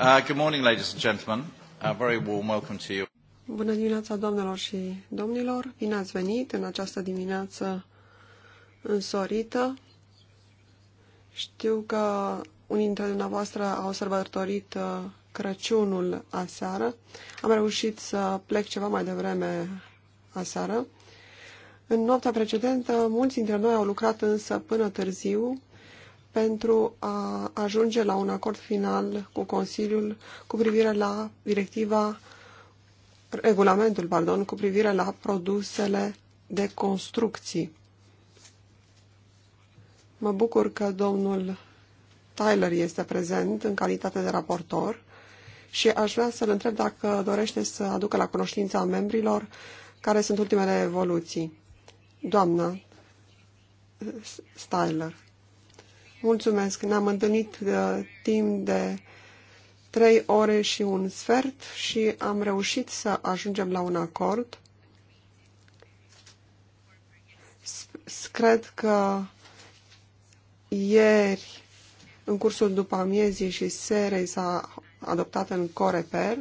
Uh, good morning, ladies and gentlemen. A very warm welcome to you. Bună dimineața, doamnelor și domnilor. Bine ați venit în această dimineață însorită. Știu că unii dintre dumneavoastră au sărbătorit uh, Crăciunul aseară. Am reușit să plec ceva mai devreme aseară. În noaptea precedentă, mulți dintre noi au lucrat însă până târziu pentru a ajunge la un acord final cu Consiliul cu privire la directiva, regulamentul, pardon, cu privire la produsele de construcții. Mă bucur că domnul Tyler este prezent în calitate de raportor și aș vrea să-l întreb dacă dorește să aducă la cunoștința membrilor care sunt ultimele evoluții. doamnă Styler. Mulțumesc. Ne-am întâlnit de uh, timp de trei ore și un sfert și am reușit să ajungem la un acord. Cred că ieri, în cursul după amiezii și serei, s-a adoptat în Coreper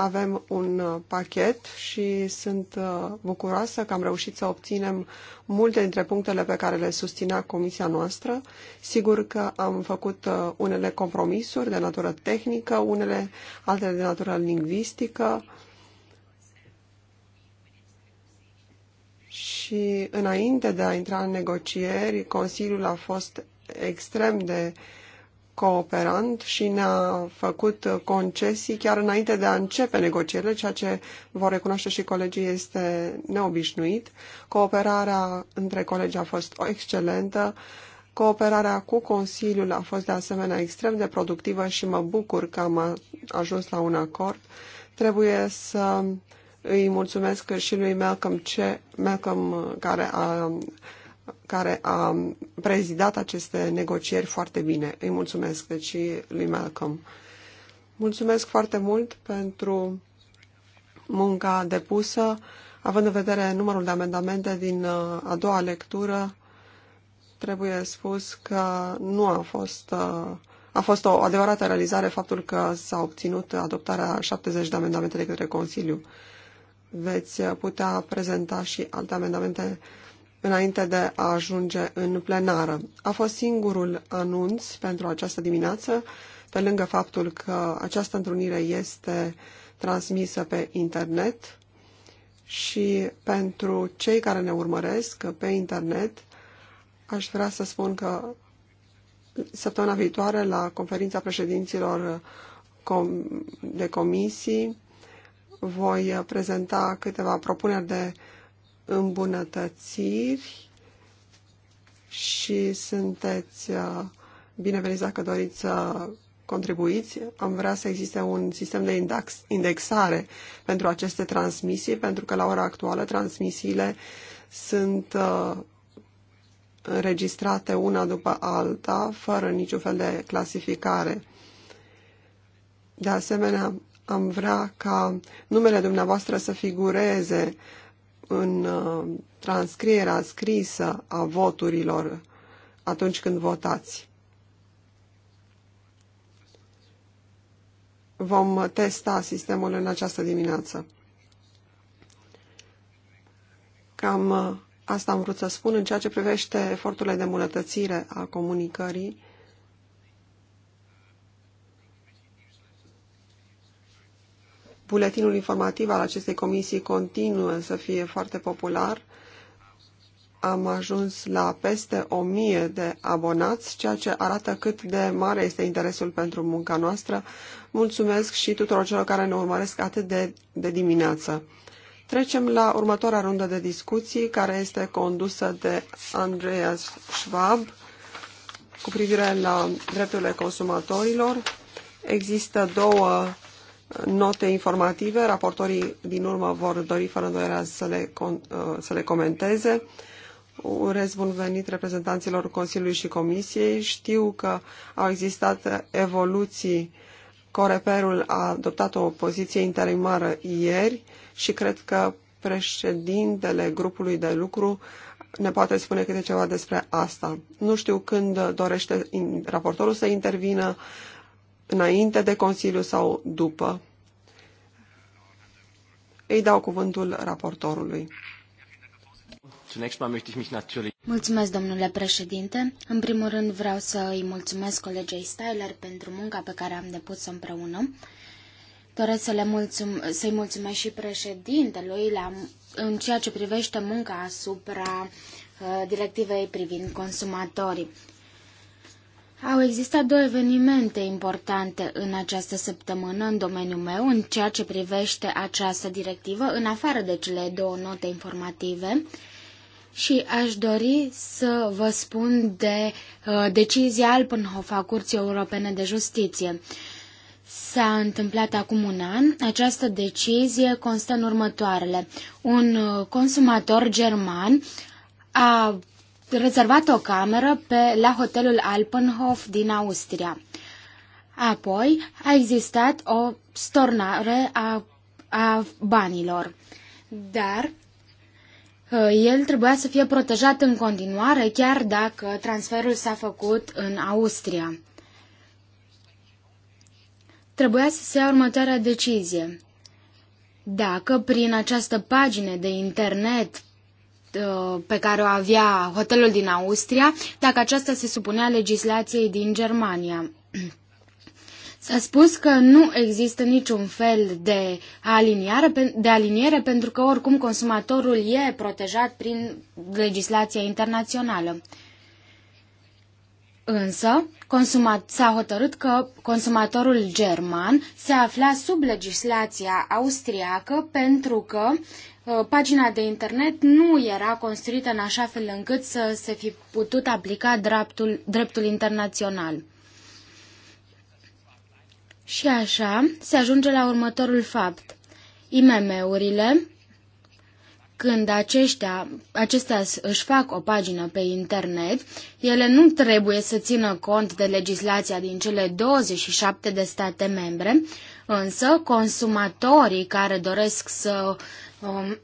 avem un uh, pachet și sunt uh, bucuroasă că am reușit să obținem multe dintre punctele pe care le susținea comisia noastră. Sigur că am făcut uh, unele compromisuri de natură tehnică, unele altele de natură lingvistică și înainte de a intra în negocieri, Consiliul a fost extrem de uh, cooperant și ne-a făcut concesii chiar înainte de a începe negocierile, ceea ce vor recunoaște și colegii este neobișnuit. Cooperarea între colegi a fost excelentă. Cooperarea cu Consiliul a fost de asemenea extrem de productivă și mă bucur că am ajuns la un acord. Trebuie să îi mulțumesc și lui Malcolm, C, Malcolm care a care a prezidat aceste negocieri foarte bine. Îi mulțumesc, deci lui Malcolm. Mulțumesc foarte mult pentru munca depusă, având în vedere numărul de amendamente din uh, a doua lectură, trebuie spus că nu a fost uh, a fost o adevărată realizare faptul că s-a obținut adoptarea 70 de amendamente de către Consiliu. Veți putea prezenta și alte amendamente înainte de a ajunge în plenară. A fost singurul anunț pentru această dimineață, pe lângă faptul că această întrunire este transmisă pe internet și pentru cei care ne urmăresc pe internet, aș vrea să spun că săptămâna viitoare la conferința președinților de comisii voi prezenta câteva propuneri de îmbunătățiri și sunteți uh, bineveniți dacă doriți să contribuiți. Am vrea să existe un sistem de index, indexare pentru aceste transmisii, pentru că la ora actuală transmisiile sunt uh, înregistrate una după alta, fără niciun fel de clasificare. De asemenea, am vrea ca numele dumneavoastră să figureze în uh, transcrierea scrisă a voturilor atunci când votați. Vom testa sistemul în această dimineață. Cam uh, asta am vrut să spun în ceea ce privește eforturile de îmbunătățire a comunicării buletinul informativ al acestei comisii continuă să fie foarte popular. Am ajuns la peste o mie de abonați, ceea ce arată cât de mare este interesul pentru munca noastră. Mulțumesc și tuturor celor care ne urmăresc atât de, de dimineață. Trecem la următoarea rundă de discuții, care este condusă de Andreas Schwab cu privire la drepturile consumatorilor. Există două note informative. Raportorii din urmă vor dori fără îndoială să le, uh, să le comenteze. Urez bun venit reprezentanților Consiliului și Comisiei. Știu că au existat evoluții. Coreperul a adoptat o poziție interimară ieri și cred că președintele grupului de lucru ne poate spune câte ceva despre asta. Nu știu când dorește raportorul să intervină, înainte de Consiliu sau după. Îi dau cuvântul raportorului. Mulțumesc, domnule președinte. În primul rând vreau să îi mulțumesc colegei Styler pentru munca pe care am depus-o împreună. Doresc să le mulțum- să-i mulțumesc și președintelui la, în ceea ce privește munca asupra uh, directivei privind consumatorii. Au existat două evenimente importante în această săptămână în domeniul meu în ceea ce privește această directivă, în afară de cele două note informative. Și aș dori să vă spun de uh, decizia Alpenhof a Curții Europene de Justiție. S-a întâmplat acum un an. Această decizie constă în următoarele. Un uh, consumator german a rezervat o cameră pe, la hotelul Alpenhof din Austria. Apoi a existat o stornare a, a banilor. Dar uh, el trebuia să fie protejat în continuare, chiar dacă transferul s-a făcut în Austria. Trebuia să se ia următoarea decizie. Dacă prin această pagină de internet Uh, pe care o avea hotelul din Austria, dacă aceasta se supunea legislației din Germania. S-a spus că nu există niciun fel de aliniere, de aliniere pentru că oricum consumatorul e protejat prin legislația internațională. Însă, s-a hotărât că consumatorul german se afla sub legislația austriacă pentru că Uh, pagina de internet nu era construită în așa fel încât să se fi putut aplica dreptul, dreptul internațional. Și așa se ajunge la următorul fapt. IMM-urile, când aceștia, acestea își fac o pagină pe internet, ele nu trebuie să țină cont de legislația din cele 27 de state membre, însă consumatorii care doresc să um,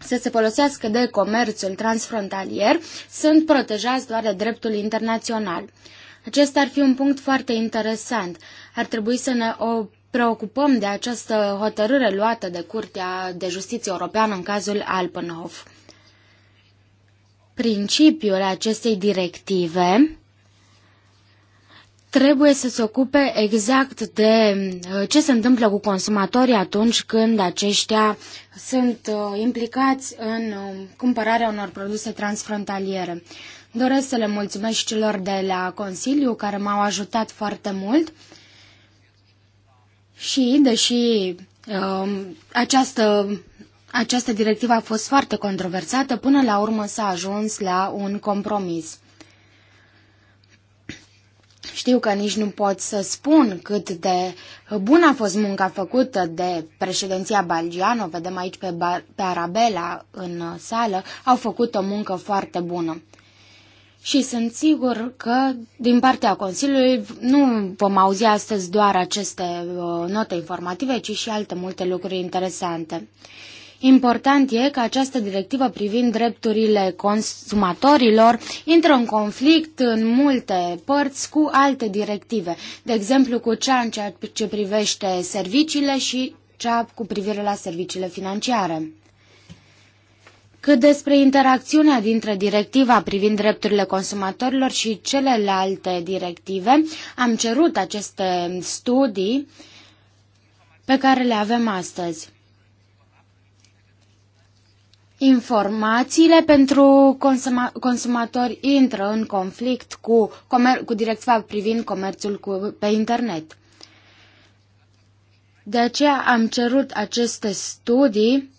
să se folosească de comerțul transfrontalier sunt protejați doar de dreptul internațional. Acesta ar fi un punct foarte interesant. Ar trebui să ne o preocupăm de această hotărâre luată de Curtea de Justiție Europeană în cazul Alpenhof. Principiul acestei directive trebuie să se ocupe exact de uh, ce se întâmplă cu consumatorii atunci când aceștia sunt uh, implicați în um, cumpărarea unor produse transfrontaliere. Doresc să le mulțumesc celor de la Consiliu care m-au ajutat foarte mult și, deși um, această, această directivă a fost foarte controversată, până la urmă s-a ajuns la un compromis. Știu că nici nu pot să spun cât de bună a fost munca făcută de președinția belgiană, vedem aici pe, Bar- pe Arabela în uh, sală, au făcut o muncă foarte bună. Și sunt sigur că din partea Consiliului nu vom auzi astăzi doar aceste uh, note informative, ci și alte multe lucruri interesante. Important e că această directivă privind drepturile consumatorilor intră în conflict în multe părți cu alte directive, de exemplu cu cea în ceea ce privește serviciile și cea cu privire la serviciile financiare. Cât despre interacțiunea dintre directiva privind drepturile consumatorilor și celelalte directive, am cerut aceste studii pe care le avem astăzi informațiile pentru consuma, consumatori intră în conflict cu, comer, cu directiva privind comerțul cu, pe internet. De aceea am cerut aceste studii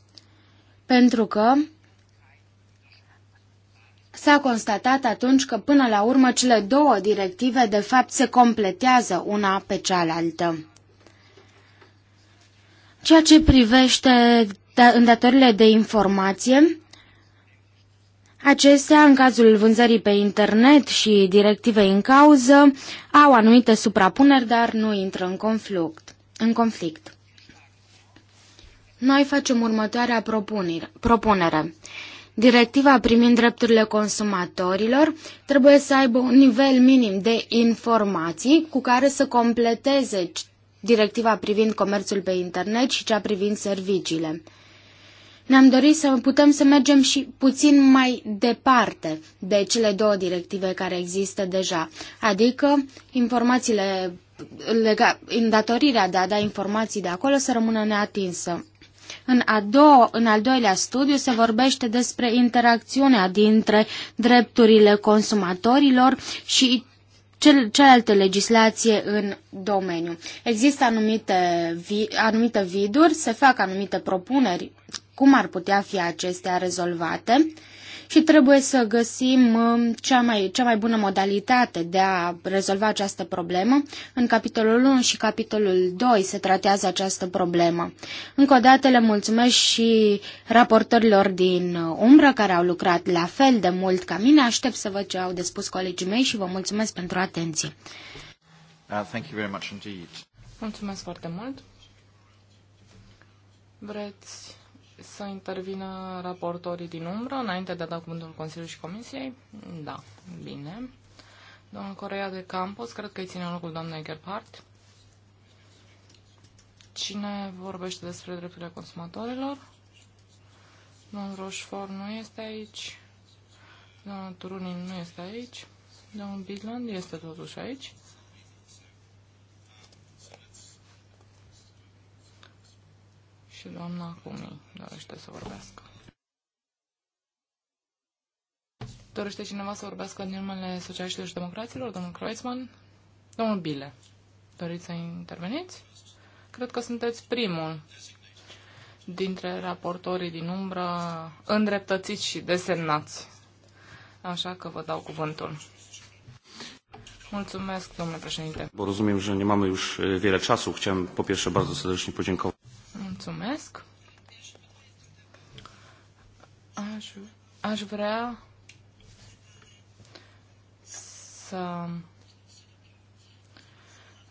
pentru că s-a constatat atunci că până la urmă cele două directive de fapt se completează una pe cealaltă. Ceea ce privește da, în datorile de informație, Acestea, în cazul vânzării pe internet și directivei în cauză, au anumite suprapuneri, dar nu intră în conflict. În conflict. Noi facem următoarea propunere. Directiva privind drepturile consumatorilor trebuie să aibă un nivel minim de informații cu care să completeze directiva privind comerțul pe internet și cea privind serviciile. Ne-am dorit să putem să mergem și puțin mai departe de cele două directive care există deja, adică informațiile lega, îndatorirea de a da informații de acolo să rămână neatinsă. În, a doua, în al doilea studiu se vorbește despre interacțiunea dintre drepturile consumatorilor și cel, cealaltă legislație în domeniu. Există anumite, vi, anumite viduri, se fac anumite propuneri cum ar putea fi acestea rezolvate și trebuie să găsim um, cea mai, cea mai bună modalitate de a rezolva această problemă. În capitolul 1 și capitolul 2 se tratează această problemă. Încă o dată le mulțumesc și raportorilor din umbră care au lucrat la fel de mult ca mine. Aștept să văd ce au de spus colegii mei și vă mulțumesc pentru atenție. Uh, thank you very much indeed. Mulțumesc foarte mult. Vreți să intervină raportorii din umbră înainte de a da cuvântul Consiliului și Comisiei? Da, bine. Doamna Corea de Campos, cred că îi ține locul doamnei Gerhardt. Cine vorbește despre drepturile consumatorilor? Domnul Roșfor nu este aici. Domnul Turunin nu este aici. Domnul Bidland este totuși aici. Și doamna Cumi dorește să vorbească. Dorește cineva să vorbească din numele Socialiștilor și Democraților? Domnul Kreuzmann? Domnul Bile, doriți să interveniți? Cred că sunteți primul dintre raportorii din umbră îndreptățiți și desemnați. Așa că vă dau cuvântul. Mulțumesc, domnule președinte. Bo rozumim, că nu am mai wiele czasu. Chciam, po pierwsze bardzo serdecznie podziękować. Mulțumesc. Aș, aș vrea să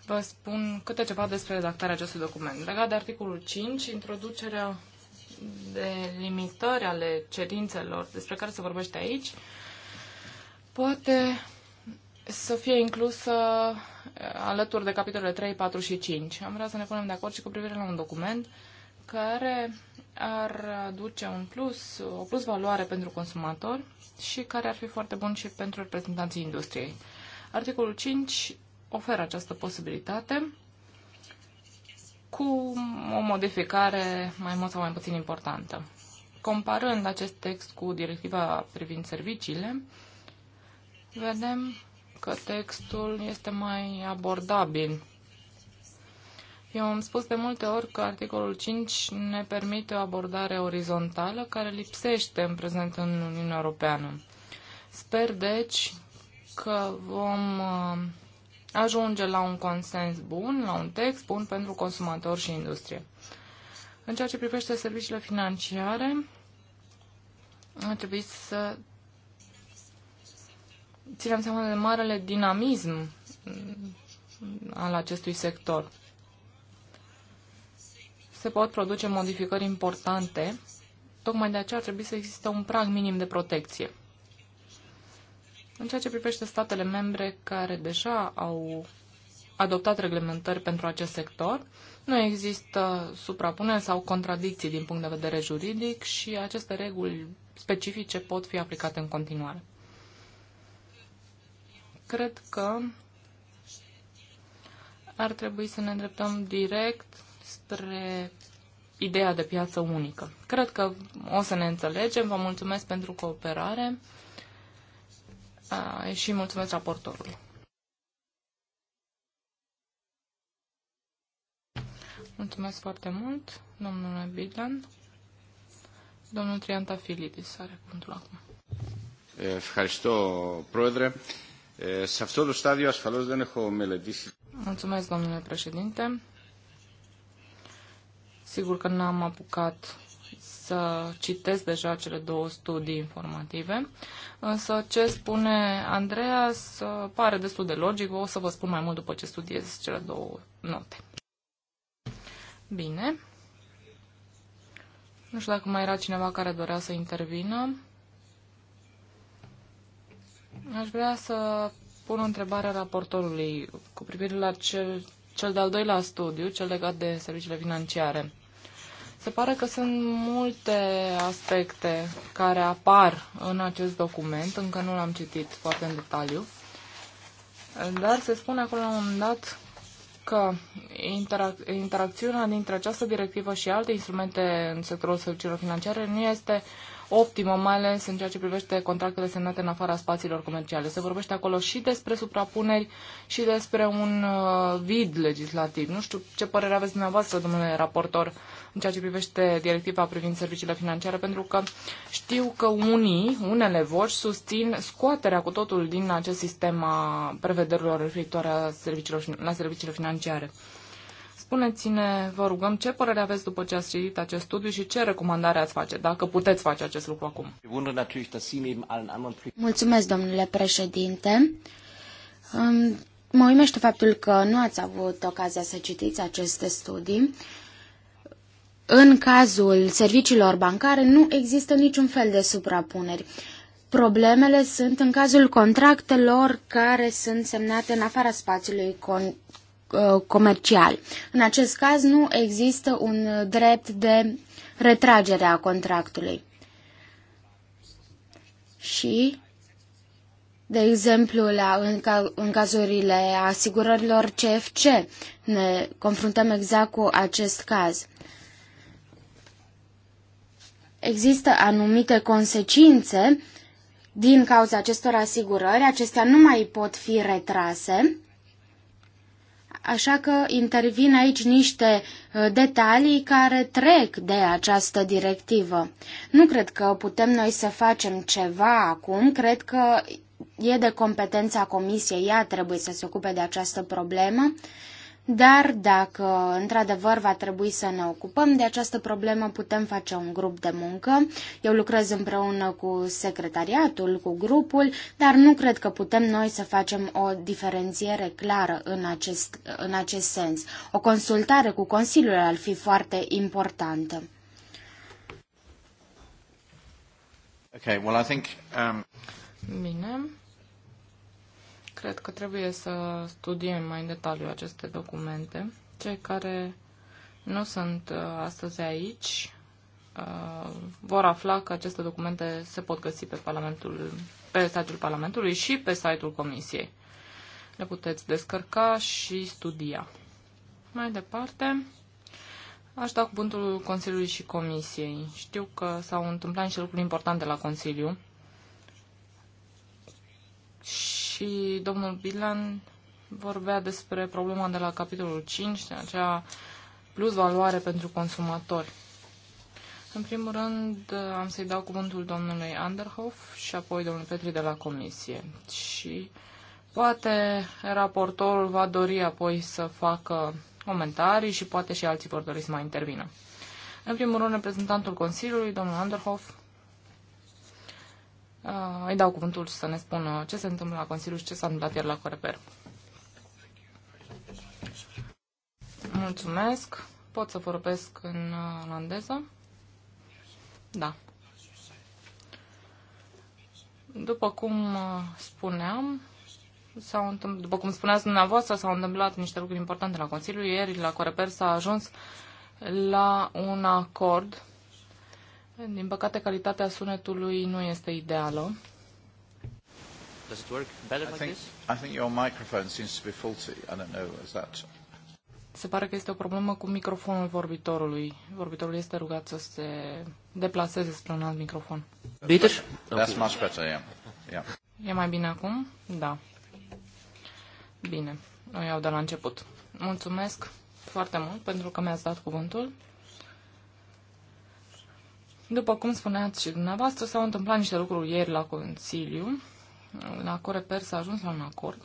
vă spun câte ceva despre redactarea acestui document. Legat de articolul 5, introducerea de limitări ale cerințelor despre care se vorbește aici, poate să fie inclusă eh, alături de capitolele 3, 4 și 5. Am vrea să ne punem de acord și cu privire la un document uh, care ar aduce un plus, o plus valoare pentru consumator și care ar fi foarte bun și pentru reprezentanții industriei. Articolul 5 oferă această posibilitate cu o modificare mai mult sau mai puțin importantă. Comparând acest text cu directiva privind serviciile, vedem că textul este mai abordabil eu am spus de multe ori că articolul 5 ne permite o abordare orizontală care lipsește în prezent în Uniunea Europeană. Sper, deci, că vom uh, ajunge la un consens bun, la un text bun pentru consumator și industrie. În ceea ce privește serviciile financiare, ar trebui să ținem seama de marele dinamism al acestui sector se pot produce modificări importante. Tocmai de aceea ar trebui să existe un prag minim de protecție. În ceea ce privește statele membre care deja au adoptat reglementări pentru acest sector, nu există suprapuneri sau contradicții din punct de vedere juridic și aceste reguli specifice pot fi aplicate în continuare. Cred că ar trebui să ne îndreptăm direct despre ideea de piață unică. Cred că o să ne înțelegem. Vă mulțumesc pentru cooperare uh, și mulțumesc raportorului. Mulțumesc foarte mult, domnule Bidland. Domnul Trianta Filidis are cuvântul acum. Mulțumesc, domnule președinte. Sigur că n-am apucat să citesc deja cele două studii informative, însă ce spune Andreas pare destul de logic, o să vă spun mai mult după ce studiez cele două note. Bine. Nu știu dacă mai era cineva care dorea să intervină. Aș vrea să pun o întrebare raportorului cu privire la cel cel de-al doilea studiu, cel legat de serviciile financiare. Se pare că sunt multe aspecte care apar în acest document, încă nu l-am citit foarte în detaliu, dar se spune acolo la un moment dat că interac- interacțiunea dintre această directivă și alte instrumente în sectorul serviciilor financiare nu este uh, optimă, mai ales în ceea ce privește contractele semnate în afara spațiilor comerciale. Se vorbește acolo și despre suprapuneri și despre un uh, vid legislativ. Nu știu ce părere aveți dumneavoastră, domnule raportor, în ceea ce privește directiva privind serviciile financiare, pentru că știu că unii, unele voci, susțin scoaterea cu totul din acest sistem a prevederilor referitoare la serviciile financiare. Spuneți-ne, vă rugăm, ce părere aveți după ce ați citit acest studiu și ce recomandare ați face, dacă puteți face acest lucru acum. Mulțumesc, domnule președinte. Mă uimește faptul că nu ați avut ocazia să citiți aceste studii. În cazul serviciilor bancare nu există niciun fel de suprapuneri. Problemele sunt în cazul contractelor care sunt semnate în afara spațiului con- Uh, comercial. În acest caz nu există un drept de retragere a contractului. Și, de exemplu, la, în, ca, în cazurile asigurărilor CFC, ne confruntăm exact cu acest caz. Există anumite consecințe din cauza acestor asigurări, acestea nu mai pot fi retrase Așa că intervin aici niște uh, detalii care trec de această directivă. Nu cred că putem noi să facem ceva acum, cred că e de competența comisiei, ea trebuie să se ocupe de această problemă dar dacă într-adevăr va trebui să ne ocupăm de această problemă, putem face un grup de muncă. Eu lucrez împreună cu secretariatul, cu grupul, dar nu cred că putem noi să facem o diferențiere clară în acest, în acest sens. O consultare cu Consiliul ar fi foarte importantă. Okay, well, I think, um... Bine. Cred că trebuie să studiem mai în detaliu aceste documente. Cei care nu sunt uh, astăzi aici uh, vor afla că aceste documente se pot găsi pe, parlamentul, pe site-ul Parlamentului și pe site-ul Comisiei. Le puteți descărca și studia. Mai departe, aș da cuvântul Consiliului și Comisiei. Știu că s-au întâmplat niște lucruri importante la Consiliu și și domnul Bilan vorbea despre problema de la capitolul 5, de acea plus valoare pentru consumatori. În primul rând, am să-i dau cuvântul domnului Anderhoff și apoi domnului Petri de la Comisie. Și poate raportorul va dori apoi să facă comentarii și poate și alții vor dori să mai intervină. În primul rând, reprezentantul Consiliului, domnul Anderhoff. Uh, îi dau cuvântul să ne spună ce se întâmplă la Consiliu și ce s-a întâmplat ieri la Coreper. Mulțumesc. Pot să vorbesc în uh, olandeză? Da. După cum uh, spuneam, s-au întâmpl- după cum spuneați dumneavoastră, s-au întâmplat niște lucruri importante la Consiliu. Ieri, la Coreper, s-a ajuns la un acord din păcate, calitatea sunetului nu este ideală. Does it work better I think, this? I think your microphone seems to be faulty. I don't know, is that... Se pare că este o problemă cu microfonul vorbitorului. Vorbitorul este rugat să se deplaseze spre un alt microfon. Bitter? That's much better, yeah. yeah. E mai bine acum? Da. Bine, o iau de la început. Mulțumesc foarte mult pentru că mi-ați dat cuvântul. După cum spuneați și dumneavoastră, s-au întâmplat niște lucruri ieri la Consiliu. La Coreper s-a ajuns la un acord,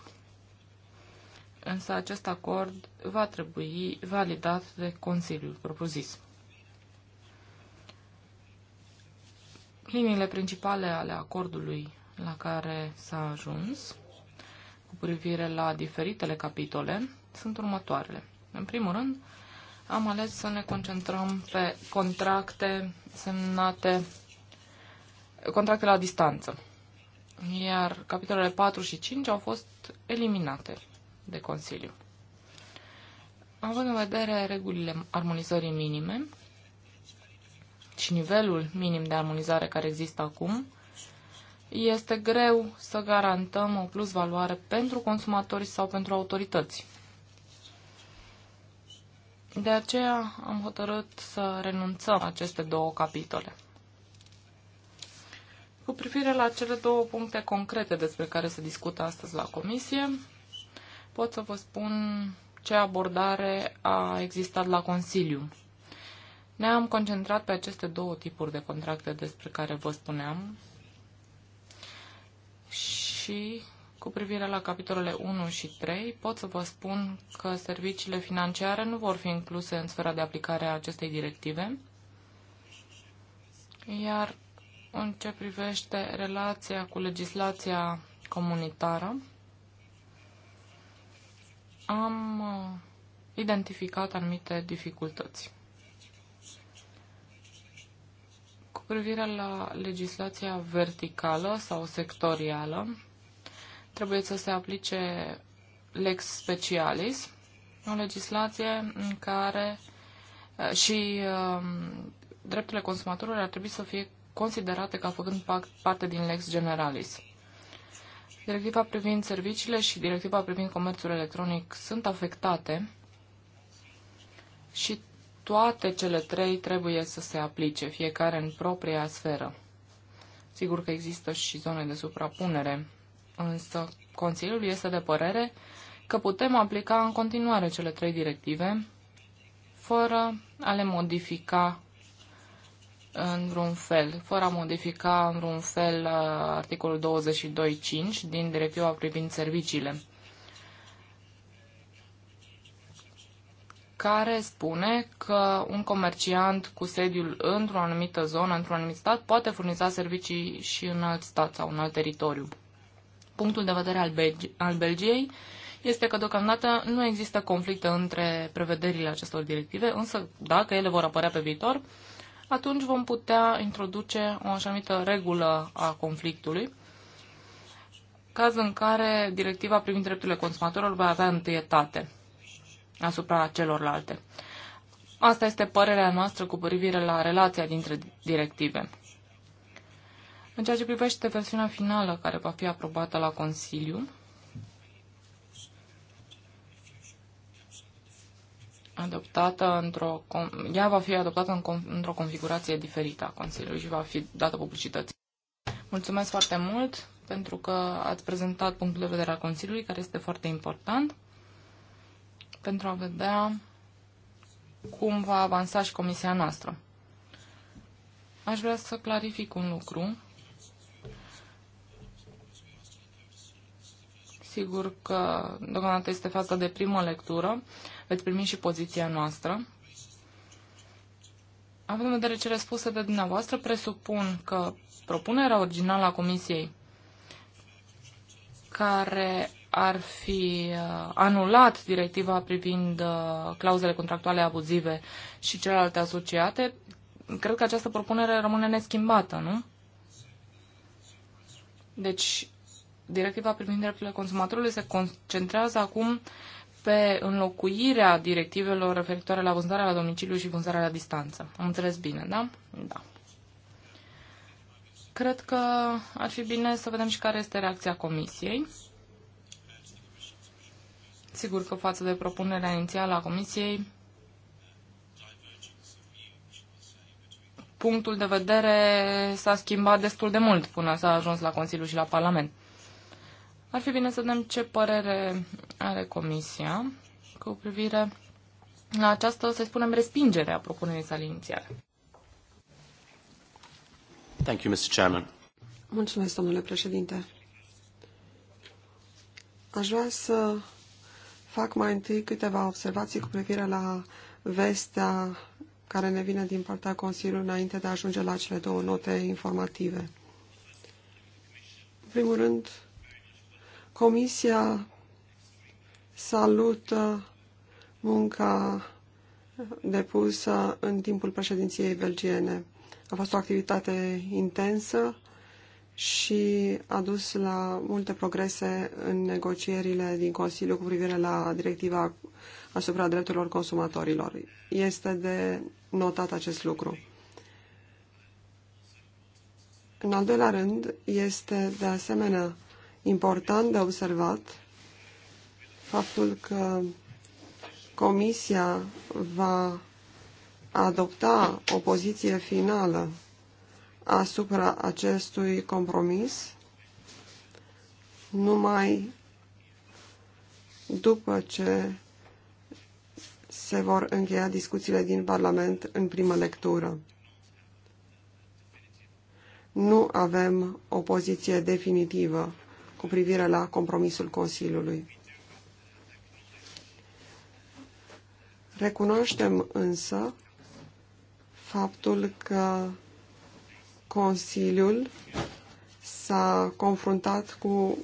însă acest acord va trebui validat de Consiliul propriu-zis. Liniile principale ale acordului la care s-a ajuns cu privire la diferitele capitole sunt următoarele. În primul rând, am ales să ne concentrăm pe contracte semnate, contracte la distanță. Iar capitolele 4 și 5 au fost eliminate de Consiliu. Având în vedere regulile armonizării minime și nivelul minim de armonizare care există acum, este greu să garantăm o plus valoare pentru consumatori sau pentru autorități de aceea am hotărât să renunțăm aceste două capitole. Cu privire la cele două puncte concrete despre care se discută astăzi la comisie, pot să vă spun ce abordare a existat la Consiliu. Ne-am concentrat pe aceste două tipuri de contracte despre care vă spuneam și cu privire la capitolele 1 și 3, pot să vă spun că serviciile financiare nu vor fi incluse în sfera de aplicare a acestei directive, iar în ce privește relația cu legislația comunitară, am uh, identificat anumite dificultăți. Cu privire la legislația verticală sau sectorială, trebuie să se aplice lex specialis, o legislație în care uh, și um, drepturile consumatorilor ar trebui să fie considerate ca făcând parte din lex generalis. Directiva privind serviciile și directiva privind comerțul electronic sunt afectate și toate cele trei trebuie să se aplice, fiecare în propria sferă. Sigur că există și zone de suprapunere Însă Consiliul este de părere că putem aplica în continuare cele trei directive fără a le modifica în vreun fel, fără a modifica în vreun fel uh, articolul 22.5 din directiva privind serviciile, care spune că un comerciant cu sediul într-o anumită zonă, într-un anumit stat, poate furniza servicii și în alt stat sau în alt teritoriu punctul de vedere al, Belgi- al Belgiei este că deocamdată nu există conflicte între prevederile acestor directive, însă dacă ele vor apărea pe viitor, atunci vom putea introduce o așa numită regulă a conflictului, caz în care directiva privind drepturile consumatorilor va avea întâietate asupra celorlalte. Asta este părerea noastră cu privire la relația dintre directive. În ceea ce privește versiunea finală care va fi aprobată la Consiliu, adoptată într-o, ea va fi adoptată în, într-o configurație diferită a Consiliului și va fi dată publicității. Mulțumesc foarte mult pentru că ați prezentat punctul de vedere al Consiliului, care este foarte important, pentru a vedea cum va avansa și comisia noastră. Aș vrea să clarific un lucru Sigur că deocamdată este faza de primă lectură. Veți primi și poziția noastră. Având în vedere cele spuse de dumneavoastră, presupun că propunerea originală a Comisiei, care ar fi uh, anulat directiva privind uh, clauzele contractuale abuzive și celelalte asociate, cred că această propunere rămâne neschimbată, nu? Deci, directiva privind drepturile consumatorului se concentrează acum pe înlocuirea directivelor referitoare la vânzarea la domiciliu și vânzarea la distanță. Am înțeles bine, da? Da. Cred că ar fi bine să vedem și care este reacția Comisiei. Sigur că față de propunerea inițială a Comisiei, punctul de vedere s-a schimbat destul de mult până s-a ajuns la Consiliu și la Parlament. Ar fi bine să vedem ce părere are Comisia cu privire la această, să spunem, respingere a propunerii sale inițiale. Thank you, Mr. Chairman. Mulțumesc, domnule președinte. Aș vrea să fac mai întâi câteva observații cu privire la vestea care ne vine din partea Consiliului înainte de a ajunge la cele două note informative. În primul rând, Comisia salută munca depusă în timpul președinției belgiene. A fost o activitate intensă și a dus la multe progrese în negocierile din Consiliu cu privire la directiva asupra drepturilor consumatorilor. Este de notat acest lucru. În al doilea rând, este de asemenea important de observat faptul că Comisia va adopta o poziție finală asupra acestui compromis numai după ce se vor încheia discuțiile din Parlament în primă lectură. Nu avem o poziție definitivă cu privire la compromisul Consiliului. Recunoaștem însă faptul că Consiliul s-a confruntat cu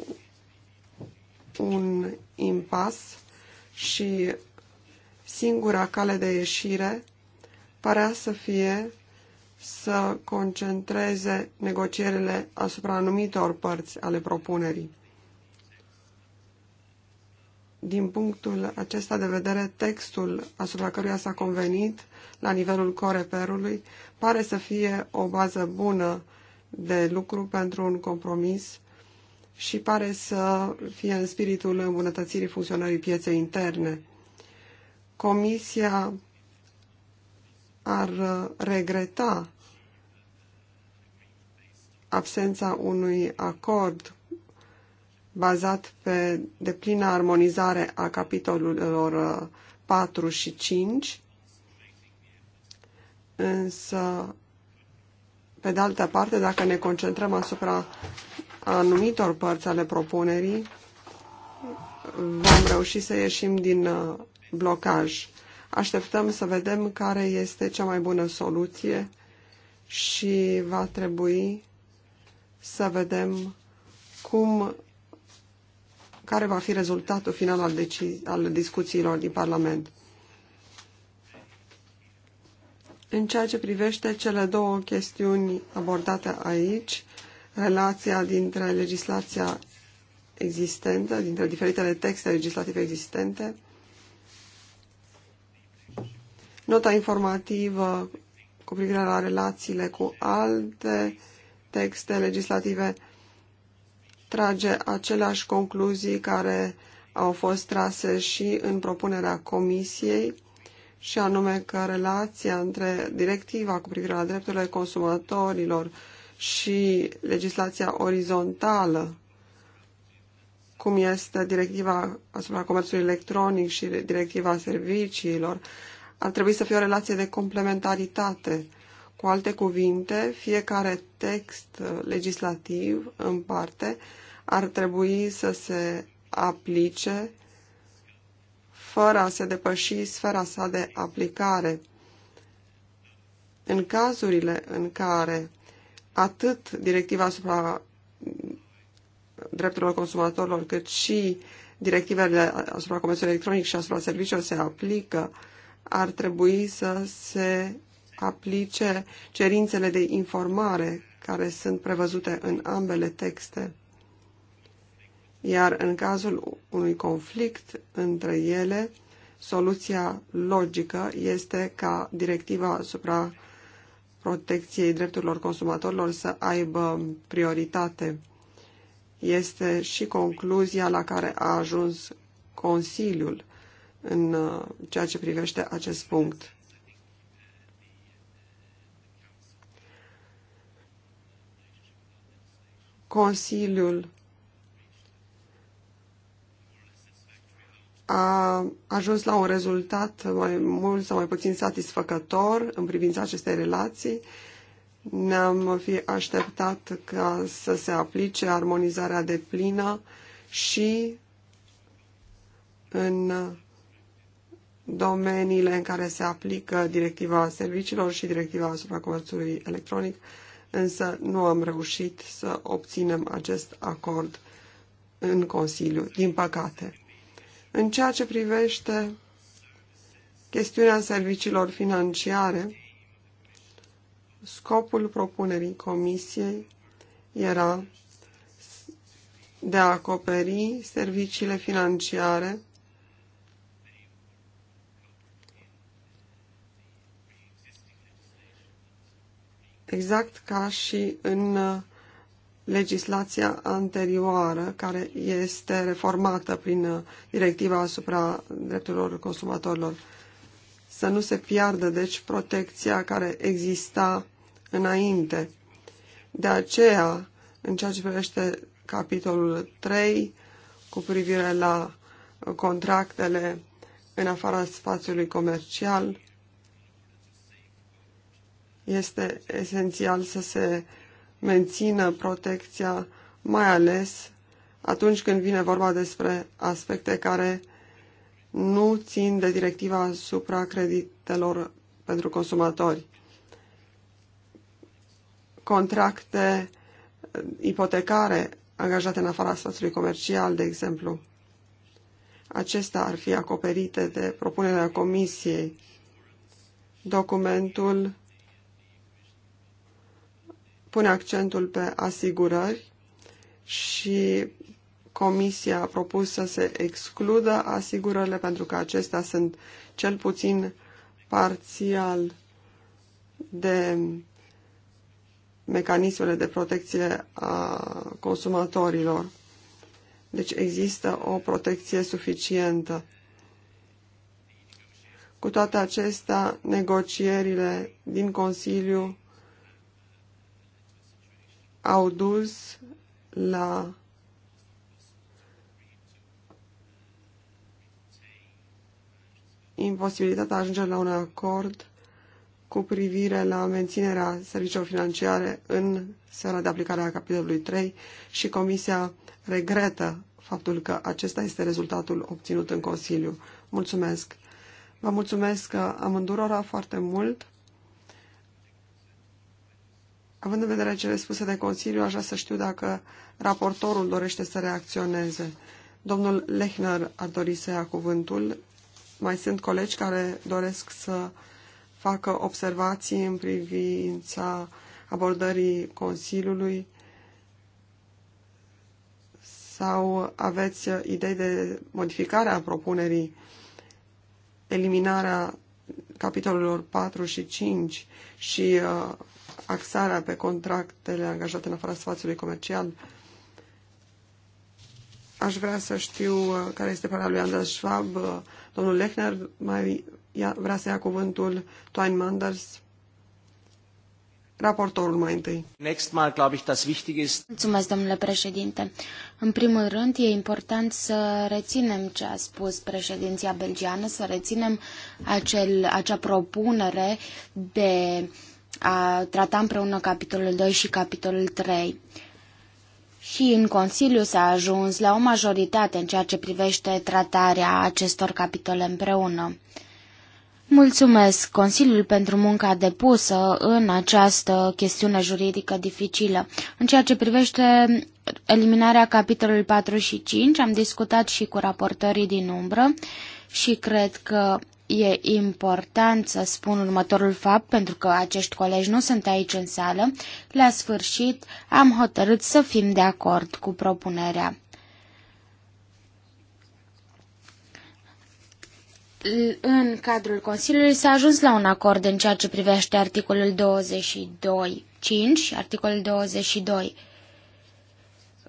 un impas și singura cale de ieșire părea să fie să concentreze negocierile asupra anumitor părți ale propunerii. Din punctul acesta de vedere, textul asupra căruia s-a convenit la nivelul coreperului pare să fie o bază bună de lucru pentru un compromis și pare să fie în spiritul îmbunătățirii funcționării pieței interne. Comisia ar uh, regreta absența unui acord bazat pe deplină armonizare a capitolelor 4 uh, și 5, însă, pe de altă parte, dacă ne concentrăm asupra anumitor părți ale propunerii, vom reuși să ieșim din uh, blocaj. Așteptăm să vedem care este cea mai bună soluție și va trebui să vedem cum, care va fi rezultatul final al, deci, al discuțiilor din Parlament. În ceea ce privește cele două chestiuni abordate aici, relația dintre legislația existentă, dintre diferitele texte legislative existente nota informativă cu privire la relațiile cu alte texte legislative trage aceleași concluzii care au fost trase și în propunerea Comisiei, și anume că relația între directiva cu privire la drepturile consumatorilor și legislația orizontală, cum este directiva asupra comerțului electronic și directiva serviciilor, ar trebui să fie o relație de complementaritate. Cu alte cuvinte, fiecare text uh, legislativ în parte ar trebui să se aplice fără a se depăși sfera sa de aplicare. În cazurile în care atât directiva asupra drepturilor consumatorilor, cât și directivele asupra comerțului electronic și asupra serviciilor se aplică, uh, ar trebui să se aplice cerințele de informare care sunt prevăzute în ambele texte. Iar în cazul unui conflict între ele, soluția logică este ca directiva asupra protecției drepturilor consumatorilor să aibă prioritate. Este și concluzia la care a ajuns Consiliul în uh, ceea ce privește acest punct. Consiliul a ajuns la un rezultat mai mult sau mai puțin satisfăcător în privința acestei relații. Ne-am fi așteptat ca să se aplice armonizarea de plină și în domeniile în care se aplică directiva serviciilor și directiva asupra comerțului electronic, însă nu am reușit să obținem acest acord în Consiliu, din păcate. În ceea ce privește chestiunea serviciilor financiare, scopul propunerii Comisiei era de a acoperi serviciile financiare exact ca și în uh, legislația anterioară, care este reformată prin uh, directiva asupra drepturilor consumatorilor. Să nu se piardă, deci, protecția care exista înainte. De aceea, în ceea ce privește capitolul 3, cu privire la contractele în afara spațiului comercial, este esențial să se mențină protecția, mai ales atunci când vine vorba despre aspecte care nu țin de directiva asupra creditelor pentru consumatori. Contracte ipotecare angajate în afara statului comercial, de exemplu. Acestea ar fi acoperite de propunerea Comisiei. Documentul pune accentul pe asigurări și Comisia a propus să se excludă asigurările pentru că acestea sunt cel puțin parțial de mecanismele de protecție a consumatorilor. Deci există o protecție suficientă. Cu toate acestea, negocierile din Consiliu au dus la imposibilitatea de a ajunge la un acord cu privire la menținerea serviciilor financiare în seara de aplicare a capitolului 3 și Comisia regretă faptul că acesta este rezultatul obținut în Consiliu. Mulțumesc! Vă mulțumesc amândurora foarte mult! Având în vedere cele spuse de Consiliu, aș vrea să știu dacă raportorul dorește să reacționeze. Domnul Lechner ar dori să ia cuvântul. Mai sunt colegi care doresc să facă observații în privința abordării Consiliului sau aveți idei de modificare a propunerii, eliminarea capitolelor 4 și 5 și uh, axarea pe contractele angajate în afara spațiului comercial. Aș vrea să știu uh, care este părerea lui Anders Schwab. Uh, domnul Lechner mai ia, vrea să ia cuvântul. Twain Manders. Raportorul mai întâi. Next mal, glaube ich, das wichtig ist... Mulțumesc, domnule președinte. În primul rând, e important să reținem ce a spus președinția belgiană, să reținem acel, acea propunere de uh, a trata împreună capitolul 2 și capitolul 3. Și în Consiliu s-a ajuns la o majoritate în ceea ce privește tratarea acestor capitole împreună. Mulțumesc Consiliul pentru munca depusă în această chestiune juridică dificilă. În ceea ce privește eliminarea capitolului 4 și 5, am discutat și cu raportorii din umbră și cred că E important să spun următorul fapt, pentru că acești colegi nu sunt aici în sală. La sfârșit am hotărât să fim de acord cu propunerea. În cadrul Consiliului s-a ajuns la un acord în ceea ce privește articolul 22.5 și articolul 22.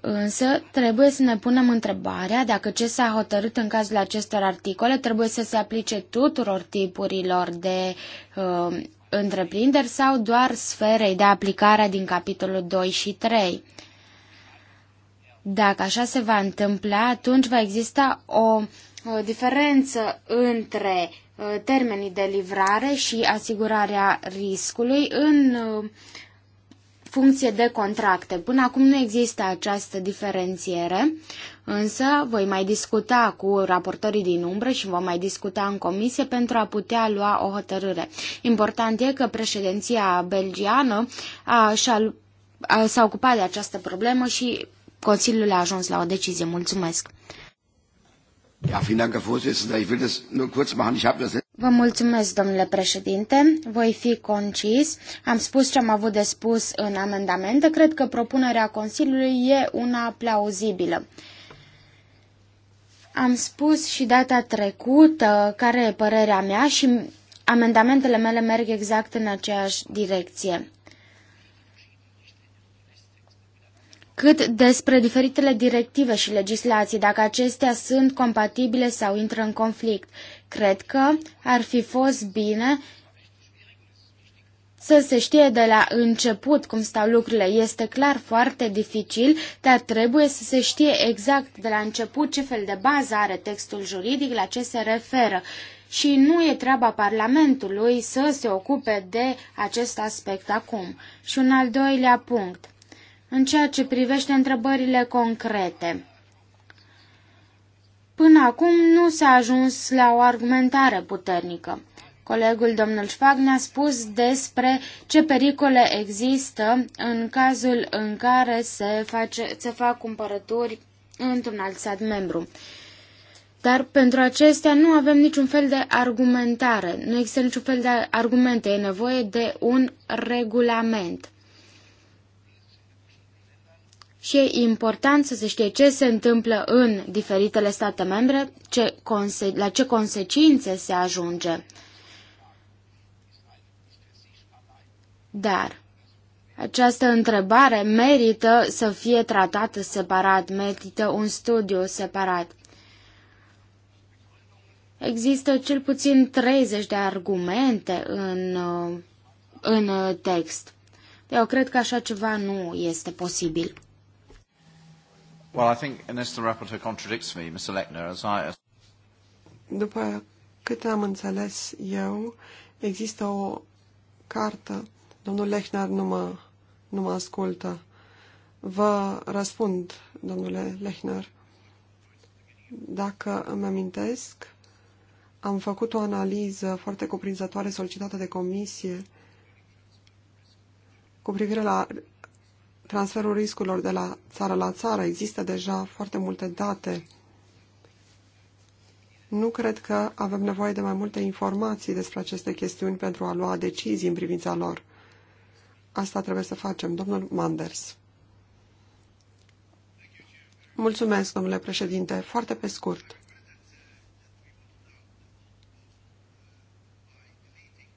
Însă, trebuie să ne punem întrebarea dacă ce s-a hotărât în cazul acestor articole trebuie să se aplice tuturor tipurilor de uh, întreprinderi sau doar sferei de aplicare din capitolul 2 și 3. Dacă așa se va întâmpla, atunci va exista o, o diferență între uh, termenii de livrare și asigurarea riscului în uh, funcție de contracte. Până acum nu există această diferențiere, însă voi mai discuta cu raportorii din umbră și vom mai discuta în comisie pentru a putea lua o hotărâre. Important e că președinția belgiană a, și-a, a, s-a ocupat de această problemă și Consiliul a ajuns la o decizie. Mulțumesc! Ja, vielen Dank, Herr Vorsitzender. Ich will das nur kurz machen. Ich habe das Vă mulțumesc, domnule președinte. Voi fi concis. Am spus ce am avut de spus în amendamente. Cred că propunerea Consiliului e una plauzibilă. Am spus și data trecută care e părerea mea și amendamentele mele merg exact în aceeași direcție. cât despre diferitele directive și legislații, dacă acestea sunt compatibile sau intră în conflict. Cred că ar fi fost bine să se știe de la început cum stau lucrurile. Este clar foarte dificil, dar trebuie să se știe exact de la început ce fel de bază are textul juridic, la ce se referă. Și nu e treaba Parlamentului să se ocupe de acest aspect acum. Și un al doilea punct, în ceea ce privește întrebările concrete. Până acum nu s-a ajuns la o argumentare puternică. Colegul domnul Șfag ne-a spus despre ce pericole există în cazul în care se, face, se fac cumpărături într-un alt stat membru. Dar pentru acestea nu avem niciun fel de argumentare, nu există niciun fel de argumente, e nevoie de un regulament și e important să se știe ce se întâmplă în diferitele state membre, ce conse- la ce consecințe se ajunge. Dar această întrebare merită să fie tratată separat, merită un studiu separat. Există cel puțin 30 de argumente în, în text. Eu cred că așa ceva nu este posibil. Well, I think unless the rapporteur contradicts me, Mr. Lechner, as I... După câte am înțeles eu, există o cartă. Domnul Lechner nu mă, nu mă ascultă. Vă răspund, domnule Lechner. Dacă îmi amintesc, am făcut o analiză foarte cuprinzătoare solicitată de comisie cu privire la transferul riscurilor de la țară la țară. Există deja foarte multe date. Nu cred că avem nevoie de mai multe informații despre aceste chestiuni pentru a lua decizii în privința lor. Asta trebuie să facem, domnul Manders. Mulțumesc, domnule președinte. Foarte pe scurt.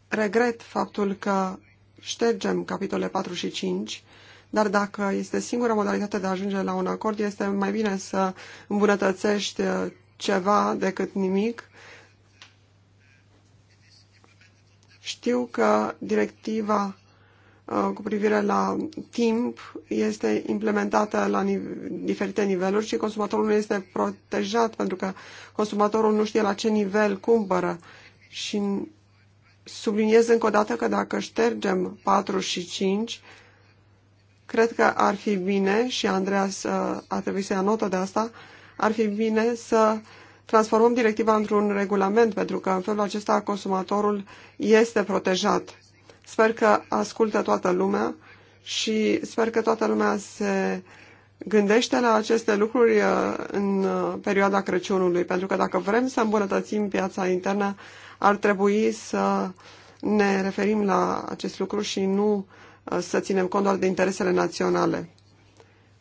Regret faptul că ștergem capitole 4 și 5 dar dacă este singura modalitate de a ajunge la un acord, este mai bine să îmbunătățești uh, ceva decât nimic. Știu că directiva uh, cu privire la timp este implementată la nive- diferite niveluri și consumatorul nu este protejat pentru că consumatorul nu știe la ce nivel cumpără și subliniez încă o dată că dacă ștergem 4 și 5, Cred că ar fi bine, și Andreas uh, a trebuit să ia notă de asta, ar fi bine să transformăm directiva într-un regulament, pentru că în felul acesta consumatorul este protejat. Sper că ascultă toată lumea și sper că toată lumea se gândește la aceste lucruri uh, în uh, perioada Crăciunului, pentru că dacă vrem să îmbunătățim piața internă, ar trebui să ne referim la acest lucru și nu Uh, să ținem cont doar de interesele naționale.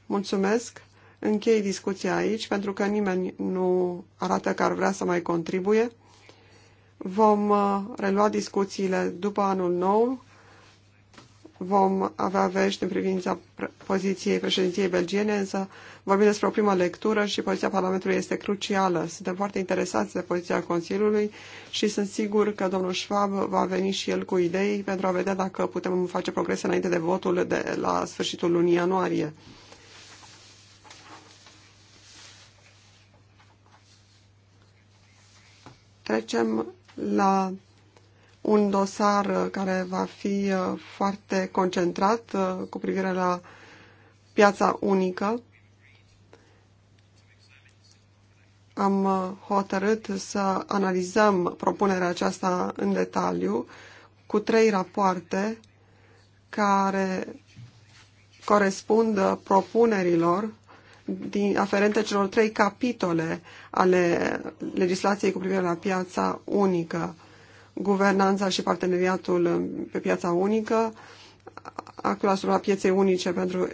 Mulțumesc. Închei discuția aici, pentru că nimeni nu arată că ar vrea să mai contribuie. Vom uh, relua discuțiile după anul nou vom avea vești în privința poziției președinției belgiene, însă vorbim despre o primă lectură și poziția Parlamentului este crucială. Suntem foarte interesați de poziția Consiliului și sunt sigur că domnul Schwab va veni și el cu idei pentru a vedea dacă putem face progrese înainte de votul de la sfârșitul lunii ianuarie. Trecem la un dosar uh, care va fi uh, foarte concentrat uh, cu privire la piața unică. Am hotărât să analizăm propunerea aceasta în detaliu cu trei rapoarte care corespund propunerilor din, aferente celor trei capitole ale legislației cu privire la piața unică guvernanța și parteneriatul pe piața unică, actul asupra pieței unice pentru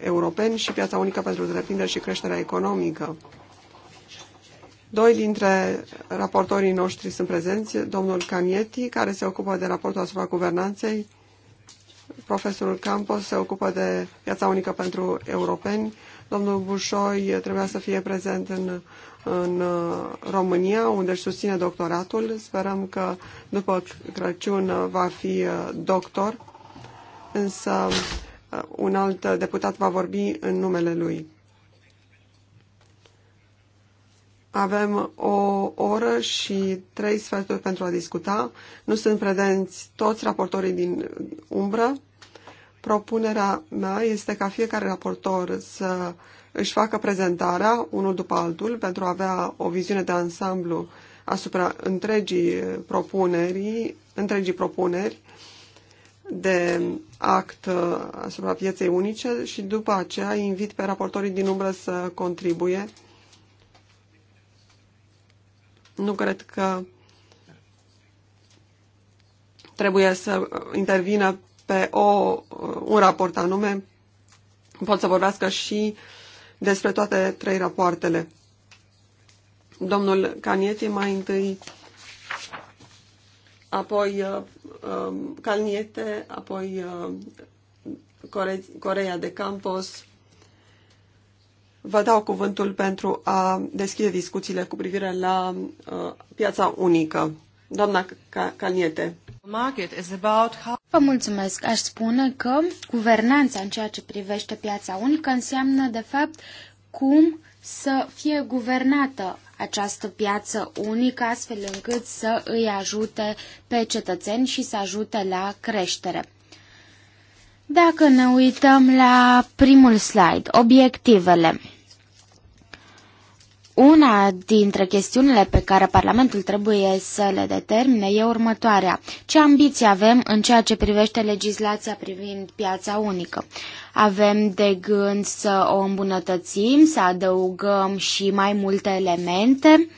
europeni și piața unică pentru întreprinderi și creșterea economică. Doi dintre raportorii noștri sunt prezenți, domnul Canieti, care se ocupă de raportul asupra guvernanței, profesorul Campos se ocupă de piața unică pentru europeni, Domnul Bușoi trebuia să fie prezent în, în uh, România, unde își susține doctoratul. Sperăm că după Crăciun va fi uh, doctor, însă uh, un alt deputat va vorbi în numele lui. Avem o oră și trei sferturi pentru a discuta. Nu sunt prezenți toți raportorii din umbră. Propunerea mea este ca fiecare raportor să își facă prezentarea unul după altul pentru a avea o viziune de ansamblu asupra întregii propuneri, întregii propuneri de act asupra pieței unice și după aceea invit pe raportorii din umbră să contribuie. Nu cred că trebuie să intervină despre o, un raport anume, pot să vorbească și despre toate trei rapoartele. Domnul Canieti mai întâi, apoi uh, um, Calniete, apoi uh, Core Corea de Campos. Vă dau cuvântul pentru a deschide discuțiile cu privire la uh, piața unică. Doamna Calniete. Vă mulțumesc. Aș spune că guvernanța în ceea ce privește piața unică înseamnă, de fapt, cum să fie guvernată această piață unică astfel încât să îi ajute pe cetățeni și să ajute la creștere. Dacă ne uităm la primul slide, obiectivele. Una dintre chestiunile pe care Parlamentul trebuie să le determine e următoarea. Ce ambiții avem în ceea ce privește legislația privind piața unică? Avem de gând să o îmbunătățim, să adăugăm și mai multe elemente?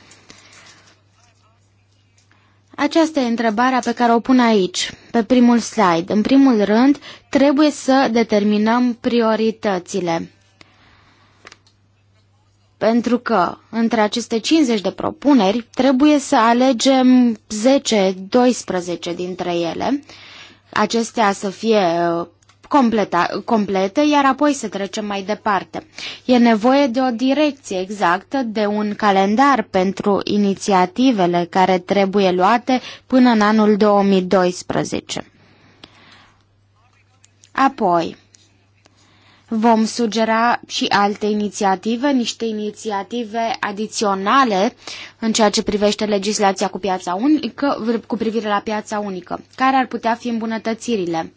Aceasta e întrebarea pe care o pun aici, pe primul slide. În primul rând, trebuie să determinăm prioritățile pentru că între aceste 50 de propuneri trebuie să alegem 10-12 dintre ele, acestea să fie uh, completa, complete, iar apoi să trecem mai departe. E nevoie de o direcție exactă, de un calendar pentru inițiativele care trebuie luate până în anul 2012. Apoi, Vom sugera și alte inițiative, niște inițiative adiționale în ceea ce privește legislația cu, piața unică, cu privire la piața unică, care ar putea fi îmbunătățirile.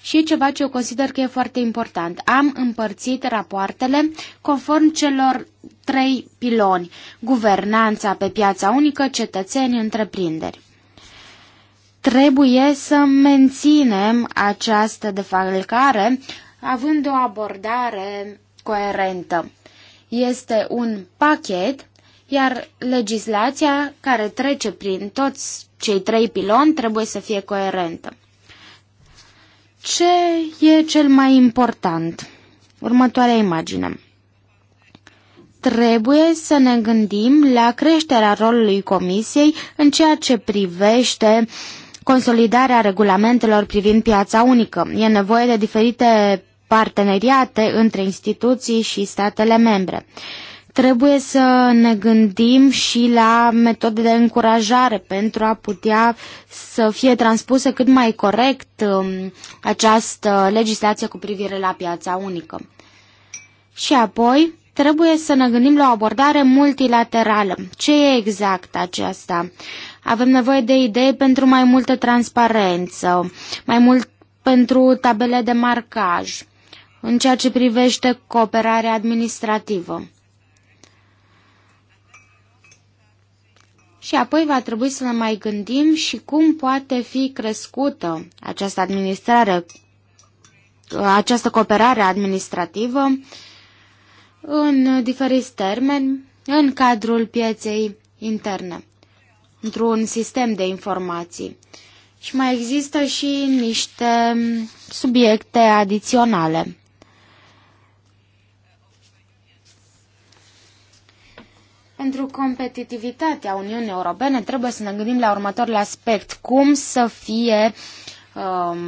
Și ceva ce eu consider că e foarte important. Am împărțit rapoartele conform celor trei piloni. Guvernanța pe piața unică, cetățeni, întreprinderi trebuie să menținem această defalcare având o abordare coerentă. Este un pachet, iar legislația care trece prin toți cei trei piloni trebuie să fie coerentă. Ce e cel mai important? Următoarea imagine. Trebuie să ne gândim la creșterea rolului Comisiei în ceea ce privește consolidarea regulamentelor privind piața unică. E nevoie de diferite parteneriate între instituții și statele membre. Trebuie să ne gândim și la metode de încurajare pentru a putea să fie transpusă cât mai corect um, această legislație cu privire la piața unică. Și apoi, trebuie să ne gândim la o abordare multilaterală. Ce e exact aceasta? Avem nevoie de idei pentru mai multă transparență, mai mult pentru tabele de marcaj în ceea ce privește cooperarea administrativă. Și apoi va trebui să ne mai gândim și cum poate fi crescută această administrare, această cooperare administrativă în diferiți termeni în cadrul pieței interne, într-un sistem de informații. Și mai există și niște subiecte adiționale. Pentru competitivitatea Uniunii Europene trebuie să ne gândim la următorul aspect. Cum să fie um,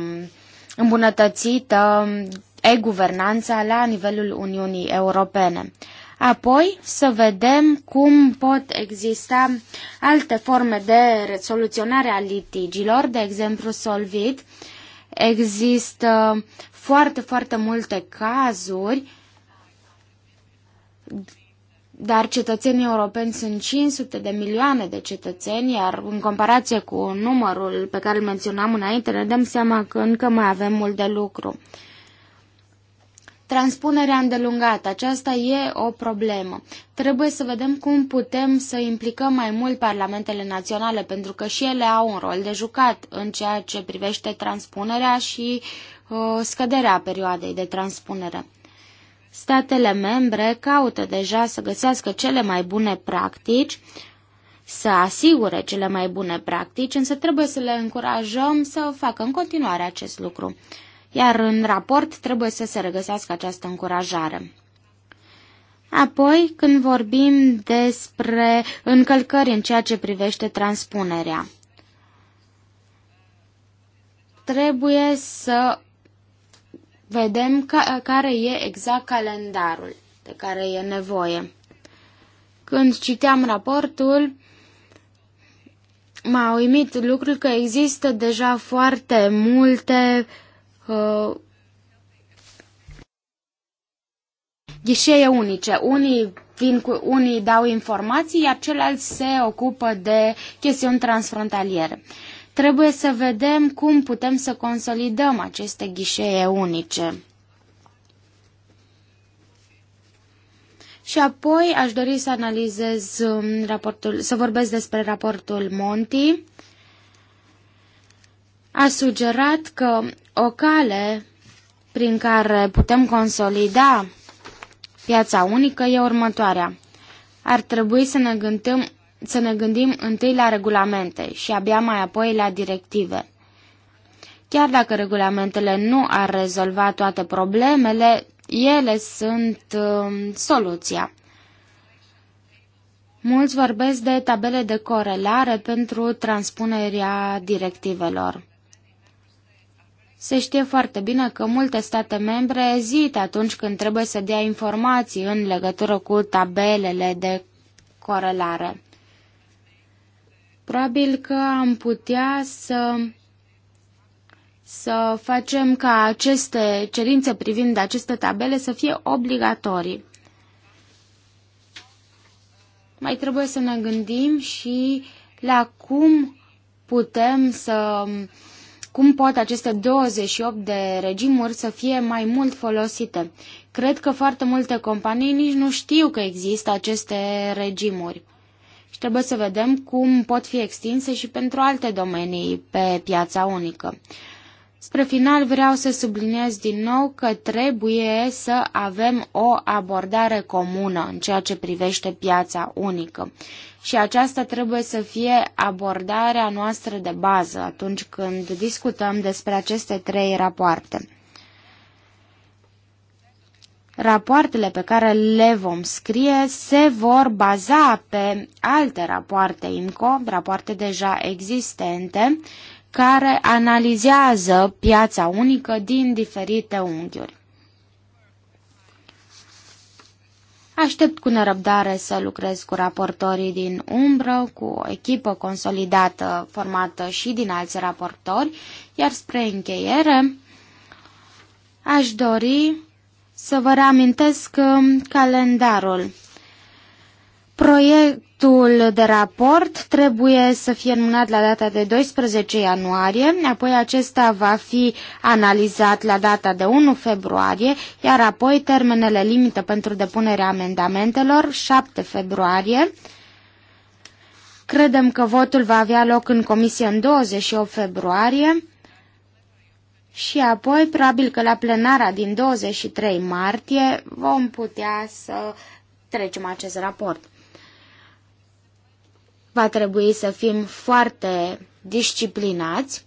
îmbunătățită e-guvernanța la nivelul Uniunii Europene. Apoi să vedem cum pot exista alte forme de soluționare a litigilor, de exemplu Solvit. Există foarte, foarte multe cazuri dar cetățenii europeni sunt 500 de milioane de cetățeni, iar în comparație cu numărul pe care îl menționam înainte, ne dăm seama că încă mai avem mult de lucru. Transpunerea îndelungată, aceasta e o problemă. Trebuie să vedem cum putem să implicăm mai mult parlamentele naționale, pentru că și ele au un rol de jucat în ceea ce privește transpunerea și uh, scăderea perioadei de transpunere. Statele membre caută deja să găsească cele mai bune practici, să asigure cele mai bune practici, însă trebuie să le încurajăm să facă în continuare acest lucru. Iar în raport trebuie să se regăsească această încurajare. Apoi, când vorbim despre încălcări în ceea ce privește transpunerea, trebuie să vedem ca, care e exact calendarul de care e nevoie. Când citeam raportul, m-a uimit lucrul că există deja foarte multe uh, ghișee unice. Unii vin cu, unii dau informații, iar ceilalți se ocupă de chestiuni transfrontaliere. Trebuie să vedem cum putem să consolidăm aceste ghișee unice. Și apoi aș dori să analizez um, raportul, să vorbesc despre raportul Monti. A sugerat că o cale prin care putem consolida piața unică e următoarea. Ar trebui să ne gândim să ne gândim întâi la regulamente și abia mai apoi la directive. Chiar dacă regulamentele nu ar rezolva toate problemele, ele sunt uh, soluția. Mulți vorbesc de tabele de corelare pentru transpunerea directivelor. Se știe foarte bine că multe state membre ezită atunci când trebuie să dea informații în legătură cu tabelele de corelare. Probabil că am putea să să facem ca aceste cerințe privind aceste tabele să fie obligatorii. Mai trebuie să ne gândim și la cum putem să cum pot aceste 28 de regimuri să fie mai mult folosite. Cred că foarte multe companii nici nu știu că există aceste regimuri și trebuie să vedem cum pot fi extinse și pentru alte domenii pe piața unică. Spre final vreau să subliniez din nou că trebuie să avem o abordare comună în ceea ce privește piața unică. Și aceasta trebuie să fie abordarea noastră de bază atunci când discutăm despre aceste trei rapoarte rapoartele pe care le vom scrie se vor baza pe alte rapoarte INCO, rapoarte deja existente, care analizează piața unică din diferite unghiuri. Aștept cu nerăbdare să lucrez cu raportorii din umbră, cu o echipă consolidată formată și din alți raportori, iar spre încheiere aș dori să vă reamintesc um, calendarul. Proiectul de raport trebuie să fie înmânat la data de 12 ianuarie, apoi acesta va fi analizat la data de 1 februarie, iar apoi termenele limită pentru depunerea amendamentelor 7 februarie. Credem că votul va avea loc în comisie în 28 februarie și apoi probabil că la plenara din 23 martie vom putea să trecem acest raport. Va trebui să fim foarte disciplinați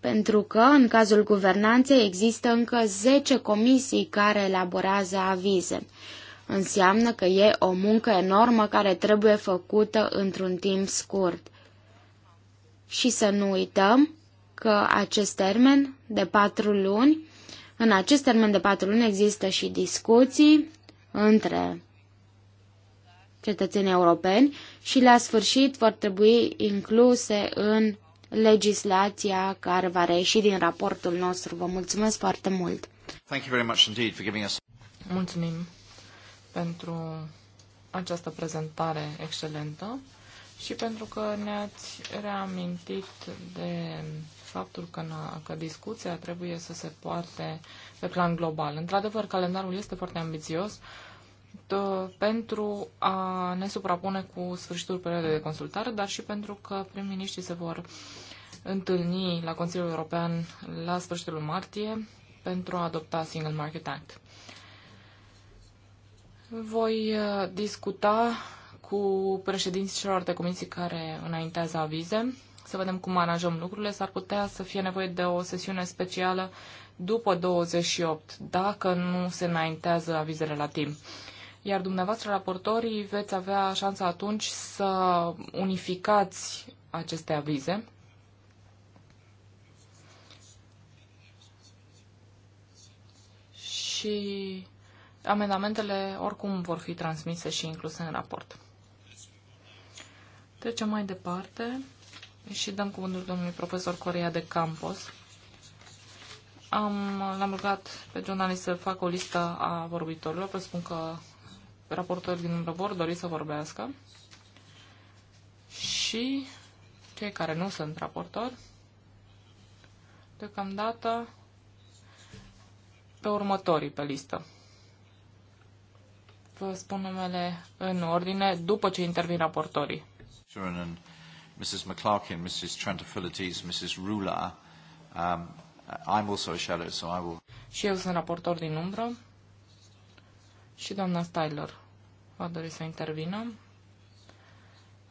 pentru că în cazul guvernanței există încă 10 comisii care elaborează avize. Înseamnă că e o muncă enormă care trebuie făcută într-un timp scurt. Și să nu uităm că acest termen de patru luni, în acest termen de patru luni există și discuții între cetățenii europeni și la sfârșit vor trebui incluse în legislația care va reieși din raportul nostru. Vă mulțumesc foarte mult! Thank you very much indeed for giving us... Mulțumim pentru această prezentare excelentă și pentru că ne-ați reamintit de faptul că, că discuția trebuie să se poarte pe plan global. Într-adevăr, calendarul este foarte ambițios pentru a ne suprapune cu sfârșitul perioadei de consultare, dar și pentru că prim-ministrii se vor întâlni la Consiliul European la sfârșitul martie pentru a adopta Single Market Act. Voi uh, discuta cu președinții de comisii care înaintează avize, să vedem cum aranjăm lucrurile. S-ar putea să fie nevoie de o sesiune specială după 28, dacă nu se înaintează avizele la timp. Iar dumneavoastră, raportorii, veți avea șansa atunci să unificați aceste avize. Și amendamentele oricum vor fi transmise și incluse în raport. Trecem mai departe și dăm cuvântul domnului profesor Corea de Campos. Am, l-am rugat pe jurnalist să facă o listă a vorbitorilor. Vă spun că raportorii din umbră vor dori să vorbească. Și cei care nu sunt raportori, deocamdată pe următorii pe listă. Vă spun numele în ordine după ce intervin raportorii. Turin Mrs. McClarkin, Mrs. Trantafilides, Mrs. Rula. Um, I'm also a shadow, so I will... Și eu sunt raportor din umbră și doamna Styler va dori să intervină.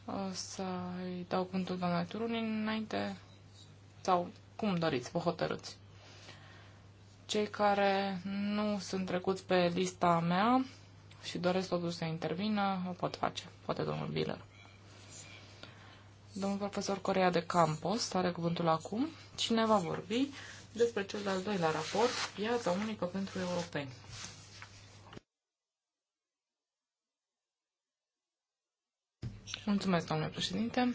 O să-i dau cuvântul doamna Turunin înainte sau cum doriți, vă hotărâți. Cei care nu sunt trecuți pe lista mea și doresc totuși să intervină, o pot face. Poate domnul Biller. Domnul profesor Corea de Campos are cuvântul acum. Cine va vorbi despre cel de-al doilea raport, Piața Unică pentru Europeni? Mulțumesc, domnule președinte.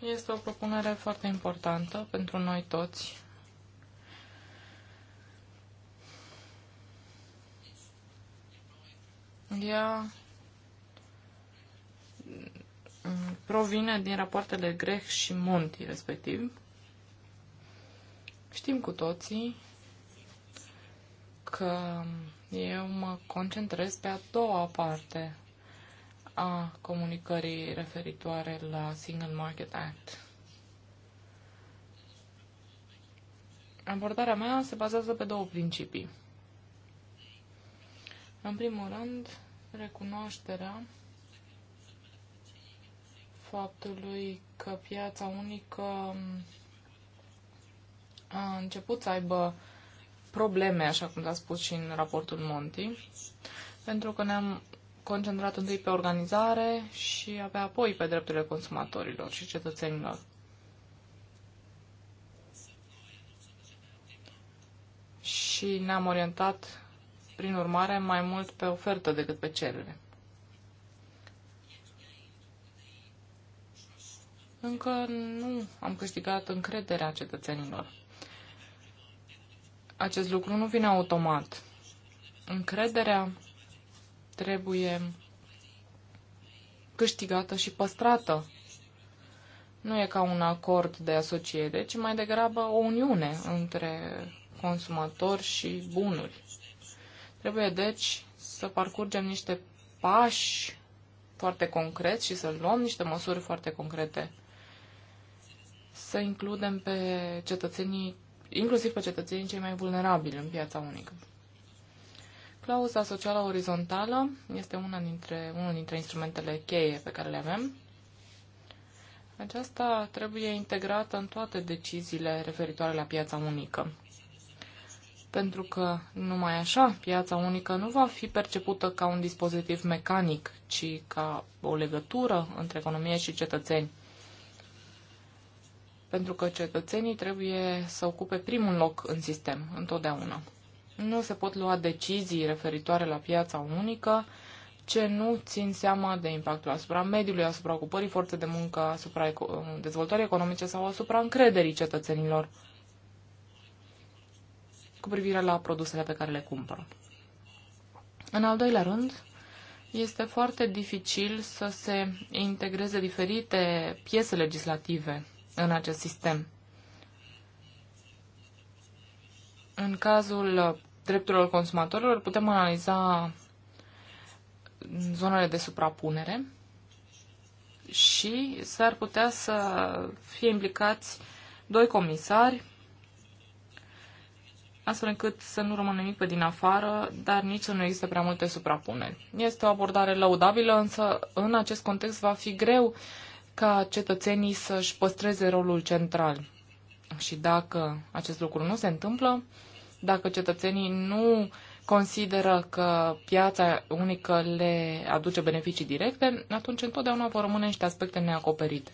Este o propunere foarte importantă pentru noi toți. Ea provine din rapoartele Greh și Monti, respectiv. Știm cu toții că eu mă concentrez pe a doua parte a comunicării referitoare la Single Market Act. Abordarea mea se bazează pe două principii. În primul rând, recunoașterea faptului că piața unică mm, a început să aibă probleme, așa cum s-a spus și în raportul Monti, pentru că ne-am concentrat întâi pe organizare și abia apoi pe drepturile consumatorilor și cetățenilor. Și ne-am orientat, prin urmare, mai mult pe ofertă decât pe cerere. încă nu am câștigat încrederea cetățenilor. Acest lucru nu vine automat. Încrederea trebuie câștigată și păstrată. Nu e ca un acord de asociere, ci mai degrabă o uniune între consumatori și bunuri. Trebuie, deci, să parcurgem niște pași foarte concreți și să luăm niște măsuri foarte concrete să includem pe cetățenii, inclusiv pe cetățenii cei mai vulnerabili în piața unică. Clauza socială orizontală este una dintre, unul dintre instrumentele cheie pe care le avem. Aceasta trebuie integrată în toate deciziile referitoare la piața unică. Pentru că numai așa piața unică nu va fi percepută ca un dispozitiv mecanic, ci ca o legătură între economie și cetățeni. Pentru că cetățenii trebuie să ocupe primul loc în sistem, întotdeauna. Nu se pot lua decizii referitoare la piața unică ce nu țin seama de impactul asupra mediului, asupra ocupării forței de muncă, asupra dezvoltării economice sau asupra încrederii cetățenilor cu privire la produsele pe care le cumpără. În al doilea rând, este foarte dificil să se integreze diferite piese legislative în acest sistem. În cazul drepturilor consumatorilor putem analiza zonele de suprapunere și s-ar putea să fie implicați doi comisari, astfel încât să nu rămână nimic pe din afară, dar nici să nu există prea multe suprapuneri. Este o abordare lăudabilă, însă în acest context va fi greu uh, ca cetățenii să-și păstreze rolul central. Și dacă acest lucru nu se întâmplă, dacă cetățenii nu consideră că piața unică le aduce beneficii directe, atunci întotdeauna vor rămâne niște aspecte neacoperite.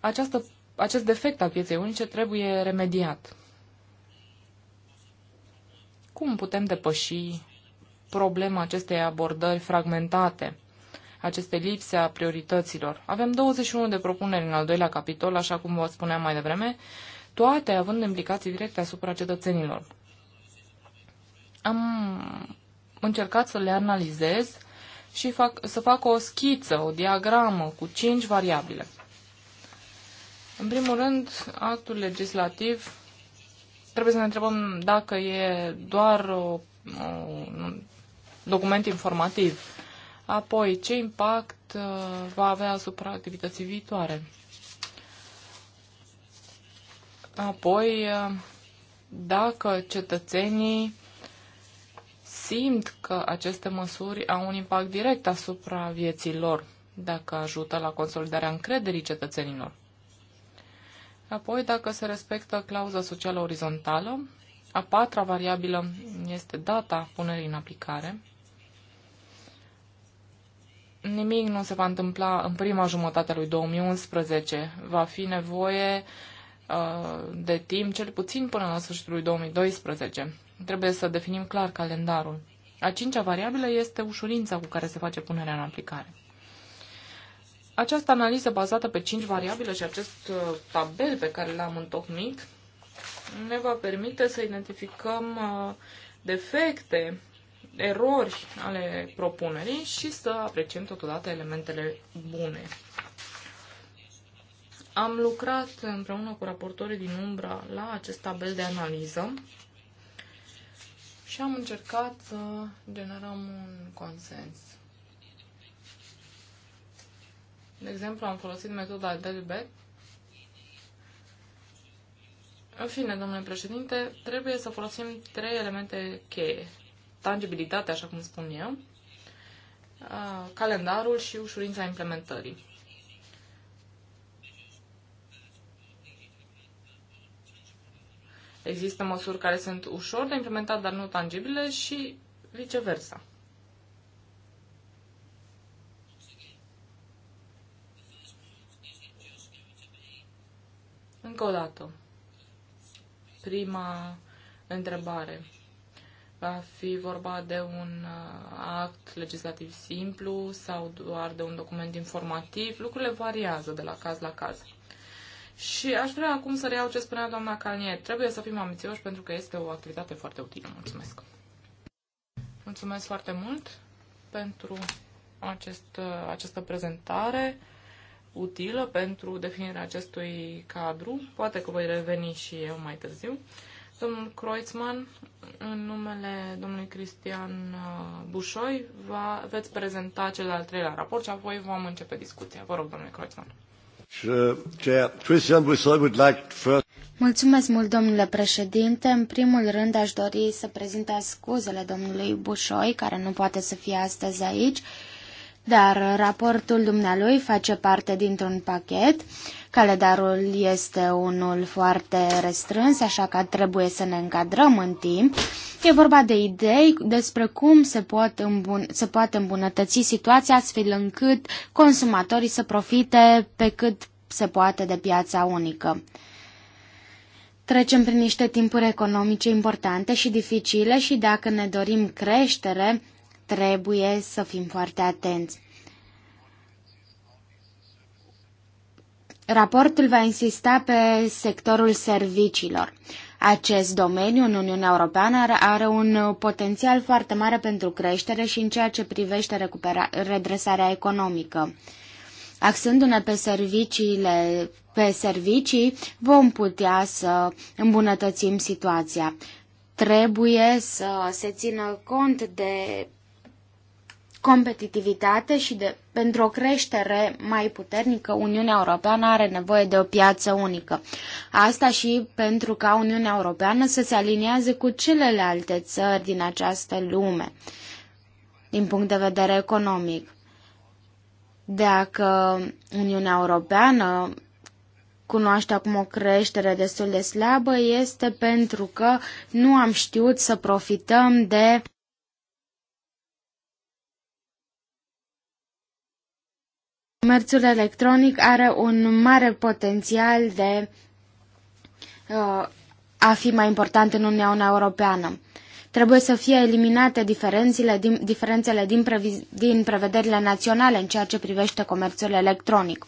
Această, acest defect al pieței unice trebuie remediat. Cum putem depăși problema acestei abordări fragmentate? aceste lipse a priorităților. Avem 21 de propuneri în al doilea capitol, așa cum vă spuneam mai devreme, toate având implicații directe asupra cetățenilor. Am încercat să le analizez și fac, să fac o schiță, o diagramă cu 5 variabile. În primul rând, actul legislativ trebuie să ne întrebăm dacă e doar o, un document informativ Apoi, ce impact uh, va avea asupra activității viitoare? Apoi, uh, dacă cetățenii simt că aceste măsuri au un impact direct asupra vieții lor, dacă ajută la consolidarea încrederii cetățenilor. Apoi, dacă se respectă clauza socială orizontală, a patra variabilă este data punerii în aplicare, nimic nu se va întâmpla în prima jumătate a lui 2011. Va fi nevoie uh, de timp cel puțin până la sfârșitul lui 2012. Trebuie să definim clar calendarul. A cincea variabilă este ușurința cu care se face punerea în aplicare. Această analiză bazată pe cinci variabile și acest uh, tabel pe care l-am întocmit ne va permite să identificăm uh, defecte erori ale propunerii și să apreciem totodată elementele bune. Am lucrat împreună cu raportorii din Umbra la acest tabel de analiză și am încercat să generăm un consens. De exemplu, am folosit metoda Delbet. În fine, domnule președinte, trebuie să folosim trei elemente cheie tangibilitate, așa cum spun eu, calendarul și ușurința implementării. Există măsuri care sunt ușor de implementat, dar nu tangibile și viceversa. Încă o dată. Prima întrebare va fi vorba de un uh, act legislativ simplu sau doar de un document informativ. Lucrurile variază de la caz la caz. Și aș vrea acum să reiau ce spunea doamna Calnie. Trebuie să fim ambițioși pentru că este o activitate foarte utilă. Mulțumesc! Mulțumesc foarte mult pentru acest, uh, această prezentare utilă pentru definirea acestui cadru. Poate că voi reveni și eu mai târziu. Domnul Kreutzmann, în numele domnului Cristian uh, Bușoi, va, veți prezenta cel al treilea raport și apoi vom începe discuția. Vă rog, domnule Kreutzmann. Mulțumesc mult, domnule președinte. În primul rând, aș dori să prezint scuzele domnului Bușoi, care nu poate să fie astăzi aici, dar raportul dumnealui face parte dintr-un pachet. Uh, Calendarul este unul foarte restrâns, așa că trebuie să ne încadrăm în timp. E vorba de idei despre cum se, pot îmbun- se poate îmbunătăți situația astfel încât consumatorii să profite pe cât se poate de piața unică. Trecem prin niște timpuri economice importante și dificile și dacă ne dorim creștere, trebuie să fim foarte atenți. Raportul va insista pe sectorul serviciilor. Acest domeniu în Uniunea Europeană are un potențial foarte mare pentru creștere și în ceea ce privește redresarea economică. Axându-ne pe serviciile, pe servicii, vom putea să îmbunătățim situația. Trebuie să se țină cont de competitivitate și de, pentru o creștere mai puternică, Uniunea Europeană are nevoie de o piață unică. Asta și pentru ca Uniunea Europeană să se alinieze cu celelalte țări din această lume, din punct de vedere economic. Dacă Uniunea Europeană cunoaște acum o creștere destul de slabă, este pentru că nu am știut să profităm de Comerțul electronic are un mare potențial de uh, a fi mai important în Uniunea Europeană. Trebuie să fie eliminate diferențele din, diferențele din, din prevederile naționale în ceea ce privește comerțul electronic.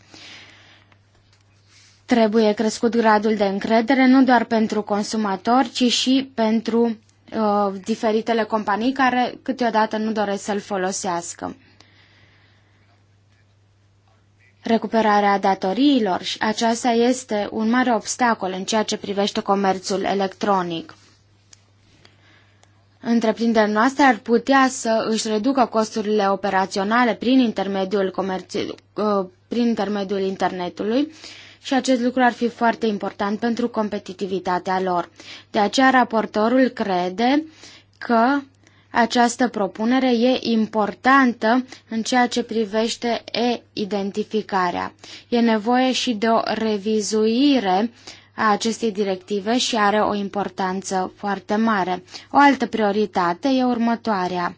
Trebuie crescut gradul de încredere nu doar pentru consumatori, ci și pentru uh, diferitele companii care câteodată nu doresc să-l folosească recuperarea datoriilor și aceasta este un mare obstacol în ceea ce privește comerțul electronic. Întreprinderile noastre ar putea să își reducă costurile operaționale prin intermediul, comerț- uh, prin intermediul internetului și acest lucru ar fi foarte important pentru competitivitatea lor. De aceea raportorul crede că această propunere e importantă în ceea ce privește e-identificarea. E nevoie și de o revizuire a acestei directive și are o importanță foarte mare. O altă prioritate e următoarea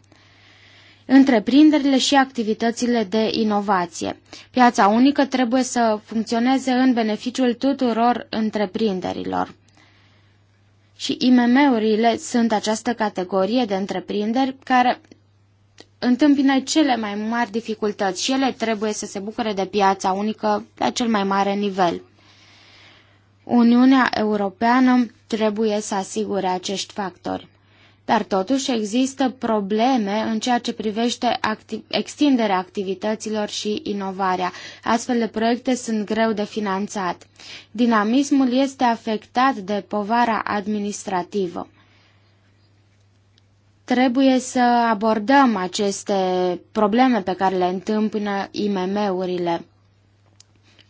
întreprinderile și activitățile de inovație. Piața unică trebuie să funcționeze în beneficiul tuturor întreprinderilor. Și IMM-urile sunt această categorie de întreprinderi care întâmpină cele mai mari dificultăți și ele trebuie să se bucure de piața unică la cel mai mare nivel. Uniunea Europeană trebuie să asigure acești factori. Dar totuși există probleme în ceea ce privește acti- extinderea activităților și inovarea. Astfel de proiecte sunt greu de finanțat. Dinamismul este afectat de povara administrativă. Trebuie să abordăm aceste probleme pe care le întâmpină IMM-urile.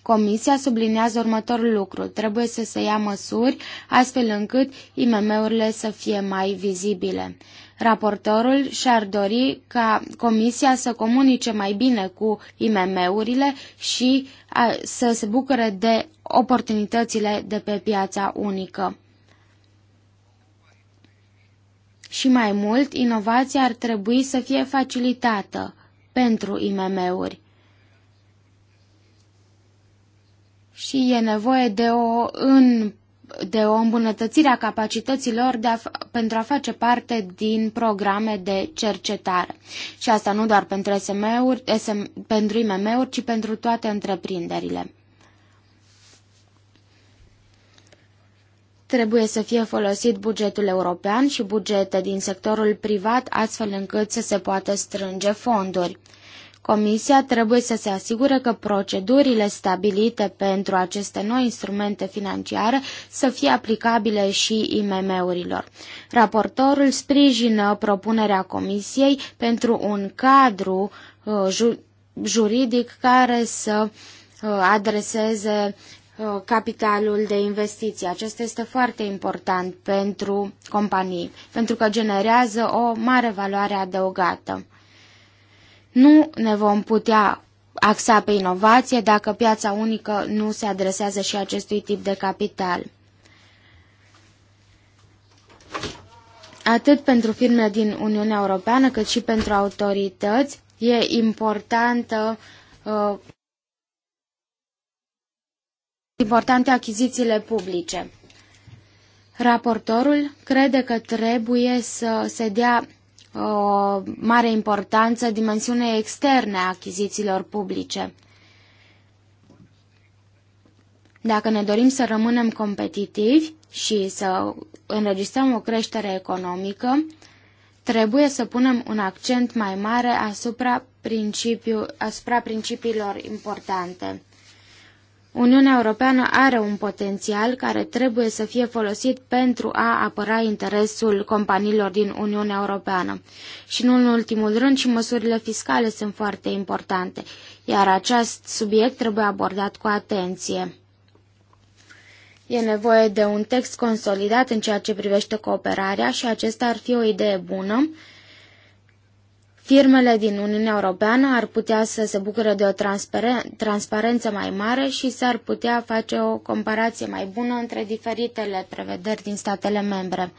Comisia subliniază următorul lucru. Trebuie să se ia măsuri astfel încât IMM-urile să fie mai vizibile. Raportorul și-ar dori ca Comisia să comunice mai bine cu IMM-urile și să se bucure de oportunitățile de pe piața unică. Și mai mult, inovația ar trebui să fie facilitată pentru IMM-uri. și e nevoie de o, în, de o îmbunătățire a capacităților de a, pentru a face parte din programe de cercetare. Și asta nu doar pentru, SM-uri, SM, pentru IMM-uri, ci pentru toate întreprinderile. trebuie să fie folosit bugetul european și bugete din sectorul privat astfel încât să se poată strânge fonduri. Comisia trebuie să se asigure că procedurile stabilite pentru aceste noi instrumente financiare să fie aplicabile și IMM-urilor. Raportorul sprijină propunerea Comisiei pentru un cadru uh, juridic care să uh, adreseze uh, capitalul de investiții. Acesta este foarte important pentru companii, pentru că generează o mare valoare adăugată. Nu ne vom putea axa pe inovație dacă piața unică nu se adresează și acestui tip de capital. Atât pentru firme din Uniunea Europeană cât și pentru autorități e importantă uh, importante achizițiile publice. Raportorul crede că trebuie să se dea o mare importanță dimensiune externe a achizițiilor publice. Dacă ne dorim să rămânem competitivi și să înregistrăm o creștere economică, trebuie să punem un accent mai mare asupra, principiu, asupra principiilor importante. Uniunea Europeană are un potențial care trebuie să fie folosit pentru a apăra interesul companiilor din Uniunea Europeană. Și nu în ultimul rând și măsurile fiscale sunt foarte importante, iar acest subiect trebuie abordat cu atenție. E nevoie de un text consolidat în ceea ce privește cooperarea și acesta ar fi o idee bună Firmele din Uniunea Europeană ar putea să se bucure de o transparen transparență mai mare și s-ar putea face o comparație mai bună între diferitele prevederi din statele membre.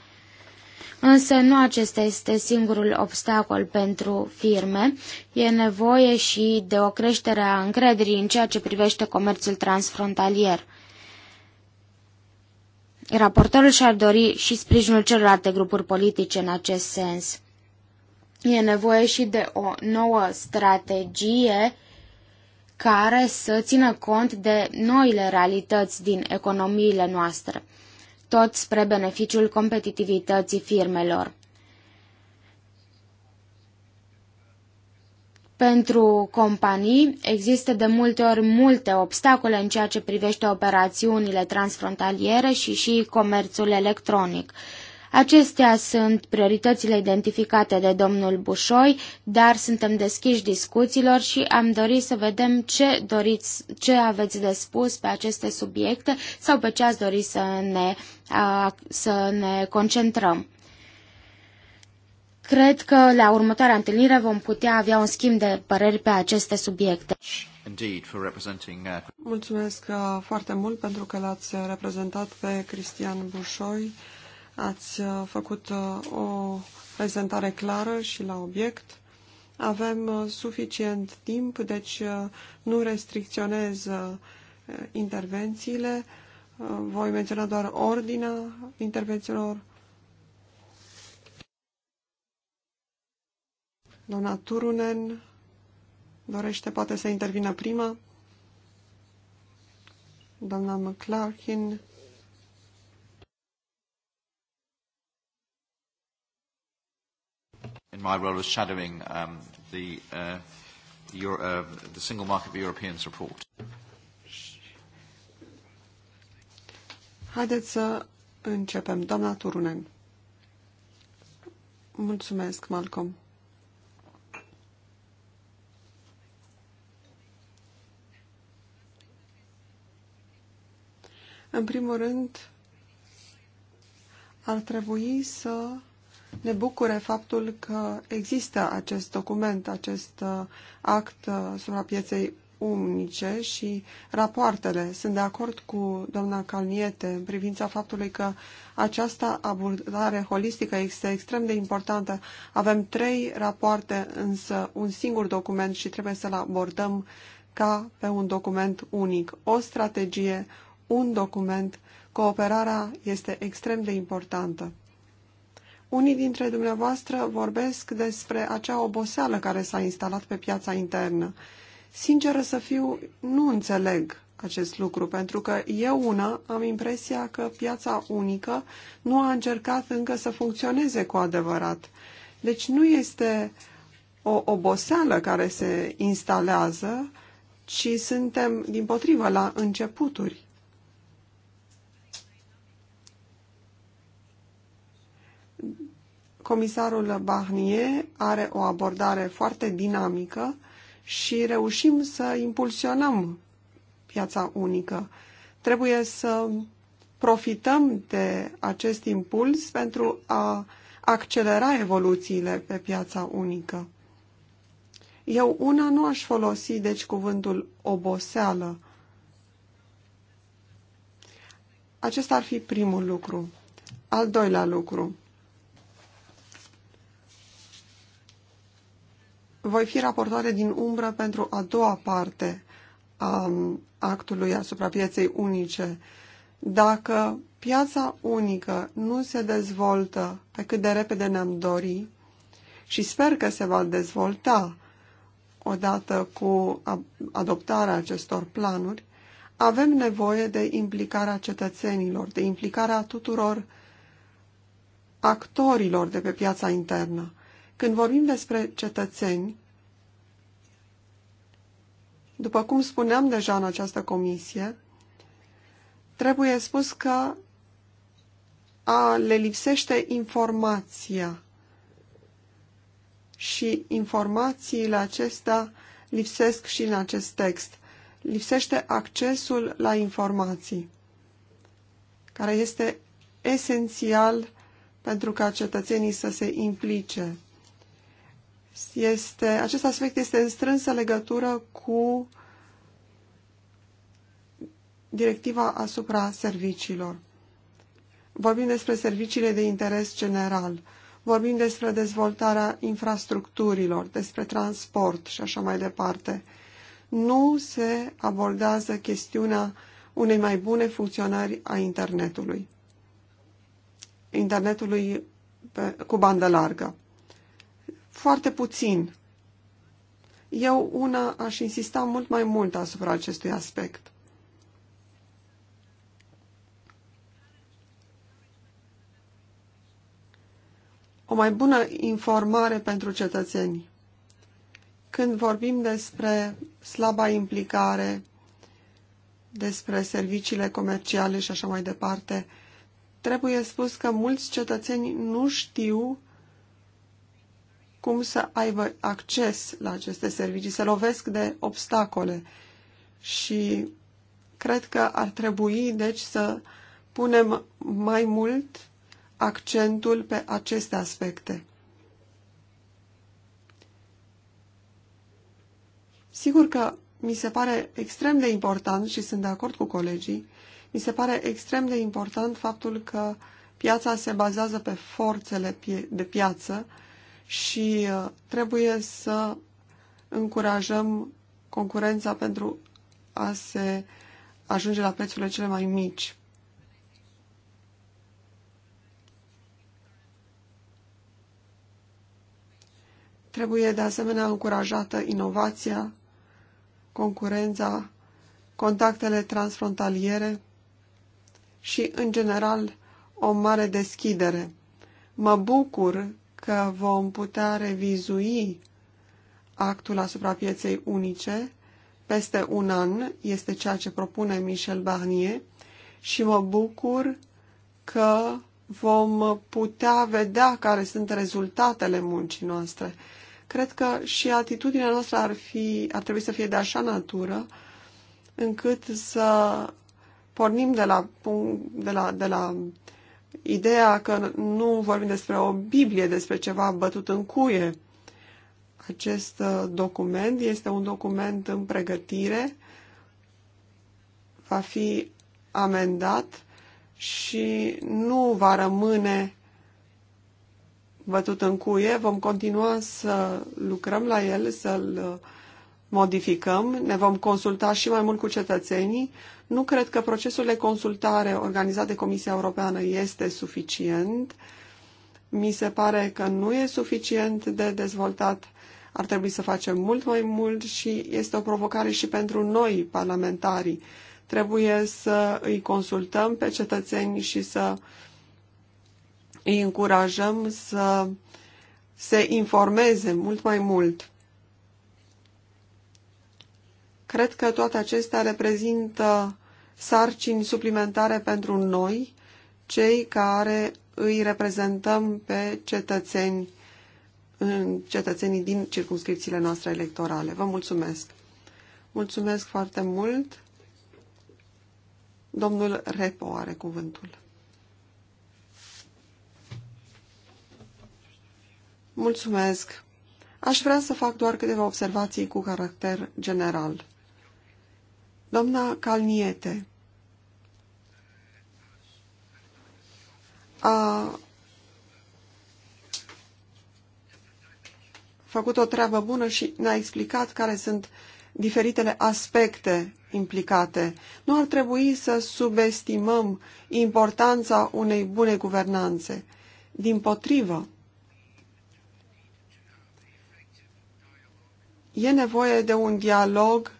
Însă nu acesta este singurul obstacol pentru firme. E nevoie și de o creștere a încrederii în ceea ce privește comerțul transfrontalier. Raportorul și-ar dori și sprijinul celorlalte grupuri politice în acest sens. E nevoie și de o nouă strategie care să țină cont de noile realități din economiile noastre, tot spre beneficiul competitivității firmelor. Pentru companii există de multe ori multe obstacole în ceea ce privește operațiunile transfrontaliere și și comerțul electronic. Acestea sunt prioritățile identificate de domnul Bușoi, dar suntem deschiși discuțiilor și am dorit să vedem ce doriți, ce aveți de spus pe aceste subiecte sau pe ce ați dori să ne, să ne concentrăm. Cred că la următoarea întâlnire vom putea avea un schimb de păreri pe aceste subiecte. Uh, Mulțumesc uh, foarte mult pentru că l-ați reprezentat pe Cristian Bușoi Ați uh, făcut uh, o prezentare clară și la obiect. Avem uh, suficient timp, deci nu restricționez intervențiile. Voi menționa doar ordinea intervențiilor. Doamna Turunen dorește poate să intervină prima. Doamna McClarkin in my role as shadowing um, the, uh, Euro, uh, the Single Market for Europeans report. Haideți să începem. Doamna Turunen. Mulțumesc, Malcolm. În primul rând, ar trebui să ne bucure faptul că există acest document, acest uh, act uh, asupra pieței unice și rapoartele. Sunt de acord cu doamna Calniete în privința faptului că această abordare holistică este extrem de importantă. Avem trei rapoarte, însă un singur document și trebuie să-l abordăm ca pe un document unic. O strategie, un document, cooperarea este extrem de importantă. Unii dintre dumneavoastră vorbesc despre acea oboseală care s-a instalat pe piața internă. Sinceră să fiu, nu înțeleg acest lucru, pentru că eu una am impresia că piața unică nu a încercat încă să funcționeze cu adevărat. Deci nu este o oboseală care se instalează, ci suntem, din potrivă, la începuturi. Comisarul Barnier are o abordare foarte dinamică și reușim să impulsionăm piața unică. Trebuie să profităm de acest impuls pentru a accelera evoluțiile pe piața unică. Eu una nu aș folosi, deci, cuvântul oboseală. Acesta ar fi primul lucru. Al doilea lucru. voi fi raportoare din umbră pentru a doua parte a um, actului asupra pieței unice. Dacă piața unică nu se dezvoltă pe cât de repede ne-am dori și sper că se va dezvolta odată cu adoptarea acestor planuri, avem nevoie de implicarea cetățenilor, de implicarea tuturor actorilor de pe piața internă. Când vorbim despre cetățeni, după cum spuneam deja în această comisie, trebuie spus că a, le lipsește informația și informațiile acestea lipsesc și în acest text. Lipsește accesul la informații, care este esențial pentru ca cetățenii să se implice este, acest aspect este în strânsă legătură cu directiva asupra serviciilor. Vorbim despre serviciile de interes general, vorbim despre dezvoltarea infrastructurilor, despre transport și așa mai departe. Nu se abordează chestiunea unei mai bune funcționări a internetului. Internetului pe, cu bandă largă foarte puțin. Eu, una, aș insista mult mai mult asupra acestui aspect. O mai bună informare pentru cetățeni. Când vorbim despre slaba implicare, despre serviciile comerciale și așa mai departe, trebuie spus că mulți cetățeni nu știu cum să aibă acces la aceste servicii, se lovesc de obstacole și cred că ar trebui, deci, să punem mai mult accentul pe aceste aspecte. Sigur că mi se pare extrem de important și sunt de acord cu colegii, mi se pare extrem de important faptul că piața se bazează pe forțele de piață și uh, trebuie să încurajăm concurența pentru a se ajunge la prețurile cele mai mici. Trebuie de asemenea încurajată inovația, concurența, contactele transfrontaliere și, în general, o mare deschidere. Mă bucur că vom putea revizui actul asupra pieței unice peste un an, este ceea ce propune Michel Barnier și mă bucur că vom putea vedea care sunt rezultatele muncii noastre. Cred că și atitudinea noastră ar, fi, ar trebui să fie de așa natură încât să pornim de la, de la, de la ideea că nu vorbim despre o Biblie, despre ceva bătut în cuie. Acest uh, document este un document în pregătire, va fi amendat și nu va rămâne bătut în cuie. Vom continua să lucrăm la el, să-l uh, modificăm, ne vom consulta și mai mult cu cetățenii, nu cred că procesul de consultare organizat de Comisia Europeană este suficient. Mi se pare că nu e suficient de dezvoltat. Ar trebui să facem mult mai mult și este o provocare și pentru noi, parlamentarii. Trebuie să îi consultăm pe cetățeni și să îi încurajăm să se informeze mult mai mult. Cred că toate acestea reprezintă sarcini suplimentare pentru noi, cei care îi reprezentăm pe cetățeni, cetățenii din circunscripțiile noastre electorale. Vă mulțumesc! Mulțumesc foarte mult! Domnul Repo are cuvântul. Mulțumesc! Aș vrea să fac doar câteva observații cu caracter general. Doamna Calniete a făcut o treabă bună și ne-a explicat care sunt diferitele aspecte implicate. Nu ar trebui să subestimăm importanța unei bune guvernanțe. Din potrivă, e nevoie de un dialog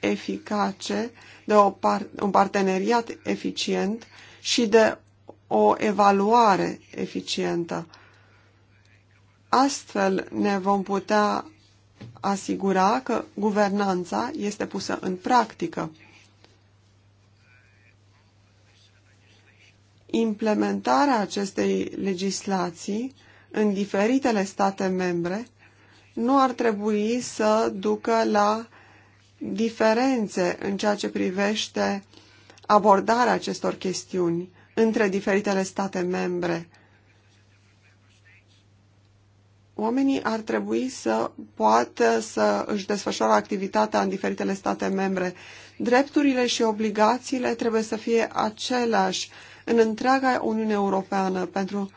eficace, de o par un parteneriat eficient și de o evaluare eficientă. Astfel ne vom putea asigura că guvernanța este pusă în practică. Implementarea acestei legislații în diferitele state membre nu ar trebui să ducă la diferențe în ceea ce privește abordarea acestor chestiuni între diferitele state membre. Oamenii ar trebui să poată să își desfășoare activitatea în diferitele state membre. Drepturile și obligațiile trebuie să fie aceleași în întreaga Uniune Europeană pentru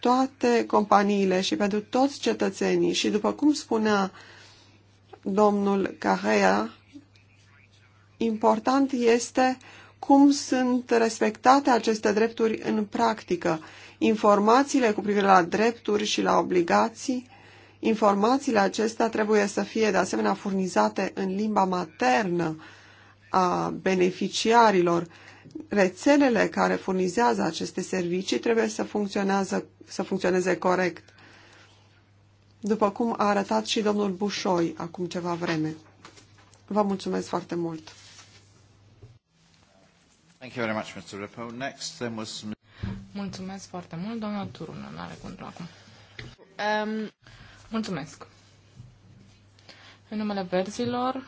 toate companiile și pentru toți cetățenii. Și după cum spunea domnul Carrea, important este cum sunt respectate aceste drepturi în practică. Informațiile cu privire la drepturi și la obligații, informațiile acestea trebuie să fie de asemenea furnizate în limba maternă a beneficiarilor. Rețelele care furnizează aceste servicii trebuie să, funcționează, să funcționeze corect după cum a arătat și domnul Bușoi acum ceva vreme. Vă mulțumesc foarte mult! Thank you very much, Mr. Ripo. Next, then was... Mulțumesc foarte mult, doamna nu are cuvântul acum. Um, mulțumesc. În numele verzilor,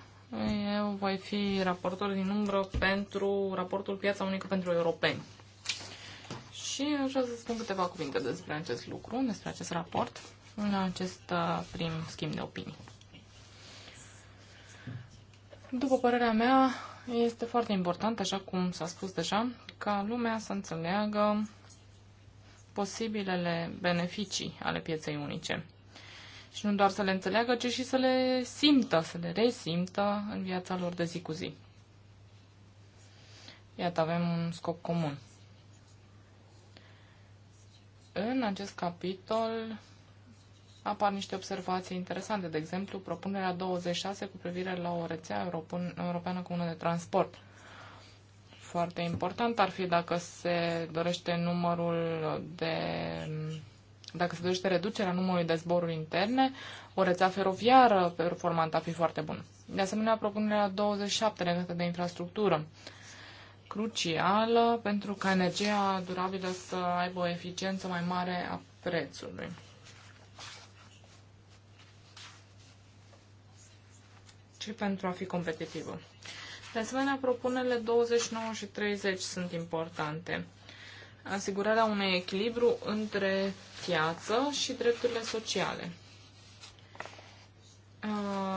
eu voi fi raportor din umbră pentru raportul Piața Unică pentru Europeni. Și aș vrea să spun câteva cuvinte despre acest lucru, despre acest raport în acest uh, prim schimb de opinii. După părerea mea, este foarte important, așa cum s-a spus deja, ca lumea să înțeleagă posibilele beneficii ale pieței unice. Și nu doar să le înțeleagă, ci și să le simtă, să le resimtă în viața lor de zi cu zi. Iată, avem un scop comun. În acest capitol apar niște observații interesante, de exemplu, propunerea 26 cu privire la o rețea europeană comună de transport. Foarte important ar fi dacă se dorește numărul de dacă se dorește reducerea numărului de zboruri interne, o rețea feroviară performantă ar fi foarte bună. De asemenea, propunerea 27 legată de infrastructură crucială pentru ca energia durabilă să aibă o eficiență mai mare a prețului. și pentru a fi competitivă. De asemenea, propunerile 29 și 30 sunt importante. Asigurarea unui echilibru între piață și drepturile sociale.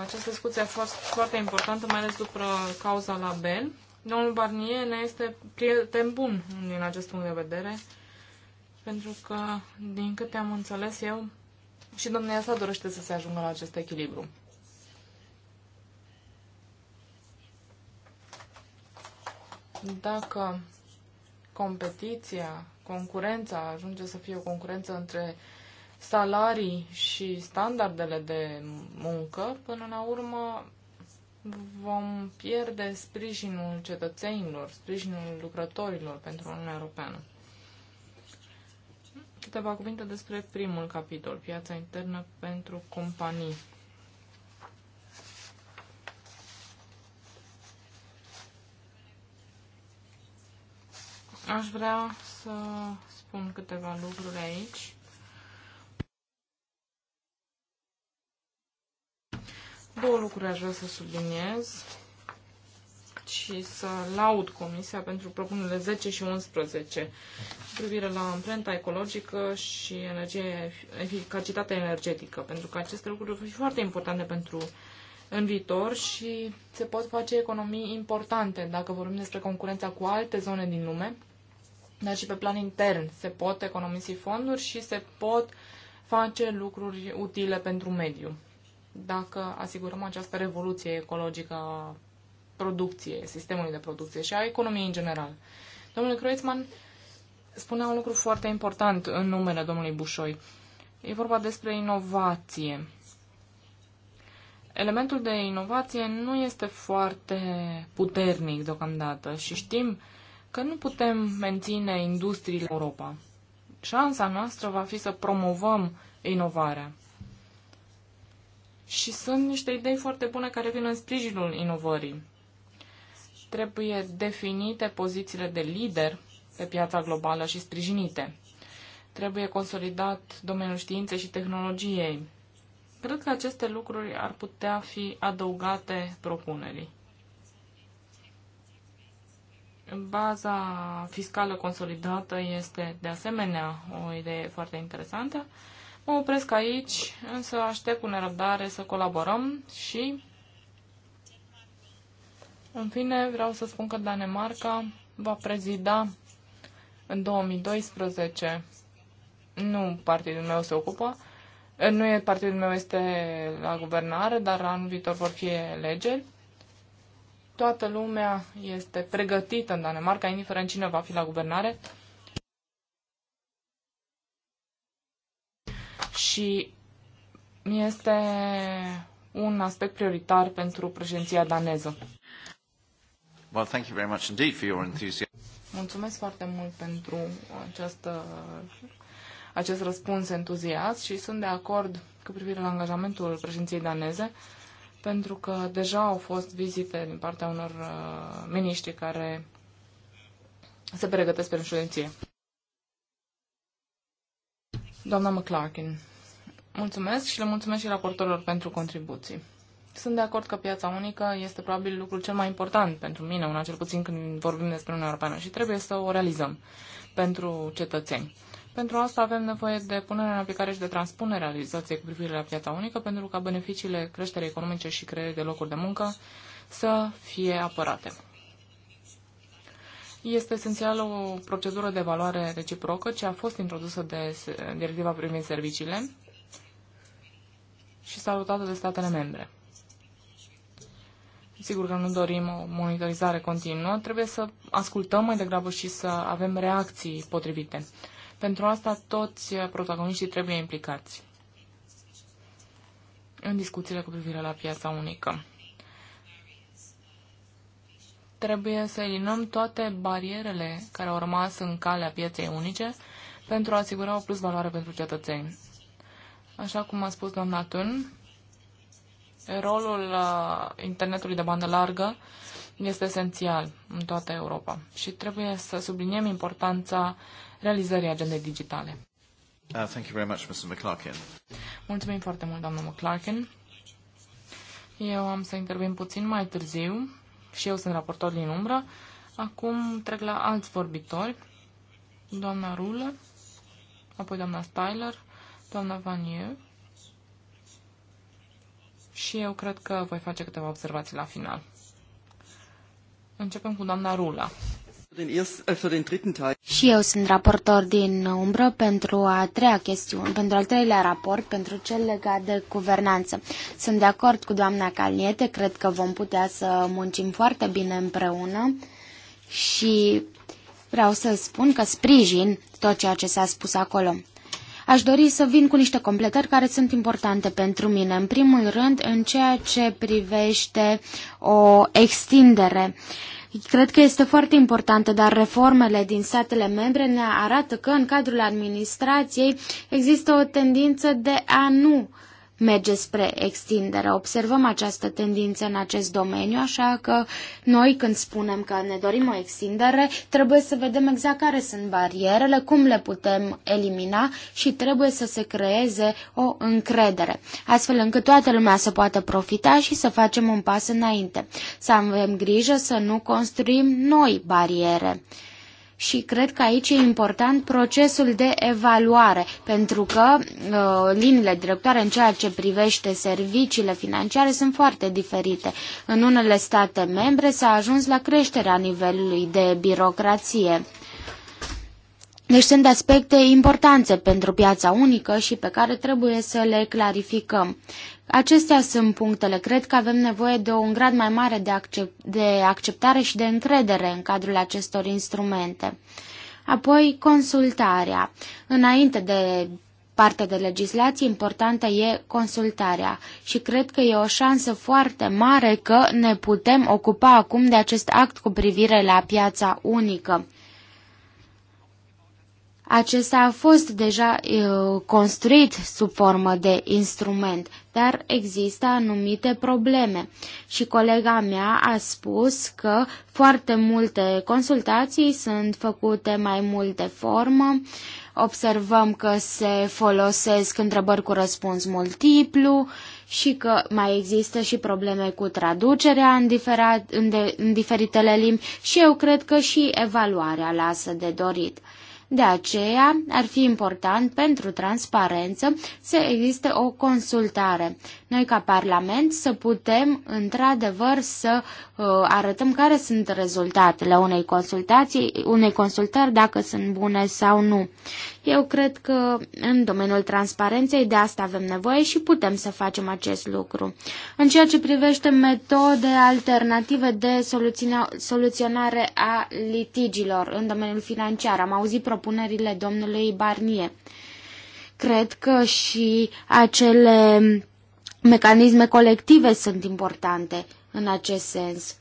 Această discuție a fost foarte importantă, mai ales după cauza la Ben. Domnul Barnier ne este prieten bun din acest punct de vedere, pentru că, din câte am înțeles eu, și domnia sa dorește să se ajungă la acest echilibru. Dacă competiția, concurența ajunge să fie o concurență între salarii și standardele de muncă, până la urmă vom pierde sprijinul cetățenilor, sprijinul lucrătorilor pentru Uniunea Europeană. Câteva cuvinte despre primul capitol, piața internă pentru companii. Aș vrea să spun câteva lucruri aici. Două lucruri aș vrea să subliniez și să laud Comisia pentru propunerile 10 și 11 cu privire la amprenta ecologică și energie, eficacitatea energetică, pentru că aceste lucruri sunt foarte importante pentru în viitor și se pot face economii importante dacă vorbim despre concurența cu alte zone din lume dar și pe plan intern se pot economisi fonduri și se pot face lucruri utile pentru mediu. Dacă asigurăm această revoluție ecologică a producției, sistemului de producție și a economiei în general. Domnul Kreutzmann spunea un lucru foarte important în numele domnului Bușoi. E vorba despre inovație. Elementul de inovație nu este foarte puternic deocamdată și știm uh, că nu putem menține industriile în Europa. Șansa noastră va fi să promovăm inovarea. Și sunt niște idei foarte bune care vin în sprijinul inovării. Trebuie definite pozițiile de lider pe piața globală și sprijinite. Trebuie consolidat domeniul științei și tehnologiei. Cred că aceste lucruri ar putea fi adăugate propunerii. Baza fiscală consolidată este de asemenea o idee foarte interesantă. Mă opresc aici, însă aștept cu nerăbdare să colaborăm și, în fine, vreau să spun că Danemarca va prezida în 2012, nu partidul meu se ocupă, nu e partidul meu este la guvernare, dar anul viitor vor fi elegeri Toată lumea este pregătită în Danemarca, indiferent cine va fi la guvernare. Și este un aspect prioritar pentru președinția daneză. Well, thank you very much indeed for your enthusiasm. Mulțumesc foarte mult pentru această, acest răspuns entuziast și sunt de acord cu privire la angajamentul președinției daneze pentru că deja au fost vizite din partea unor uh, miniștri care se pregătesc pentru ședinție. Doamna McClarkin, mulțumesc și le mulțumesc și raportorilor pentru contribuții. Sunt de acord că piața unică este probabil lucrul cel mai important pentru mine, una cel puțin când vorbim despre Uniunea Europeană și trebuie să o realizăm pentru cetățeni. Pentru asta avem nevoie de punerea în aplicare și de transpunerea realizației cu privire la piața unică, pentru ca beneficiile creșterii economice și creării de locuri de muncă să fie apărate. Este esențială o procedură de valoare reciprocă ce a fost introdusă de directiva privind serviciile și salutată de statele membre. Sigur că nu dorim o monitorizare continuă, trebuie să ascultăm mai degrabă și să avem reacții potrivite. Pentru asta toți protagoniștii trebuie implicați în discuțiile cu privire la piața unică. Trebuie să eliminăm toate barierele care au rămas în calea pieței unice pentru a asigura o plus valoare pentru cetățeni. Așa cum a spus doamna Tun, rolul uh, internetului de bandă largă este esențial în toată Europa și trebuie să subliniem importanța realizării agendei digitale. Uh, thank you very much, Mr. McClarkin. Mulțumim foarte mult, doamnă McClarkin. Eu am să intervin puțin mai târziu și eu sunt raportor din umbră. Acum trec la alți vorbitori. Doamna Rulă, apoi doamna Styler, doamna Vanier. Și eu cred că voi face câteva observații la final. Începem cu doamna Rula. Äh, și eu sunt raportor din umbră pentru a treia chestiune, pentru al treilea raport, pentru cel legat de guvernanță. Sunt de acord cu doamna Caliete, cred că vom putea să muncim foarte bine împreună și vreau să spun că sprijin tot ceea ce s-a spus acolo. Aș dori să vin cu niște completări care sunt importante pentru mine. În primul rând, în ceea ce privește o extindere uh, Cred că este foarte importantă, dar reformele din statele membre ne arată că în cadrul administrației există o tendință de a nu uh, merge spre extindere. Observăm această tendință în acest domeniu, așa că noi când spunem că ne dorim o extindere, trebuie să vedem exact care sunt barierele, cum le putem elimina și trebuie să se creeze o încredere, astfel încât toată lumea să poată profita și să facem un pas înainte. Să avem grijă să nu construim noi bariere și cred că aici e important procesul de evaluare, pentru că uh, liniile directoare în ceea ce privește serviciile financiare sunt foarte diferite. În unele state membre s-a ajuns la creșterea nivelului de birocrație. Deci sunt aspecte importante pentru piața unică și pe care trebuie să le clarificăm. Acestea sunt punctele. Cred că avem nevoie de un grad mai mare de, accept, de acceptare și de încredere în cadrul acestor instrumente. Apoi, consultarea. Înainte de partea de legislație, importantă e consultarea și cred că e o șansă foarte mare că ne putem ocupa acum de acest act cu privire la piața unică. Acesta a fost deja uh, construit sub formă de instrument dar există anumite probleme. Și colega mea a spus că foarte multe consultații sunt făcute mai mult de formă, observăm că se folosesc întrebări cu răspuns multiplu și că mai există și probleme cu traducerea în, diferat, în, de, în diferitele limbi și eu cred că și evaluarea lasă de dorit. De aceea ar fi important pentru transparență să existe o consultare noi, ca Parlament, să putem, într-adevăr, să uh, arătăm care sunt rezultatele unei consultații, unei consultări, dacă sunt bune sau nu. Eu cred că în domeniul transparenței de asta avem nevoie și putem să facem acest lucru. În ceea ce privește metode alternative de soluționare a litigilor în domeniul financiar, am auzit propunerile domnului Barnier. Cred că și acele Mecanisme colective sunt importante în acest sens.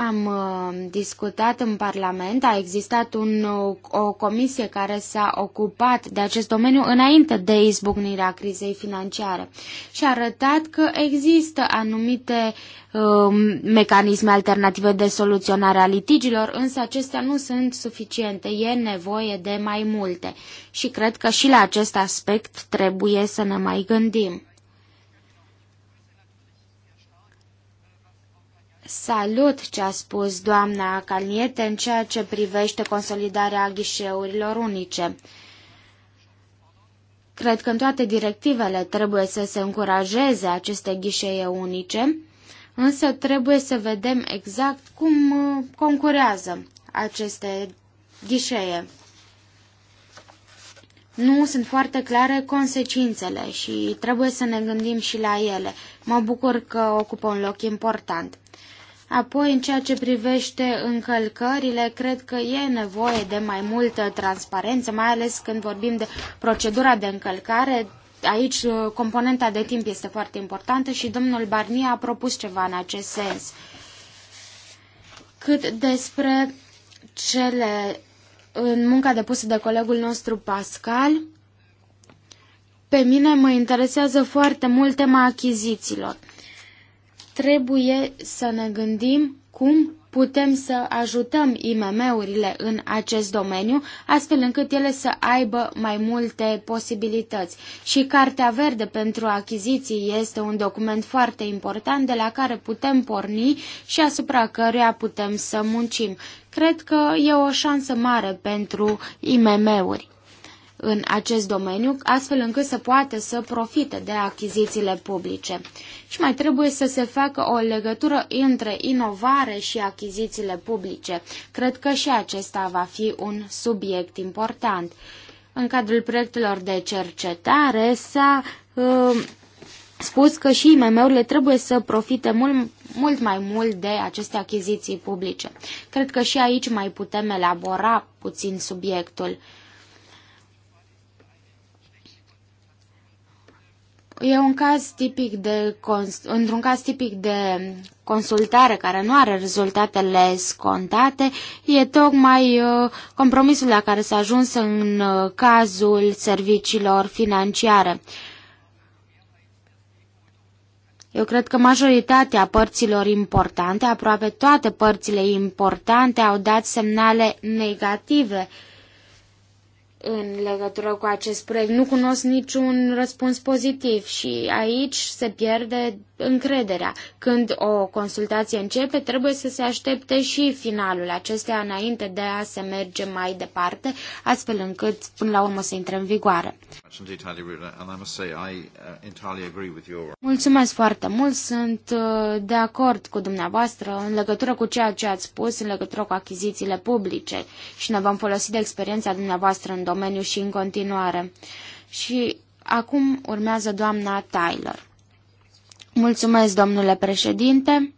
Am uh, discutat în Parlament, a existat un, uh, o comisie care s-a ocupat de acest domeniu înainte de izbucnirea crizei financiare și a arătat că există anumite um, mecanisme alternative de soluționare a litigilor, însă acestea nu sunt suficiente, e nevoie de mai multe și cred că și la acest aspect trebuie să ne mai gândim. Salut ce a spus doamna Calniete în ceea ce privește consolidarea ghișeurilor unice. Cred că în toate directivele trebuie să se încurajeze aceste ghișee unice, însă trebuie să vedem exact cum uh, concurează aceste ghișee. Nu sunt foarte clare consecințele și trebuie să ne gândim și la ele. Mă bucur că ocupă un loc important. Apoi, în ceea ce privește încălcările, cred că e nevoie de mai multă transparență, mai ales când vorbim de procedura de încălcare. Aici uh, componenta de timp este foarte importantă și domnul Barnier a propus ceva în acest sens. Cât despre cele în munca depusă de colegul nostru Pascal, pe mine mă interesează foarte mult tema achizițiilor trebuie să ne gândim cum putem să ajutăm IMM-urile în acest domeniu, astfel încât ele să aibă mai multe posibilități. Și Cartea Verde pentru achiziții este un document foarte important de la care putem porni și asupra căruia putem să muncim. Cred că e o șansă mare pentru IMM-uri în acest domeniu, astfel încât să poată să profite de achizițiile publice. Și mai trebuie să se facă o legătură între inovare și achizițiile publice. Cred că și acesta va fi un subiect important. În cadrul proiectelor de cercetare s-a uh, spus că și IMM-urile trebuie să profite mult, mult mai mult de aceste achiziții publice. Cred că și aici mai putem elabora puțin subiectul. E un caz tipic de într-un caz tipic de consultare care nu are rezultatele scontate, e tocmai uh, compromisul la care s-a ajuns în uh, cazul serviciilor financiare. Eu cred că majoritatea părților importante, aproape toate părțile importante, au dat semnale negative uh, în legătură cu acest proiect. Nu cunosc niciun răspuns pozitiv și aici se pierde încrederea. Când o consultație începe, trebuie să se aștepte și finalul acestea înainte de a se merge mai departe, astfel încât până la urmă să intre în vigoare. Mulțumesc foarte mult, sunt uh, de acord cu dumneavoastră în legătură cu ceea ce ați spus, în legătură cu achizițiile publice și ne vom folosi de experiența dumneavoastră în domeniu și în continuare. Și acum urmează doamna Tyler. Mulțumesc, domnule președinte.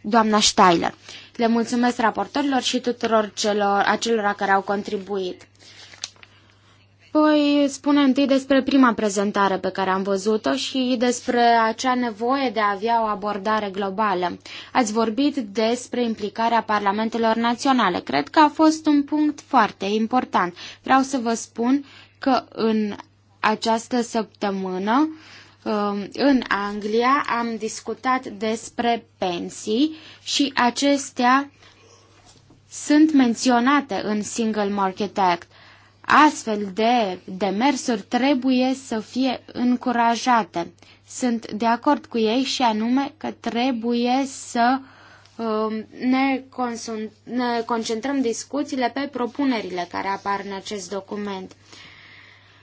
Doamna Steiler. Le mulțumesc raportorilor și tuturor celor, acelora care au contribuit. Voi spune întâi despre prima prezentare pe care am văzut-o și despre acea nevoie de a avea o abordare globală. Ați vorbit despre implicarea parlamentelor naționale. Cred că a fost un punct foarte important. Vreau să vă spun că în această săptămână um, în Anglia am discutat despre pensii și acestea sunt menționate în Single Market Act. Astfel de demersuri trebuie să fie încurajate. Sunt de acord cu ei și anume că trebuie să um, ne, ne concentrăm discuțiile pe propunerile care apar în acest document.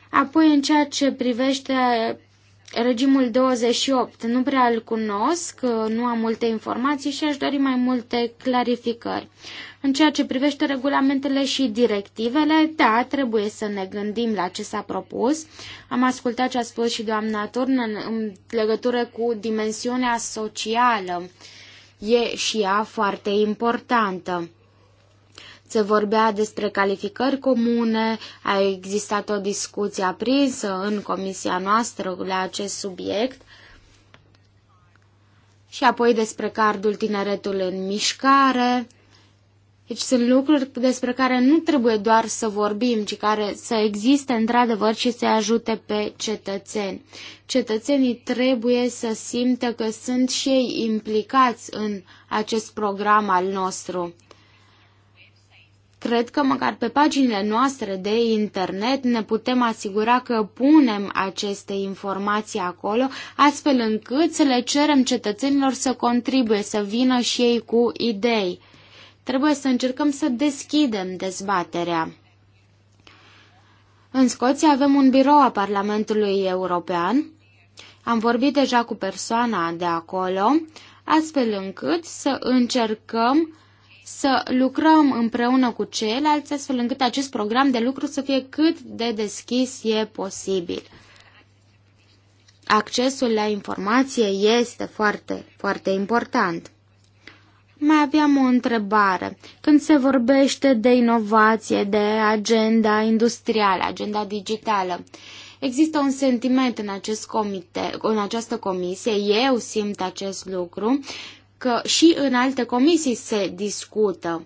Apoi, în ceea ce privește regimul 28. Nu prea îl cunosc, nu am multe informații și aș dori mai multe clarificări. În ceea ce privește regulamentele și directivele, da, trebuie să ne gândim la ce s-a propus. Am ascultat ce a spus și doamna Turn în, în legătură cu dimensiunea socială. E și ea foarte importantă. Se vorbea despre calificări comune, a existat o discuție aprinsă în comisia noastră la acest subiect și apoi despre cardul tineretul în mișcare. Deci sunt lucruri despre care nu trebuie doar să vorbim, ci care să existe într-adevăr și să ajute pe cetățeni. Cetățenii trebuie să simtă că sunt și ei implicați în acest program al nostru. Cred că măcar pe paginile noastre de internet ne putem asigura că punem aceste informații acolo, astfel încât să le cerem cetățenilor să contribuie, să vină și ei cu idei. Trebuie să încercăm să deschidem dezbaterea. În Scoția avem un birou a Parlamentului European. Am vorbit deja cu persoana de acolo, astfel încât să încercăm să lucrăm împreună cu ceilalți, astfel încât acest program de lucru să fie cât de deschis e posibil. Accesul la informație este foarte, foarte important. Mai aveam o întrebare. Când se vorbește de inovație, de agenda industrială, agenda digitală, există un sentiment în, acest comite, în această comisie, eu simt acest lucru, că și în alte comisii se discută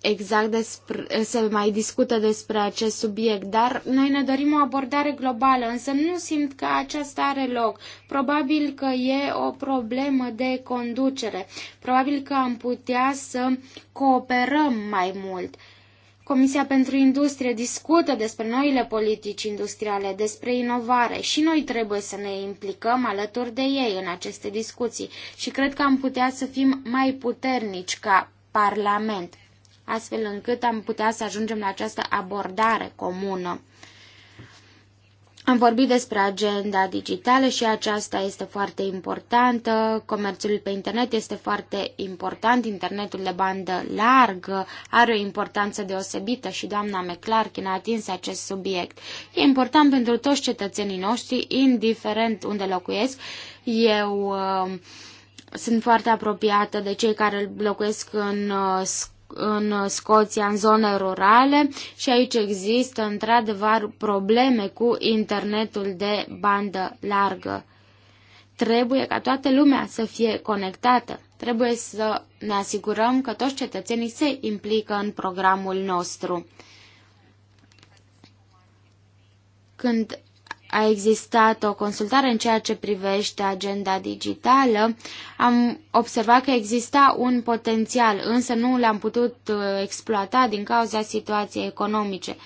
exact despre, se mai discută despre acest subiect, dar noi ne dorim o abordare globală, însă nu simt că aceasta are loc. Probabil că e o problemă de conducere. Probabil că am putea să cooperăm mai mult. Comisia pentru Industrie discută despre noile politici industriale, despre inovare și noi trebuie să ne implicăm alături de ei în aceste discuții și cred că am putea să fim mai puternici ca Parlament, astfel încât am putea să ajungem la această abordare comună. Am vorbit despre agenda digitală și aceasta este foarte importantă. Comerțul pe internet este foarte important. Internetul de bandă largă are o importanță deosebită și doamna McClarkin a atins acest subiect. E important pentru toți cetățenii noștri, indiferent unde locuiesc. Eu uh, sunt foarte apropiată de cei care locuiesc în uh, în Scoția, în zone rurale și aici există într-adevăr probleme cu internetul de bandă largă. Trebuie ca toată lumea să fie conectată. Trebuie să ne asigurăm că toți cetățenii se implică în programul nostru. Când a existat o consultare în ceea ce privește agenda digitală, am observat că exista un potențial, însă nu l-am putut uh, exploata din cauza situației economice.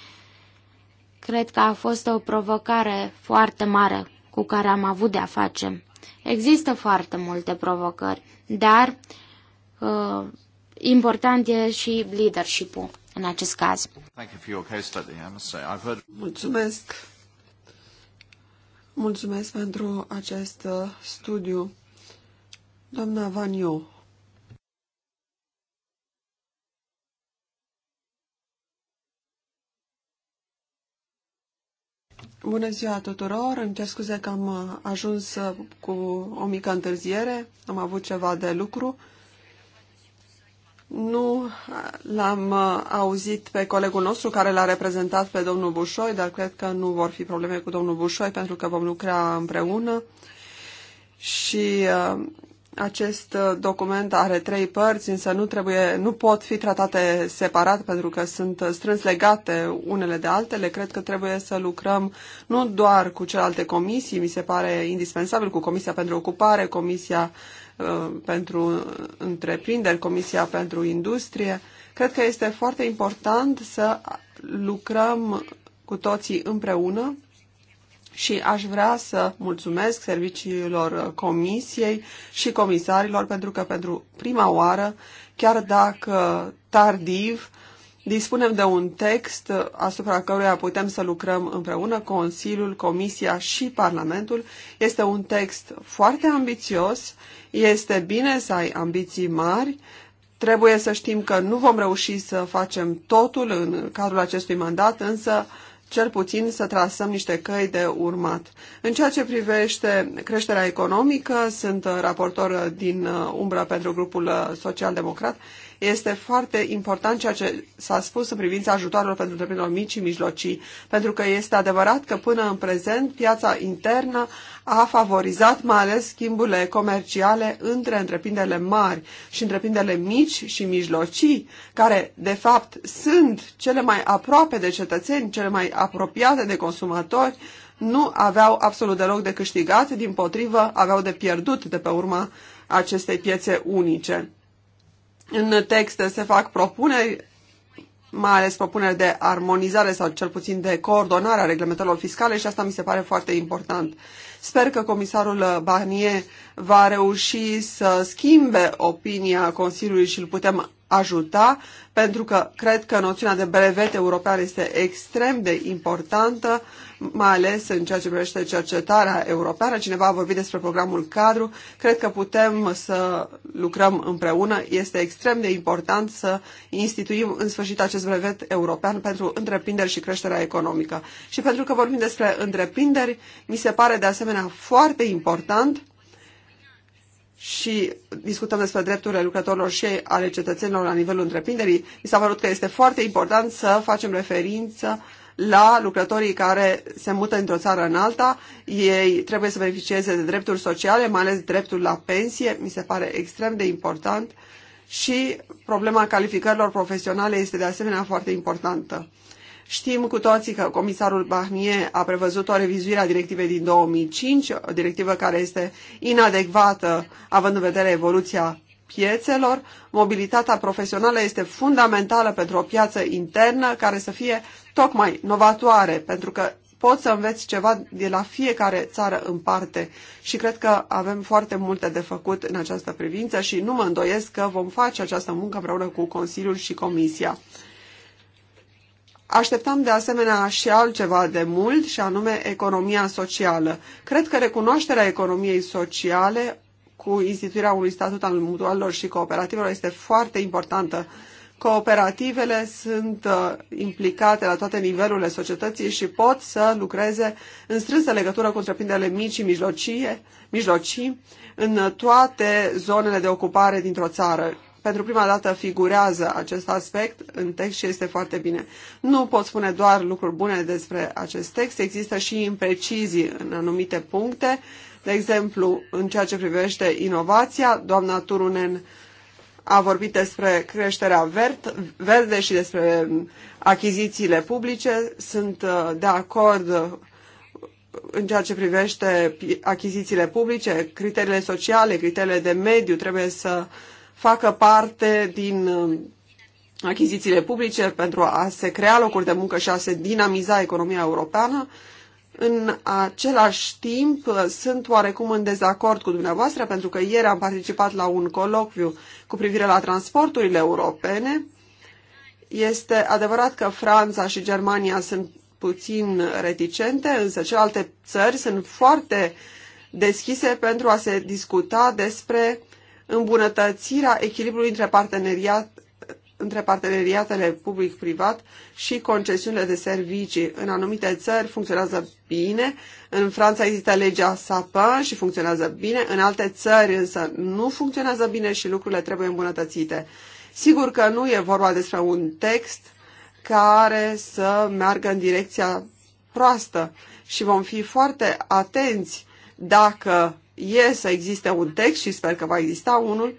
Cred că a fost o provocare foarte mare cu care am avut de-a face. Există foarte multe provocări, dar uh, important e și leadership-ul în acest caz. Mulțumesc Mulțumesc pentru acest uh, studiu. Doamna Vaniu. Bună ziua tuturor! Îmi cer scuze că am uh, ajuns uh, cu o mică întârziere, am avut ceva de lucru. Nu l-am uh, auzit pe colegul nostru care l-a reprezentat pe domnul Bușoi, dar cred că nu vor fi probleme cu domnul Bușoi pentru că vom lucra împreună. Și uh, acest uh, document are trei părți, însă nu, trebuie, nu pot fi tratate separat pentru că sunt strâns legate unele de altele. Cred că trebuie să lucrăm nu doar cu celelalte comisii, mi se pare indispensabil cu Comisia pentru Ocupare, Comisia Uh, pentru întreprinderi, Comisia pentru Industrie. Cred că este foarte important să lucrăm cu toții împreună și aș vrea să mulțumesc serviciilor comisiei și comisarilor pentru că pentru prima oară, chiar dacă tardiv, Dispunem de un text asupra căruia putem să lucrăm împreună, Consiliul, Comisia și Parlamentul. Este un text foarte ambițios, este bine să ai ambiții mari, trebuie să știm că nu vom reuși să facem totul în cadrul acestui mandat, însă cel puțin să trasăm niște căi de urmat. În ceea ce privește creșterea economică, sunt raportor din uh, umbră pentru grupul uh, social-democrat este foarte important ceea ce s-a spus în privința ajutoarelor pentru întreprinderi mici și mijlocii, pentru că este adevărat că până în prezent piața internă a favorizat mai ales schimburile comerciale între întreprinderile mari și întreprinderile mici și mijlocii, care de fapt sunt cele mai aproape de cetățeni, cele mai apropiate de consumatori, nu aveau absolut deloc de câștigat, din potrivă aveau de pierdut de pe urma acestei piețe unice. În texte se fac propuneri, mai ales propuneri de armonizare sau cel puțin de coordonare a reglementărilor fiscale și asta mi se pare foarte important. Sper că comisarul Barnier va reuși să schimbe opinia Consiliului și îl putem ajuta, pentru că cred că noțiunea de brevet european este extrem de importantă, mai ales în ceea ce privește cercetarea europeană. Cineva a vorbit despre programul cadru. Cred că putem să lucrăm împreună. Este extrem de important să instituim în sfârșit acest brevet european pentru întreprinderi și creșterea economică. Și pentru că vorbim despre întreprinderi, mi se pare de asemenea foarte important și discutăm despre drepturile lucrătorilor și ale cetățenilor la nivelul întreprinderii, mi s-a părut că este foarte important să facem referință la lucrătorii care se mută într-o țară în alta. Ei trebuie să beneficieze de drepturi sociale, mai ales dreptul la pensie, mi se pare extrem de important și problema calificărilor profesionale este de asemenea foarte importantă. Știm cu toții că comisarul Barnier a prevăzut o revizuire a directivei din 2005, o directivă care este inadecvată având în vedere evoluția piețelor. Mobilitatea profesională este fundamentală pentru o piață internă care să fie tocmai novatoare, pentru că poți să înveți ceva de la fiecare țară în parte și cred că avem foarte multe de făcut în această privință și nu mă îndoiesc că vom face această muncă împreună cu Consiliul și Comisia. Așteptam de asemenea și altceva de mult, și anume economia socială. Cred că recunoașterea economiei sociale cu instituirea unui statut al mutualelor și cooperativelor este foarte importantă. Cooperativele sunt uh, implicate la toate nivelurile societății și pot să lucreze în strânsă legătură cu întreprinderile mici și mijlocie, mijlocii în toate zonele de ocupare dintr-o țară pentru prima dată figurează acest aspect în text și este foarte bine. Nu pot spune doar lucruri bune despre acest text, există și imprecizii în anumite puncte. De exemplu, în ceea ce privește inovația, doamna Turunen a vorbit despre creșterea verde și despre achizițiile publice. Sunt uh, de acord uh, în ceea ce privește achizițiile publice, criteriile sociale, criteriile de mediu trebuie să uh, facă parte din uh, achizițiile publice pentru a se crea locuri de muncă și a se dinamiza economia europeană, în același timp uh, sunt oarecum în dezacord cu dumneavoastră pentru că ieri am participat la un colocviu cu privire la transporturile europene. Este adevărat că Franța și Germania sunt puțin reticente, însă celelalte țări sunt foarte deschise pentru a se discuta despre uh, îmbunătățirea echilibrului între, parteneriat, între parteneriatele public-privat și concesiunile de servicii. În anumite țări funcționează bine, în Franța există legea Sapin și funcționează bine, în alte țări însă nu funcționează bine și lucrurile trebuie îmbunătățite. Sigur că nu e vorba despre un text care să meargă în direcția proastă și vom fi foarte atenți dacă e să existe un text și sper că va exista unul,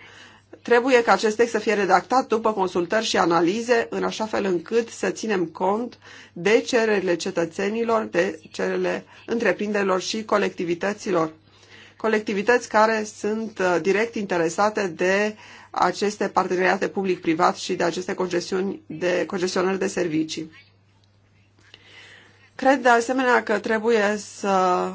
trebuie ca acest text să fie redactat după consultări și analize, în așa fel încât să ținem cont de cererile cetățenilor, de cererile întreprinderilor și colectivităților. Colectivități care sunt uh, direct interesate de aceste parteneriate public-privat și de aceste concesiuni de concesionări de servicii. Cred de asemenea că trebuie să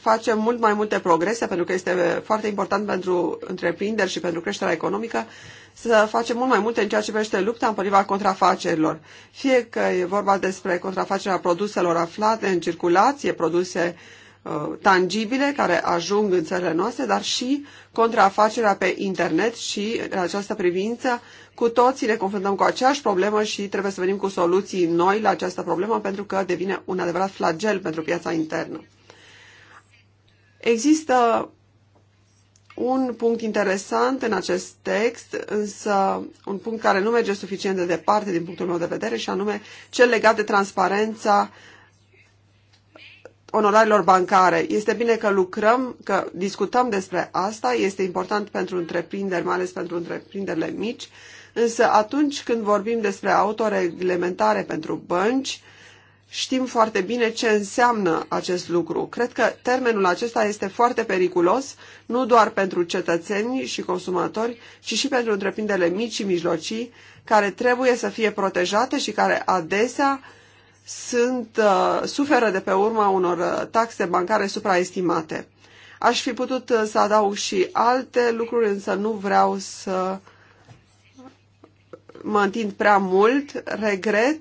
facem mult mai multe progrese, pentru că este foarte important pentru întreprinderi și pentru creșterea economică, să facem mult mai multe în ceea ce privește lupta împotriva contrafacerilor. Fie că e vorba despre contrafacerea produselor aflate în circulație, produse uh, tangibile care ajung în țările noastre, dar și contrafacerea pe internet și în această privință cu toții ne confruntăm cu aceeași problemă și trebuie să venim cu soluții noi la această problemă pentru că devine un adevărat flagel pentru piața internă. Există un punct interesant în acest text, însă un punct care nu merge suficient de departe din punctul meu de vedere și anume cel legat de transparența onorarilor bancare. Este bine că lucrăm, că discutăm despre asta, este important pentru întreprinderi, mai ales pentru întreprinderile mici, însă atunci când vorbim despre autoreglementare pentru bănci, Știm foarte bine ce înseamnă acest lucru. Cred că termenul acesta este foarte periculos, nu doar pentru cetățeni și consumatori, ci și pentru întreprinderile mici și mijlocii, care trebuie să fie protejate și care adesea sunt, uh, suferă de pe urma unor uh, taxe bancare supraestimate. Aș fi putut uh, să adaug și alte lucruri, însă nu vreau să mă întind prea mult. Regret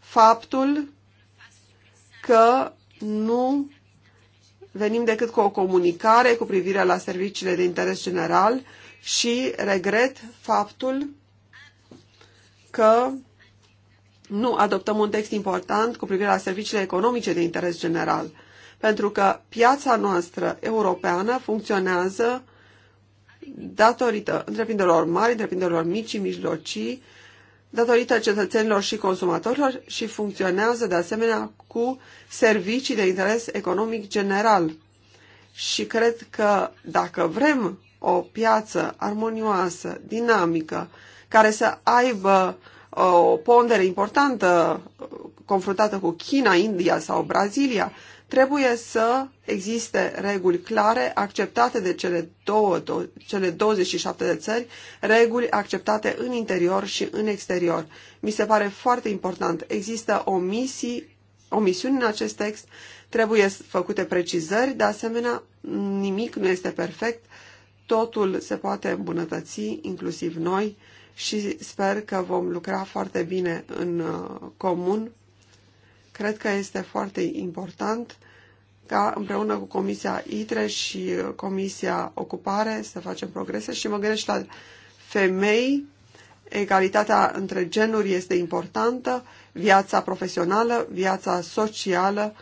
faptul că nu venim decât cu o comunicare cu privire la serviciile de interes general și regret faptul că nu adoptăm un text important cu privire la serviciile economice de interes general, pentru că piața noastră europeană funcționează datorită întreprinderilor mari, întreprinderilor mici și mijlocii datorită cetățenilor și consumatorilor și funcționează de asemenea cu servicii de interes economic general. Și cred că dacă vrem o piață armonioasă, dinamică, care să aibă uh, o pondere importantă uh, confruntată cu China, India sau Brazilia, Trebuie să existe reguli clare acceptate de cele, două, cele 27 de țări, reguli acceptate în interior și în exterior. Mi se pare foarte important. Există o misiune în acest text, trebuie făcute precizări, de asemenea nimic nu este perfect, totul se poate îmbunătăți, inclusiv noi, și sper că vom lucra foarte bine în uh, comun. Cred că este foarte important ca împreună cu Comisia ITRE și uh, Comisia Ocupare să facem progrese și mă gândesc la femei, egalitatea între genuri este importantă, viața profesională, viața socială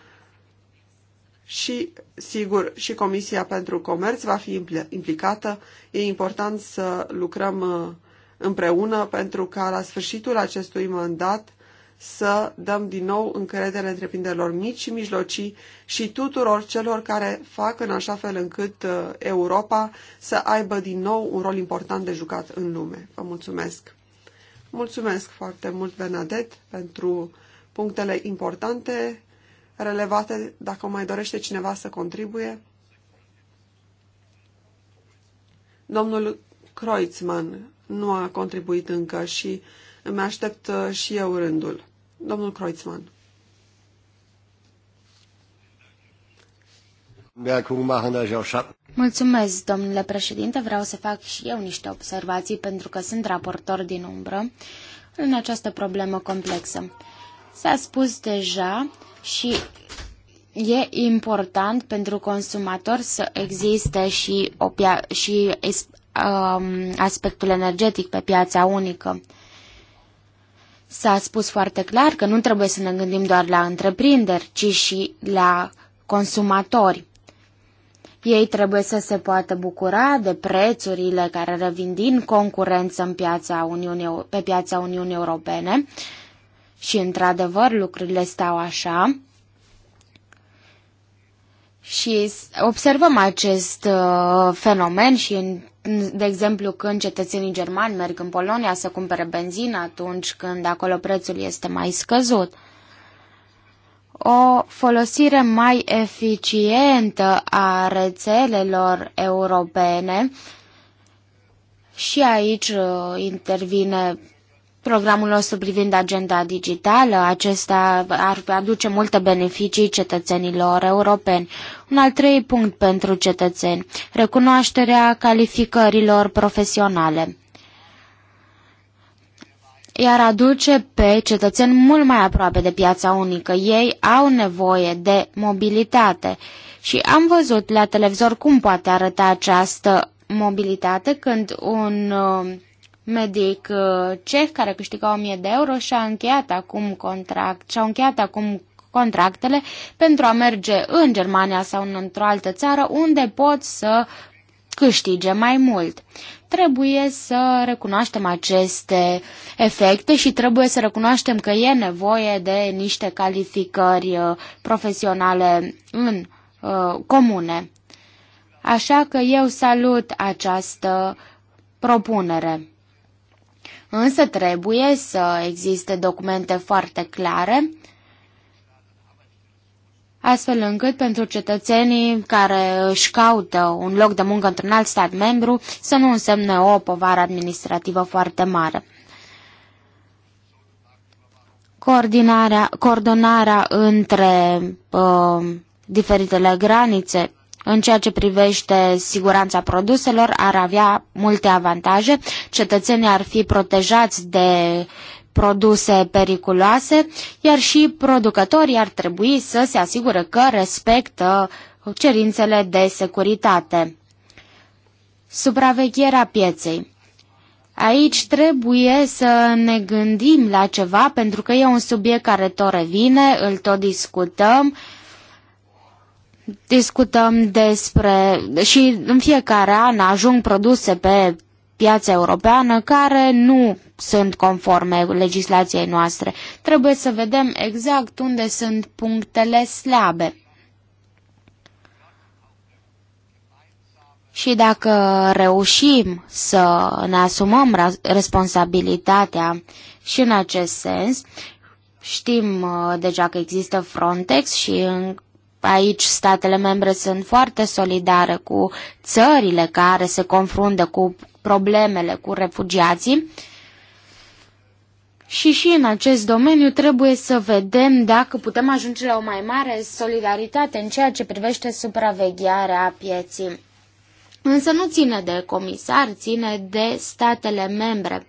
și, sigur, și Comisia pentru Comerț va fi implicată. E important să lucrăm uh, împreună pentru ca la sfârșitul acestui mandat să dăm din nou încredere întreprinderilor mici și mijlocii și tuturor celor care fac în așa fel încât uh, Europa să aibă din nou un rol important de jucat în lume. Vă mulțumesc! Mulțumesc foarte mult, Bernadette, pentru punctele importante, relevate, dacă mai dorește cineva să contribuie. Domnul Kreutzmann nu a contribuit încă și îmi aștept uh, și eu rândul. Domnul Kreuzmann. Mulțumesc, domnule președinte. Vreau să fac și eu niște observații pentru că sunt raportor din umbră în această problemă complexă. S-a spus deja și e important pentru consumator să existe și, o pia- și um, aspectul energetic pe piața unică. S-a spus foarte clar că nu trebuie să ne gândim doar la întreprinderi, ci și la consumatori. Ei trebuie să se poată bucura de prețurile care revin din concurență în piața Uniunii, pe piața Uniunii Europene și, într-adevăr, lucrurile stau așa. Și observăm acest uh, fenomen și în de exemplu, când cetățenii germani merg în Polonia să cumpere benzină atunci când acolo prețul este mai scăzut. O folosire mai eficientă a rețelelor europene și aici uh, intervine programul nostru privind agenda digitală, acesta ar aduce multe beneficii cetățenilor europeni. Un al trei punct pentru cetățeni, recunoașterea calificărilor profesionale. Iar aduce pe cetățeni mult mai aproape de piața unică. Ei au nevoie de mobilitate. Și am văzut la televizor cum poate arăta această mobilitate când un uh, medic ceh uh, care câștiga 1000 de euro și a încheiat acum contract, și-au încheiat acum contractele pentru a merge în Germania sau în într-o altă țară unde pot să câștige mai mult. Trebuie să recunoaștem aceste efecte și trebuie să recunoaștem că e nevoie de niște calificări uh, profesionale în uh, comune. Așa că eu salut această propunere însă trebuie să existe documente foarte clare, astfel încât pentru cetățenii care își caută un loc de muncă într-un alt stat membru să nu însemne o povară administrativă foarte mare. Coordonarea, coordonarea între uh, diferitele granițe în ceea ce privește siguranța produselor, ar avea multe avantaje. Cetățenii ar fi protejați de produse periculoase, iar și producătorii ar trebui să se asigure că respectă cerințele de securitate. Supravegherea pieței. Aici trebuie să ne gândim la ceva pentru că e un subiect care tot revine, îl tot discutăm discutăm despre și în fiecare an ajung produse pe piața europeană care nu sunt conforme legislației noastre. Trebuie să vedem exact unde sunt punctele slabe. Și dacă reușim să ne asumăm responsabilitatea și în acest sens, știm uh, deja că există Frontex și în Aici statele membre sunt foarte solidare cu țările care se confruntă cu problemele cu refugiații. Și și în acest domeniu trebuie să vedem dacă putem ajunge la o mai mare solidaritate în ceea ce privește supravegherea pieții. Însă nu ține de comisar, ține de statele membre.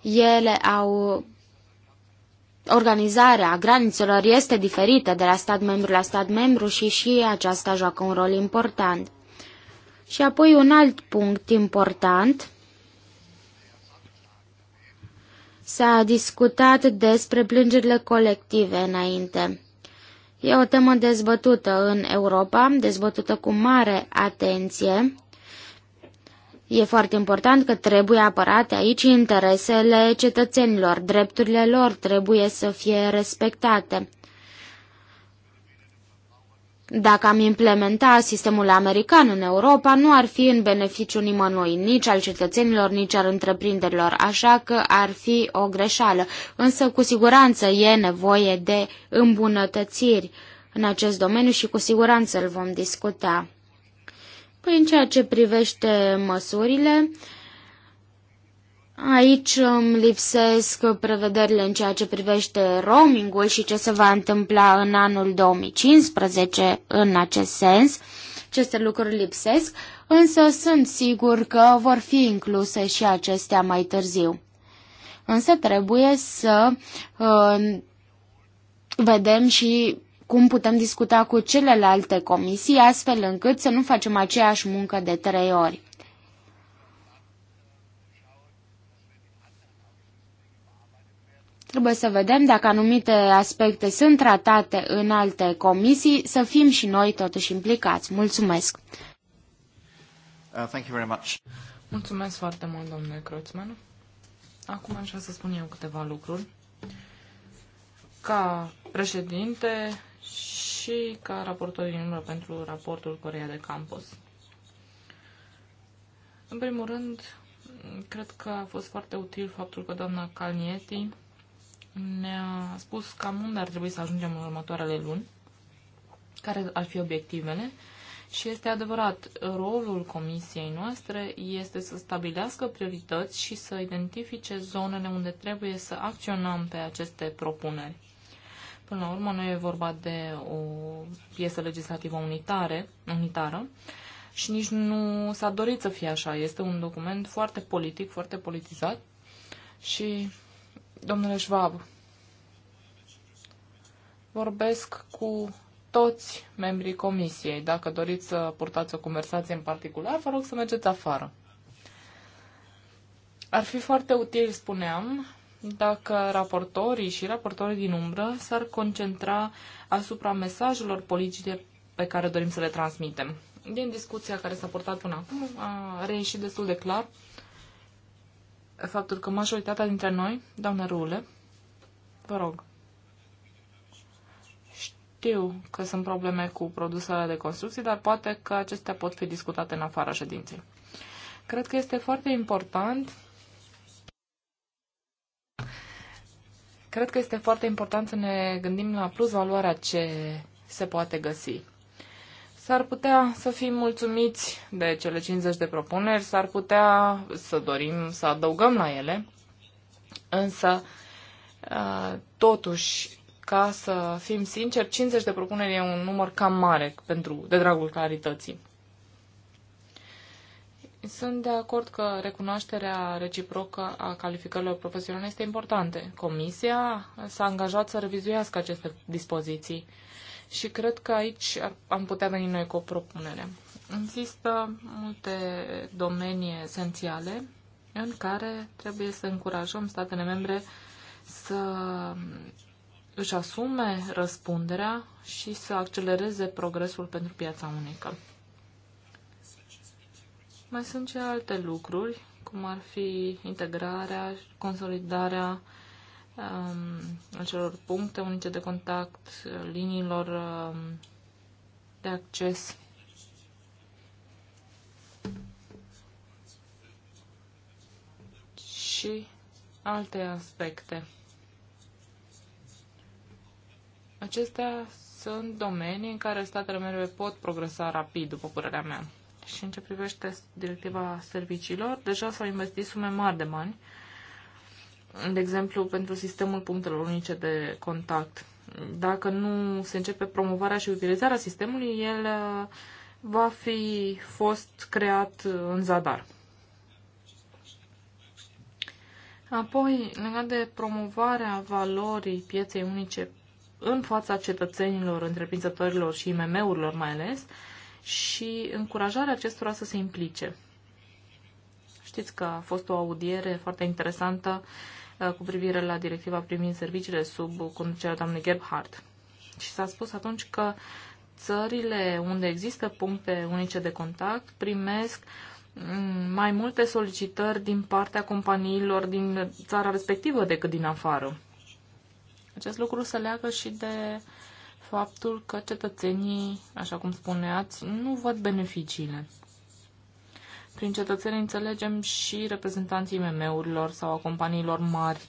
Ele au organizarea granițelor este diferită de la stat membru la stat membru și și aceasta joacă un rol important. Și apoi un alt punct important. S-a discutat despre plângerile colective înainte. E o temă dezbătută în Europa, dezbătută cu mare atenție. E foarte important că trebuie apărate aici interesele cetățenilor, drepturile lor trebuie să fie respectate. Dacă am implementa sistemul american în Europa, nu ar fi în beneficiu nimănui, nici al cetățenilor, nici al întreprinderilor, așa că ar fi o greșeală. Însă, cu siguranță, e nevoie de îmbunătățiri în acest domeniu și cu siguranță îl vom discuta. Păi în ceea ce privește măsurile, aici îmi lipsesc prevederile în ceea ce privește roamingul și ce se va întâmpla în anul 2015 în acest sens. Aceste lucruri lipsesc, însă sunt sigur că vor fi incluse și acestea mai târziu. Însă trebuie să uh, vedem și cum putem discuta cu celelalte comisii, astfel încât să nu facem aceeași muncă de trei ori. Trebuie să vedem dacă anumite aspecte sunt tratate în alte comisii, să fim și noi totuși implicați. Mulțumesc! Uh, Mulțumesc foarte mult, domnule Croțman. Acum aș vrea să spun eu câteva lucruri. Ca președinte, și ca raportor din urmă pentru raportul Corea de Campus. În primul rând, cred că a fost foarte util faptul că doamna Calnieti ne-a spus cam unde ar trebui să ajungem în următoarele luni, care ar fi obiectivele. Și este adevărat, rolul comisiei noastre este să stabilească priorități și să identifice zonele unde trebuie să acționăm pe aceste propuneri. Până la urmă, nu e vorba de o piesă legislativă unitare, unitară și nici nu s-a dorit să fie așa. Este un document foarte politic, foarte politizat și, domnule Schwab, vorbesc cu toți membrii comisiei. Dacă doriți să purtați o conversație în particular, vă rog să mergeți afară. Ar fi foarte util, spuneam, dacă raportorii și raportorii din umbră s-ar concentra asupra mesajelor politice pe care dorim să le transmitem. Din discuția care s-a portat până acum a reieșit destul de clar faptul că majoritatea dintre noi, doamne Rule, vă rog, știu că sunt probleme cu produsele de construcții, dar poate că acestea pot fi discutate în afara ședinței. Cred că este foarte important Cred că este foarte important să ne gândim la plus valoarea ce se poate găsi. S-ar putea să fim mulțumiți de cele 50 de propuneri, s-ar putea să dorim să adăugăm la ele, însă, totuși, ca să fim sinceri, 50 de propuneri e un număr cam mare pentru, de dragul clarității. Sunt de acord că recunoașterea reciprocă a calificărilor profesionale este importantă. Comisia s-a angajat să revizuiască aceste dispoziții și cred că aici am putea veni noi cu o propunere. Există multe domenii esențiale în care trebuie să încurajăm statele membre să își asume răspunderea și să accelereze progresul pentru piața unică. Mai sunt și alte lucruri, cum ar fi integrarea, consolidarea um, acelor puncte unice de contact, liniilor um, de acces. Și alte aspecte. Acestea sunt domenii în care statele membre pot progresa rapid, după părerea mea și în ce privește directiva serviciilor, deja s-au investit sume mari de bani, de exemplu pentru sistemul punctelor unice de contact. Dacă nu se începe promovarea și utilizarea sistemului, el uh, va fi fost creat în zadar. Apoi, legat de promovarea valorii pieței unice în fața cetățenilor, întreprinzătorilor și IMM-urilor mai ales, uh, și încurajarea acestora să se implice. Știți că a fost o audiere foarte interesantă uh, cu privire la directiva privind serviciile sub conducerea doamnei Gebhardt. Și s-a spus atunci că țările unde există puncte unice de contact primesc mm, mai multe solicitări din partea companiilor din țara respectivă decât din afară. Acest lucru se leagă și de faptul că cetățenii, așa cum spuneați, nu văd beneficiile. Prin cetățenii înțelegem și reprezentanții MM-urilor sau a companiilor mari.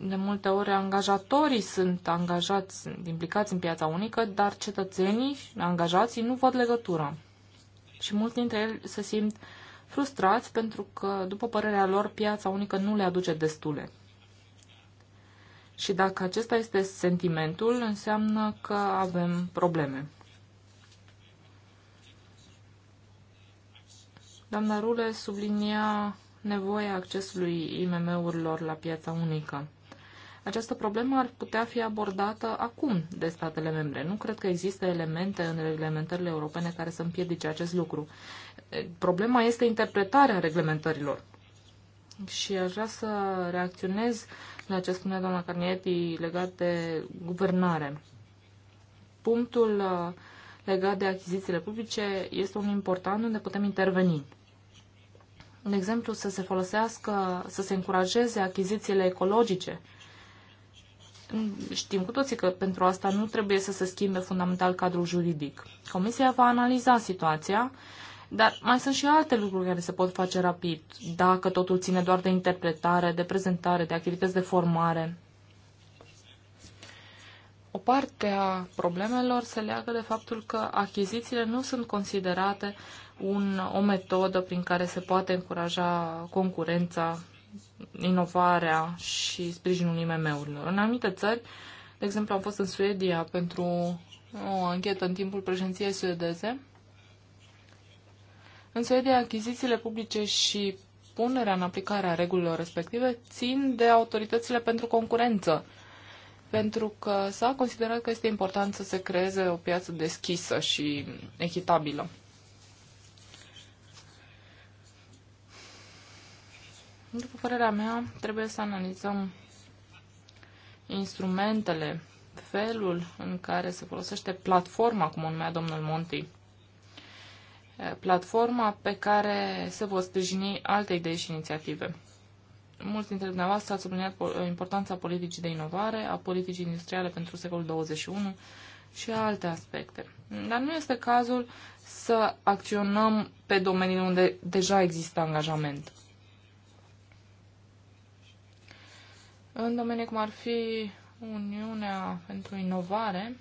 De multe ori angajatorii sunt angajați, sunt implicați în piața unică, dar cetățenii, angajații, nu văd legătura. Și mulți dintre ei se simt frustrați pentru că, după părerea lor, piața unică nu le aduce destule. Și dacă acesta este sentimentul, înseamnă că avem probleme. Doamna Rule sublinia nevoia accesului IMM-urilor la piața unică. Această problemă ar putea fi abordată acum de statele membre. Nu cred că există elemente în reglementările europene care să împiedice acest lucru. Problema este interpretarea reglementărilor. Și aș vrea să reacționez la ce spune doamna Carnieti legat de guvernare. Punctul uh, legat de achizițiile publice este un important unde putem interveni. De exemplu, să se folosească, să se încurajeze achizițiile ecologice. Știm cu toții că pentru asta nu trebuie să se schimbe fundamental cadrul juridic. Comisia va analiza situația dar mai sunt și alte lucruri care se pot face rapid, dacă totul ține doar de interpretare, de prezentare, de activități de formare. O parte a problemelor se leagă de faptul că achizițiile nu sunt considerate un, o metodă prin care se poate încuraja concurența, inovarea și sprijinul IMM-urilor. În anumite țări, de exemplu, am fost în Suedia pentru o anchetă în timpul președinției suedeze în Suedia, achizițiile publice și punerea în aplicare a regulilor respective țin de autoritățile pentru concurență, pentru că s-a considerat că este important să se creeze o piață deschisă și echitabilă. După părerea mea, trebuie să analizăm instrumentele, felul în care se folosește platforma, cum numea domnul Monti, platforma pe care se vor sprijini alte idei și inițiative. Mulți dintre dumneavoastră ați subliniat importanța politicii de inovare, a politicii industriale pentru secolul 21 și alte aspecte. Dar nu este cazul să acționăm pe domeniile unde deja există angajament. În domenii cum ar fi Uniunea pentru Inovare,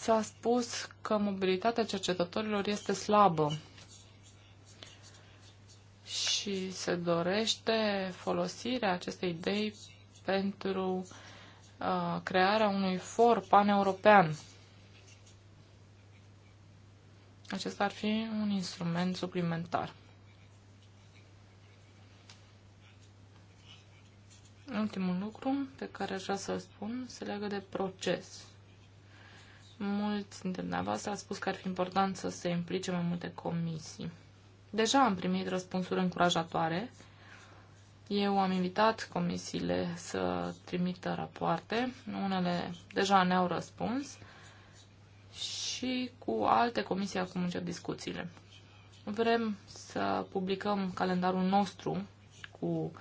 S-a spus că mobilitatea cercetătorilor este slabă și se dorește folosirea acestei idei pentru uh, crearea unui for paneuropean. Acesta ar fi un instrument suplimentar. Ultimul lucru pe care aș vrea să-l spun se leagă de proces. Mulți dintre dumneavoastră ați spus că ar fi important să se implice mai multe comisii. Deja am primit răspunsuri încurajatoare. Eu am invitat comisiile să trimită rapoarte. Unele deja ne-au răspuns și cu alte comisii acum încep discuțiile. Vrem să publicăm calendarul nostru cu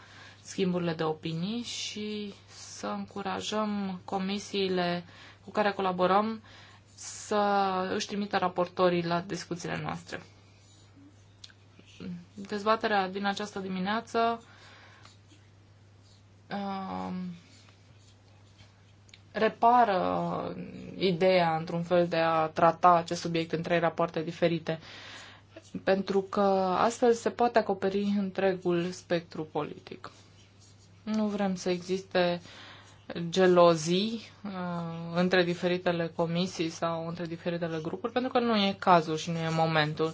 schimburile de opinii și să încurajăm comisiile cu care colaborăm să își trimită raportorii la discuțiile noastre. Dezbaterea din această dimineață uh, repară ideea, într-un fel, de a trata acest subiect în trei rapoarte diferite, pentru că astfel se poate acoperi întregul spectru politic. Nu vrem să existe uh, gelozii uh, între diferitele comisii sau între diferitele grupuri, pentru că nu e cazul și nu e momentul.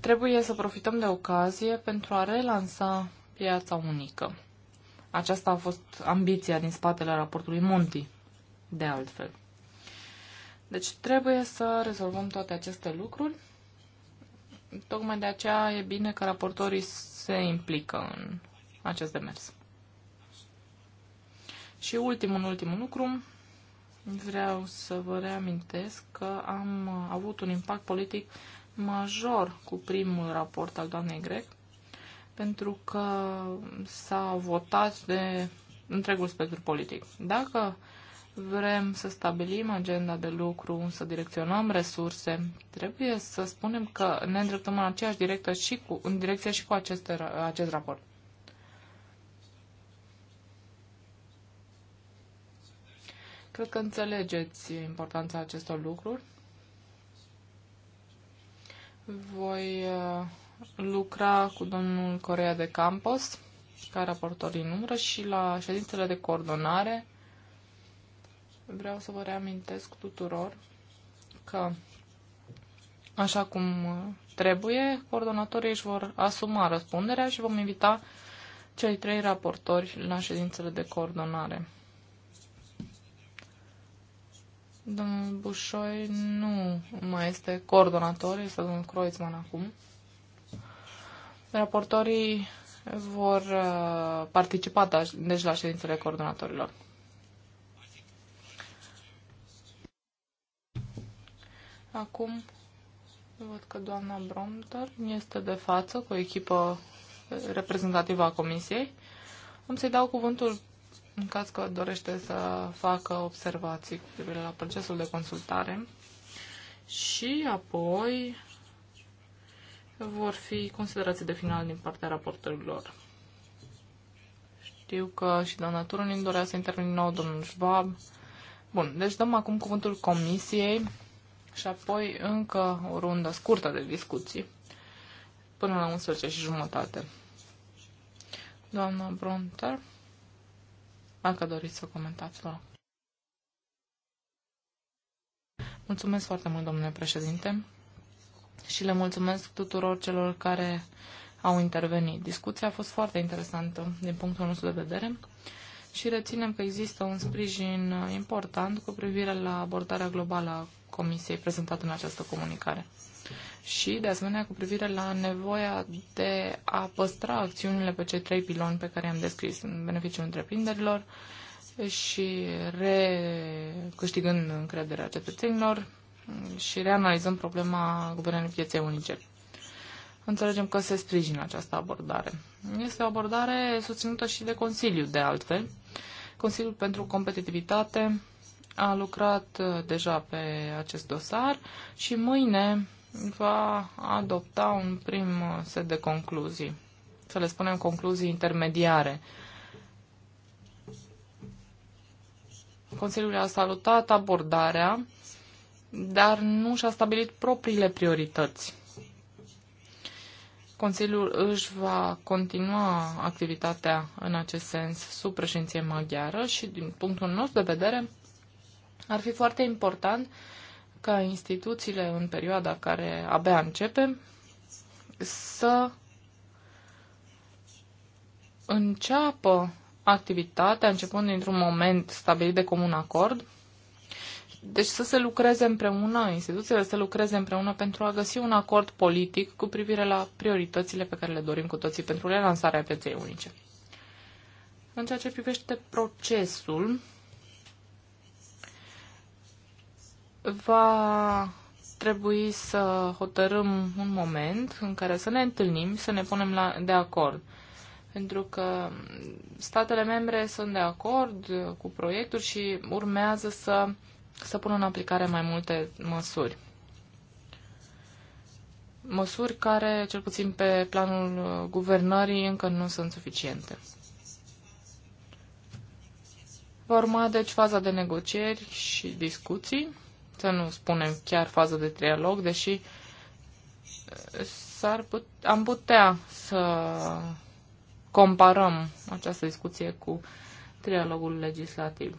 Trebuie să profităm de ocazie pentru a relansa piața unică. Aceasta a fost ambiția din spatele raportului Monti, de altfel. Deci trebuie să rezolvăm toate aceste lucruri Tocmai de aceea e bine că raportorii se implică în acest demers. Și ultimul, ultimul lucru, vreau să vă reamintesc că am avut un impact politic major cu primul raport al doamnei Grec, pentru că s-a votat de întregul spectru politic. Dacă Vrem să stabilim agenda de lucru, să direcționăm resurse. Trebuie să spunem că ne îndreptăm în aceeași direcție și cu, în direcție și cu aceste, acest raport. Cred că înțelegeți importanța acestor lucruri. Voi uh, lucra cu domnul Corea de Campos, ca raportor din umbră, și la ședințele de coordonare vreau să vă reamintesc tuturor că, așa cum trebuie, coordonatorii își vor asuma răspunderea și vom invita cei trei raportori la ședințele de coordonare. Domnul Bușoi nu mai este coordonator, este domnul Croițman acum. Raportorii vor uh, participa da, deci la ședințele coordonatorilor. Acum văd că doamna Bromter este de față cu o echipă reprezentativă a Comisiei. Am să-i dau cuvântul în caz că dorește să facă observații cu privire la procesul de consultare. Și apoi vor fi considerații de final din partea raportărilor. Știu că și doamna Turunin dorea să intervină nou domnul Schwab. Bun, deci dăm acum cuvântul Comisiei și apoi încă o rundă scurtă de discuții până la 11 și jumătate. Doamna Bronter, dacă doriți să comentați, vă Mulțumesc foarte mult, domnule președinte, și le mulțumesc tuturor celor care au intervenit. Discuția a fost foarte interesantă din punctul nostru de vedere și reținem că există un sprijin important cu privire la abordarea globală a Comisiei prezentată în această comunicare. Și, de asemenea, cu privire la nevoia de a păstra acțiunile pe cei trei piloni pe care i-am descris, în beneficiul întreprinderilor și recâștigând încrederea cetățenilor și reanalizăm problema guvernării pieței unice înțelegem că se sprijină această abordare. Este o abordare susținută și de Consiliu, de altfel. Consiliul pentru Competitivitate a lucrat uh, deja pe acest dosar și mâine va adopta un prim uh, set de concluzii, să le spunem concluzii intermediare. Consiliul a salutat abordarea, dar nu și-a stabilit propriile priorități. Consiliul își va continua activitatea în acest sens sub președinție maghiară și, din punctul nostru de vedere, ar fi foarte important ca instituțiile în perioada care abia începe să înceapă activitatea începând dintr-un moment stabilit de comun acord deci să se lucreze împreună, instituțiile să lucreze împreună pentru a găsi un acord politic cu privire la prioritățile pe care le dorim cu toții pentru relansarea pieței unice. În ceea ce privește procesul, va trebui să hotărâm un moment în care să ne întâlnim, să ne punem la, de acord. Pentru că statele membre sunt de acord cu proiectul și urmează să să pună în aplicare mai multe măsuri. Măsuri care, cel puțin pe planul guvernării, încă nu sunt suficiente. Va urma, deci, faza de negocieri și discuții, să nu spunem chiar faza de trialog, deși uh, s-ar put, am putea să comparăm această discuție cu trialogul legislativ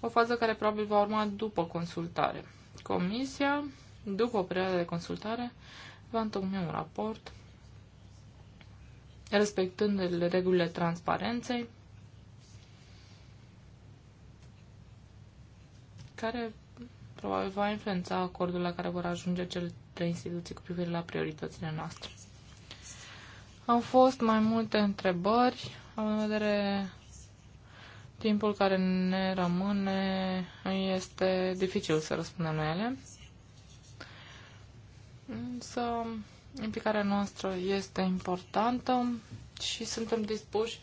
o fază care probabil va urma după consultare. Comisia, după o perioadă de consultare, va întocmi un raport respectând regulile transparenței care probabil va influența acordul la care vor ajunge cele trei instituții cu privire la prioritățile noastre. Au fost mai multe întrebări, având în vedere Timpul care ne rămâne este dificil să răspundem la ele. Însă implicarea noastră este importantă și suntem dispuși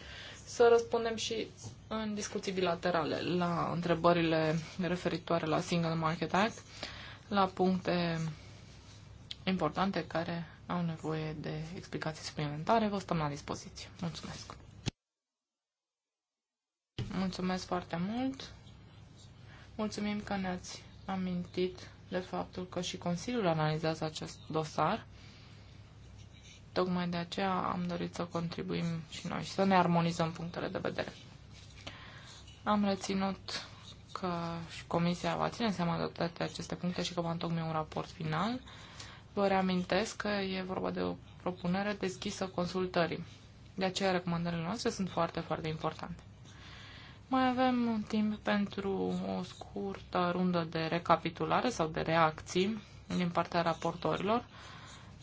să răspundem și în discuții bilaterale la întrebările referitoare la Single Market Act, la puncte importante care au nevoie de explicații suplimentare. Vă stăm la dispoziție. Mulțumesc! Mulțumesc foarte mult. Mulțumim că ne-ați amintit de faptul că și Consiliul analizează acest dosar. Tocmai de aceea am dorit să contribuim și noi și să ne armonizăm punctele de vedere. Am reținut că și Comisia va ține seama de toate aceste puncte și că va întocmi un raport final. Vă reamintesc că e vorba de o propunere deschisă consultării. De aceea recomandările noastre sunt foarte, foarte importante. Mai avem un timp pentru o scurtă rundă de recapitulare sau de reacții din partea raportorilor,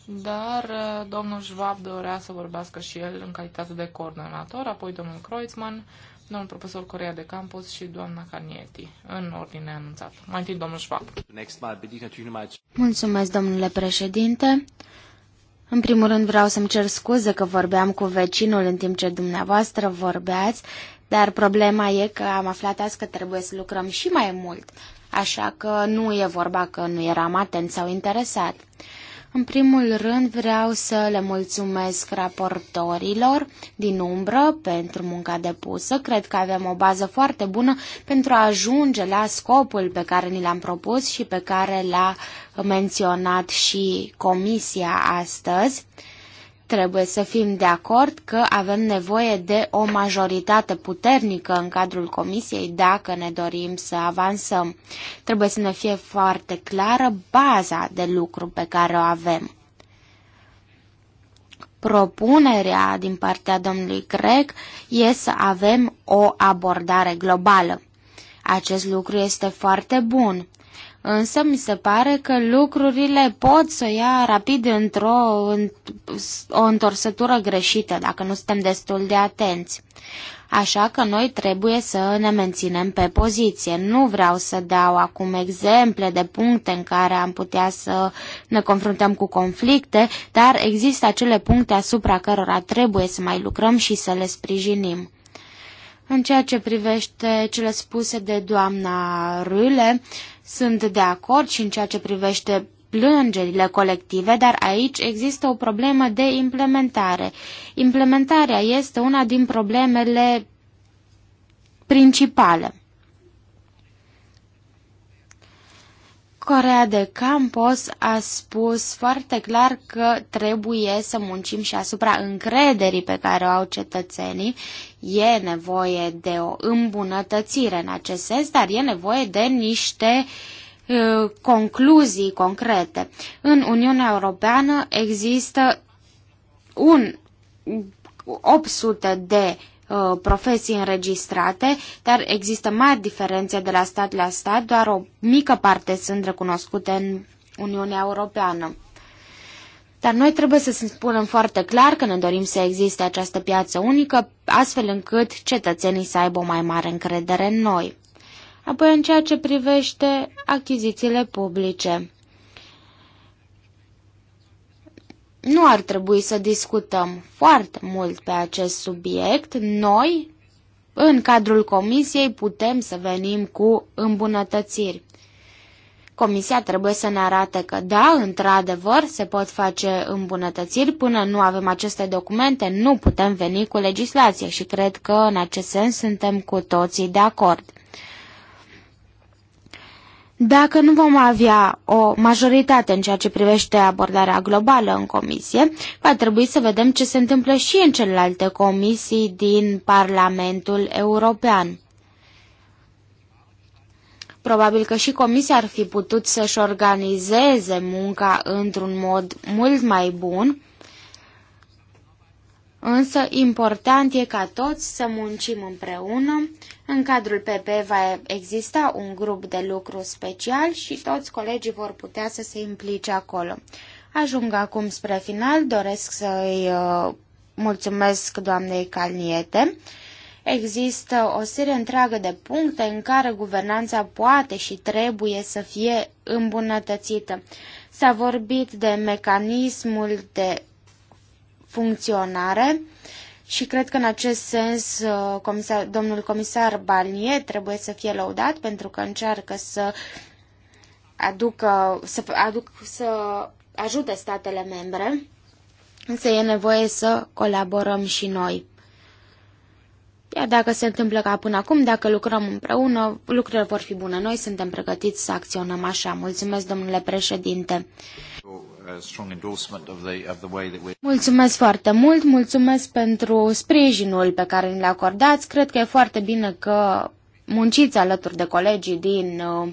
dar uh, domnul Schwab dorea să vorbească și el în calitate de coordonator, apoi domnul Kreutzmann, domnul profesor Corea de Campus și doamna Canieti, în ordine anunțată. Mai întâi domnul Schwab. Mulțumesc, domnule președinte. În primul rând vreau să-mi cer scuze că vorbeam cu vecinul în timp ce dumneavoastră vorbeați. Dar problema e că am aflat azi că trebuie să lucrăm și mai mult, așa că nu e vorba că nu eram atent sau interesat. În primul rând vreau să le mulțumesc raportorilor din umbră pentru munca depusă. Cred că avem o bază foarte bună pentru a ajunge la scopul pe care ni l-am propus și pe care l-a menționat și comisia astăzi trebuie să fim de acord că avem nevoie de o majoritate puternică în cadrul Comisiei dacă ne dorim să avansăm. Trebuie să ne fie foarte clară baza de lucru pe care o avem. Propunerea din partea domnului Greg e să avem o abordare globală. Acest lucru este foarte bun Însă mi se pare că lucrurile pot să ia rapid într-o o întorsătură greșită dacă nu suntem destul de atenți. Așa că noi trebuie să ne menținem pe poziție. Nu vreau să dau acum exemple de puncte în care am putea să ne confruntăm cu conflicte, dar există acele puncte asupra cărora trebuie să mai lucrăm și să le sprijinim. În ceea ce privește cele spuse de doamna Râle, uh, sunt de acord și în ceea ce privește plângerile colective, dar aici există o problemă de implementare. Implementarea este una din problemele principale. Corea de Campos a spus foarte clar că trebuie să muncim și asupra încrederii pe care o au cetățenii. E nevoie de o îmbunătățire în acest sens, dar e nevoie de niște uh, concluzii concrete. În Uniunea Europeană există un 800 de Uh, profesii înregistrate, dar există mari diferențe de la stat la stat, doar o mică parte sunt recunoscute în Uniunea Europeană. Dar noi trebuie să spunem foarte clar că ne dorim să existe această piață unică, astfel încât cetățenii să aibă o mai mare încredere în noi. Apoi în ceea ce privește achizițiile publice. nu ar trebui să discutăm foarte mult pe acest subiect. Noi, în cadrul comisiei, putem să venim cu îmbunătățiri. Comisia trebuie să ne arate că da, într-adevăr, se pot face îmbunătățiri. Până nu avem aceste documente, nu putem veni cu legislație și cred că în acest sens suntem cu toții de acord. Dacă nu vom avea o majoritate în ceea ce privește abordarea globală în comisie, va trebui să vedem ce se întâmplă și în celelalte comisii din Parlamentul European. Probabil că și comisia ar fi putut să-și organizeze munca într-un mod mult mai bun Însă important e ca toți să muncim împreună. În cadrul PP va exista un grup de lucru special și toți colegii vor putea să se implice acolo. Ajung acum spre final, doresc să îi uh, mulțumesc doamnei Calniete. Există o serie întreagă de puncte în care guvernanța poate și trebuie să fie îmbunătățită. S-a vorbit de mecanismul de funcționare și cred că în acest sens uh, comisar, domnul comisar Barnier trebuie să fie lăudat pentru că încearcă să aducă, să, aduc, să ajute statele membre, însă e nevoie să colaborăm și noi. Iar dacă se întâmplă ca până acum, dacă lucrăm împreună, lucrurile vor fi bune. Noi suntem pregătiți să acționăm așa. Mulțumesc, domnule președinte. Mulțumesc foarte mult, mulțumesc pentru sprijinul pe care ni l acordați. Cred că e foarte bine că munciți alături de colegii din uh,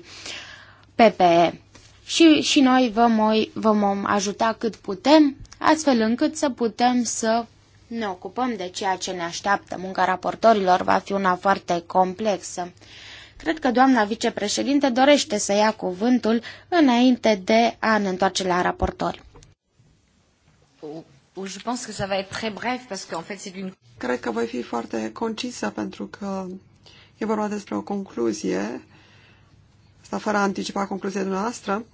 PPE. Și, și noi vă, vă vom ajuta cât putem, astfel încât să putem să ne ocupăm de ceea ce ne așteaptă. Munca raportorilor va fi una foarte complexă. Cred că doamna vicepreședinte dorește să ia cuvântul înainte de a ne întoarce la raportori. Cred că voi fi foarte concisă pentru că e vorba despre o concluzie, asta fără a anticipa concluzia dumneavoastră.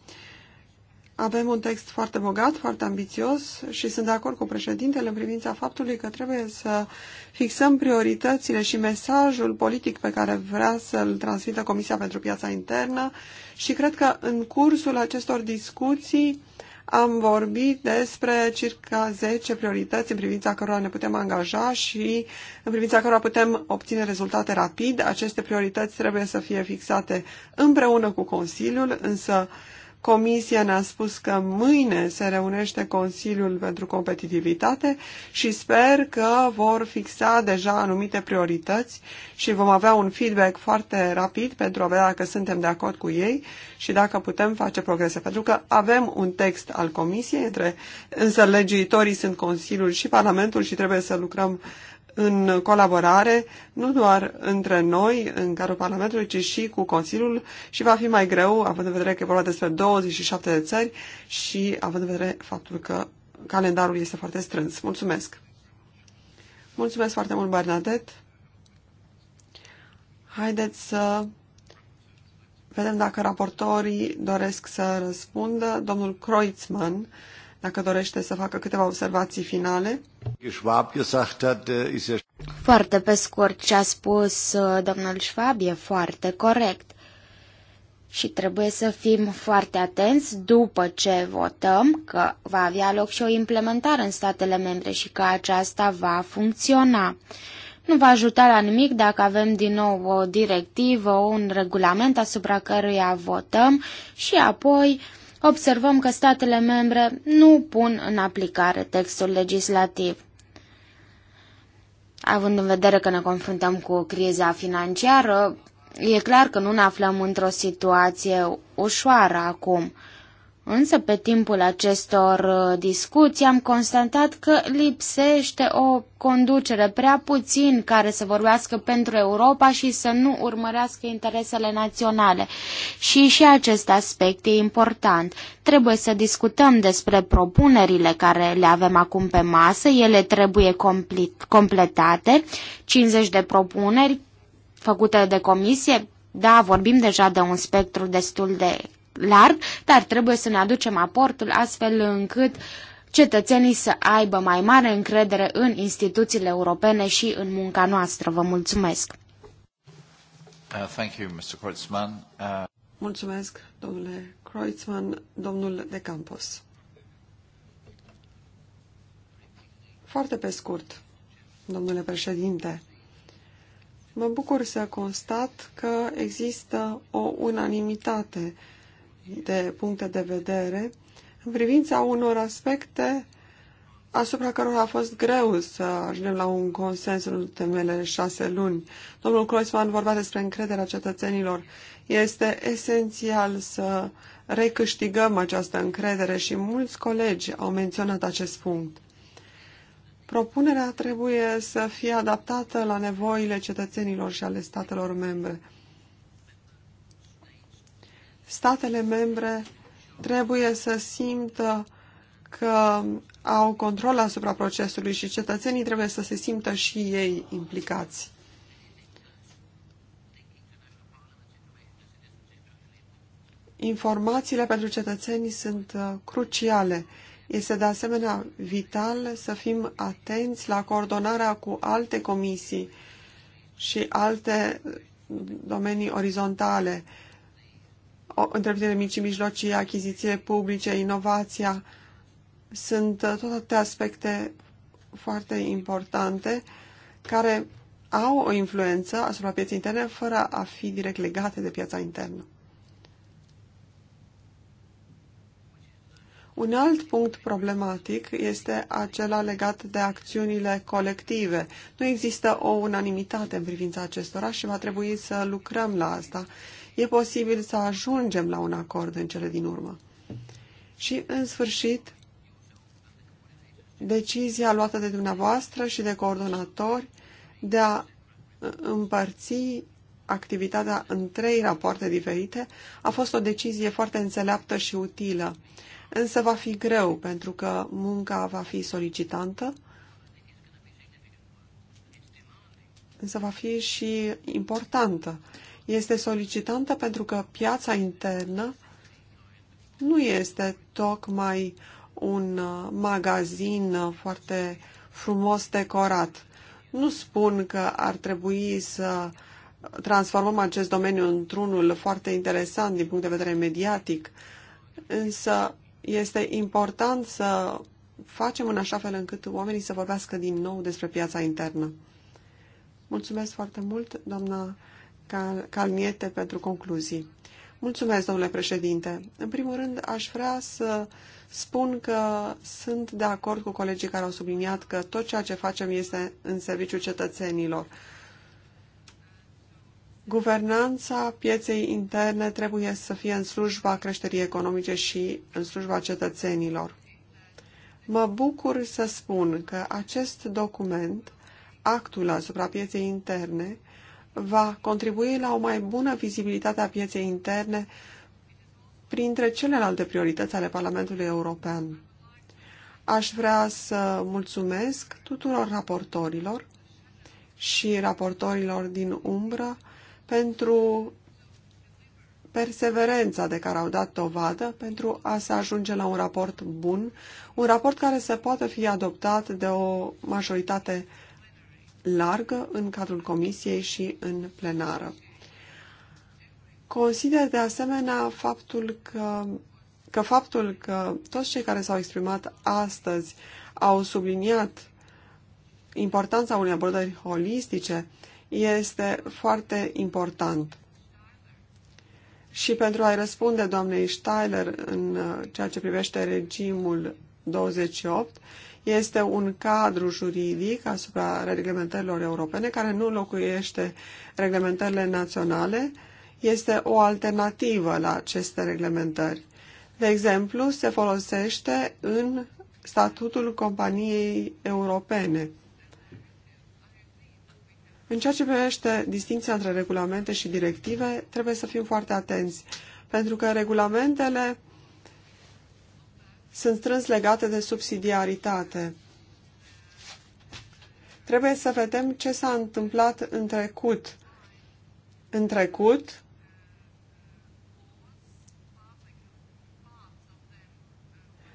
Avem un text foarte bogat, foarte ambițios și sunt de acord cu președintele în privința faptului că trebuie să fixăm prioritățile și mesajul politic pe care vrea să-l transmită Comisia pentru Piața Internă și cred că în cursul acestor discuții am vorbit despre circa 10 priorități în privința cărora ne putem angaja și în privința cărora putem obține rezultate rapid. Aceste priorități trebuie să fie fixate împreună cu Consiliul, însă Comisia ne-a spus că mâine se reunește Consiliul pentru Competitivitate și sper că vor fixa deja anumite priorități și vom avea un feedback foarte rapid pentru a vedea dacă suntem de acord cu ei și dacă putem face progrese. Pentru că avem un text al Comisiei, între, însă legiuitorii sunt Consiliul și Parlamentul și trebuie să lucrăm în colaborare nu doar între noi, în cadrul Parlamentului, ci și cu Consiliul și va fi mai greu, având în vedere că e vorba despre 27 de țări și având în vedere faptul că calendarul este foarte strâns. Mulțumesc! Mulțumesc foarte mult, Bernadette! Haideți să vedem dacă raportorii doresc să răspundă. Domnul Kreutzmann dacă dorește să facă câteva observații finale. Äh, foarte pe scurt, ce a spus uh, domnul Schwab e foarte corect. Și trebuie să fim foarte atenți după ce votăm că va avea loc și o implementare în statele membre și că aceasta va funcționa. Nu va ajuta la nimic dacă avem din nou o directivă, un regulament asupra căruia votăm și apoi uh, observăm că statele membre nu pun în aplicare textul legislativ. Având în vedere că ne confruntăm cu criza financiară, e clar că nu ne aflăm într-o situație ușoară acum. Însă, pe timpul acestor uh, discuții, am constatat că lipsește o conducere prea puțin care să vorbească pentru Europa și să nu urmărească interesele naționale. Și și acest aspect e important. Trebuie să discutăm despre propunerile care le avem acum pe masă, ele trebuie completate, 50 de propuneri făcute de comisie, da, vorbim deja de un spectru destul de larg, dar trebuie să ne aducem aportul astfel încât cetățenii să aibă mai mare încredere în instituțiile europene și în munca noastră. Vă mulțumesc! Uh, thank you, Mr. Kreutzmann. Uh... Mulțumesc, domnule Kreutzmann, domnul De Campos. Foarte pe scurt, domnule președinte. Mă bucur să constat că există o unanimitate de puncte de vedere în privința unor aspecte asupra cărora a fost greu să ajungem la un consens în ultimele șase luni. Domnul Kreuzmann vorbea despre încrederea cetățenilor. Este esențial să recâștigăm această încredere și mulți colegi au menționat acest punct. Propunerea trebuie să fie adaptată la nevoile cetățenilor și ale statelor membre statele membre trebuie să simtă că au control asupra procesului și cetățenii trebuie să se simtă și ei implicați. Informațiile pentru cetățenii sunt uh, cruciale. Este de asemenea vital să fim atenți la coordonarea cu alte comisii și alte uh, domenii orizontale, întreprinderi mici și mijlocii, achiziție publice, inovația. Sunt uh, toate aspecte foarte importante care au o influență asupra pieței interne fără a fi direct legate de piața internă. Un alt punct problematic este acela legat de acțiunile colective. Nu există o unanimitate în privința acestora și va trebui să lucrăm la asta e posibil să ajungem la un acord în cele din urmă. Și, în sfârșit, decizia luată de dumneavoastră și de coordonatori de a împărți activitatea în trei rapoarte diferite a fost o decizie foarte înțeleaptă și utilă. Însă va fi greu, pentru că munca va fi solicitantă, însă va fi și importantă este solicitantă pentru că piața internă nu este tocmai un uh, magazin uh, foarte frumos decorat. Nu spun că ar trebui să transformăm acest domeniu într-unul foarte interesant din punct de vedere mediatic, însă este important să facem în așa fel încât oamenii să vorbească din nou despre piața internă. Mulțumesc foarte mult, doamna Cal Calniete pentru concluzii. Mulțumesc, domnule președinte. În primul rând, aș vrea să spun că sunt de acord cu colegii care au subliniat că tot ceea ce facem este în serviciul cetățenilor. Guvernanța pieței interne trebuie să fie în slujba creșterii economice și în slujba cetățenilor. Mă bucur să spun că acest document, actul asupra pieței interne, va contribui la o mai bună vizibilitate a pieței interne printre celelalte priorități ale Parlamentului European. Aș vrea să mulțumesc tuturor raportorilor și raportorilor din umbră pentru perseverența de care au dat dovadă pentru a se ajunge la un raport bun, un raport care să poată fi adoptat de o majoritate largă în cadrul comisiei și în plenară. Consider de asemenea faptul că, că faptul că toți cei care s-au exprimat astăzi au subliniat importanța unei abordări holistice este foarte important. Și pentru a-i răspunde doamnei Steiler în uh, ceea ce privește regimul 28, este un cadru juridic asupra reglementărilor europene care nu locuiește reglementările naționale, este o alternativă la aceste reglementări. De exemplu, se folosește în statutul companiei europene. În ceea ce privește distinția între regulamente și directive, trebuie să fim foarte atenți, pentru că regulamentele sunt strâns legate de subsidiaritate. Trebuie să vedem ce s-a întâmplat în trecut. În trecut,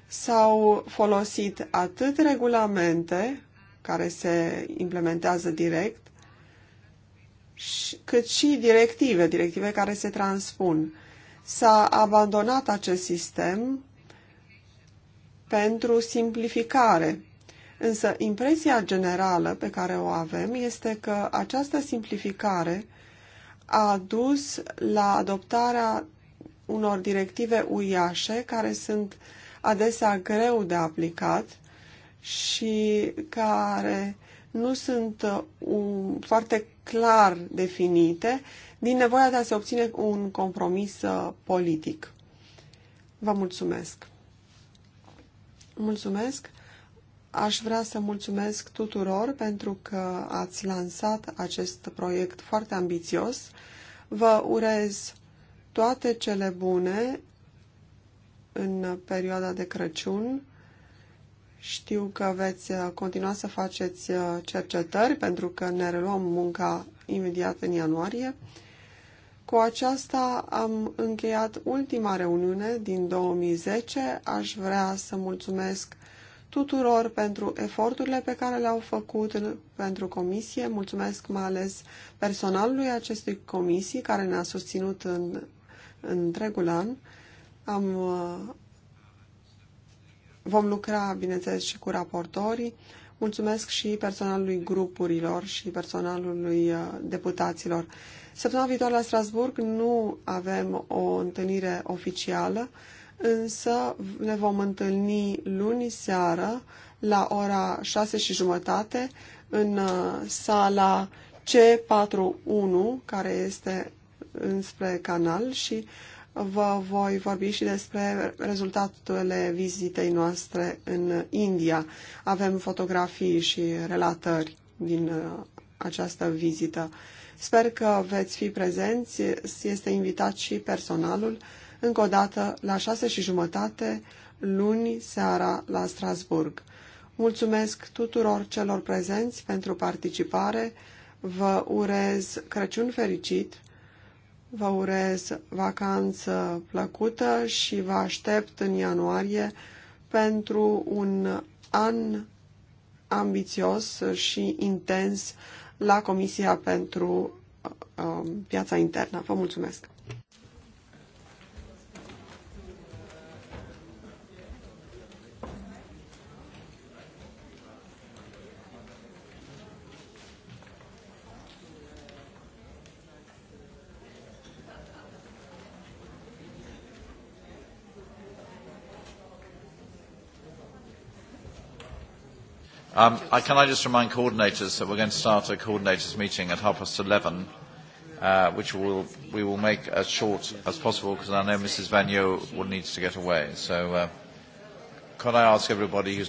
s-au folosit atât regulamente care se implementează direct, cât și directive, directive care se transpun. S-a abandonat acest sistem pentru simplificare. Însă impresia generală pe care o avem este că această simplificare a dus la adoptarea unor directive uriașe care sunt adesea greu de aplicat și care nu sunt uh, un, foarte clar definite din nevoia de a se obține un compromis uh, politic. Vă mulțumesc! Mulțumesc! Aș vrea să mulțumesc tuturor pentru că ați lansat acest proiect foarte ambițios. Vă urez toate cele bune în perioada de Crăciun. Știu că veți continua să faceți cercetări pentru că ne reluăm munca imediat în ianuarie. Cu aceasta am încheiat ultima reuniune din 2010. Aș vrea să mulțumesc tuturor pentru eforturile pe care le-au făcut pentru comisie. Mulțumesc mai ales personalului acestui comisii care ne-a susținut în, în întregul an. Am, uh, vom lucra, bineînțeles, și cu raportorii. Mulțumesc și personalului grupurilor și personalului uh, deputaților. Săptămâna viitoare la Strasburg nu avem o întâlnire oficială, însă ne vom întâlni luni seară la ora 6 și jumătate în uh, sala C41, care este înspre canal și vă voi vorbi și despre rezultatele vizitei noastre în India. Avem fotografii și relatări din uh, această vizită. Sper că veți fi prezenți, este invitat și personalul, încă o dată la șase și jumătate, luni seara la Strasburg. Mulțumesc tuturor celor prezenți pentru participare, vă urez Crăciun fericit, vă urez vacanță plăcută și vă aștept în ianuarie pentru un an ambițios și intens la Comisia pentru uh, um, piața internă. Vă mulțumesc! Um, I, can I just remind coordinators that we're going to start a coordinators meeting at half past 11, uh, which we'll, we will make as short as possible because I know Mrs. Vanio needs to get away. So uh, could I ask everybody who's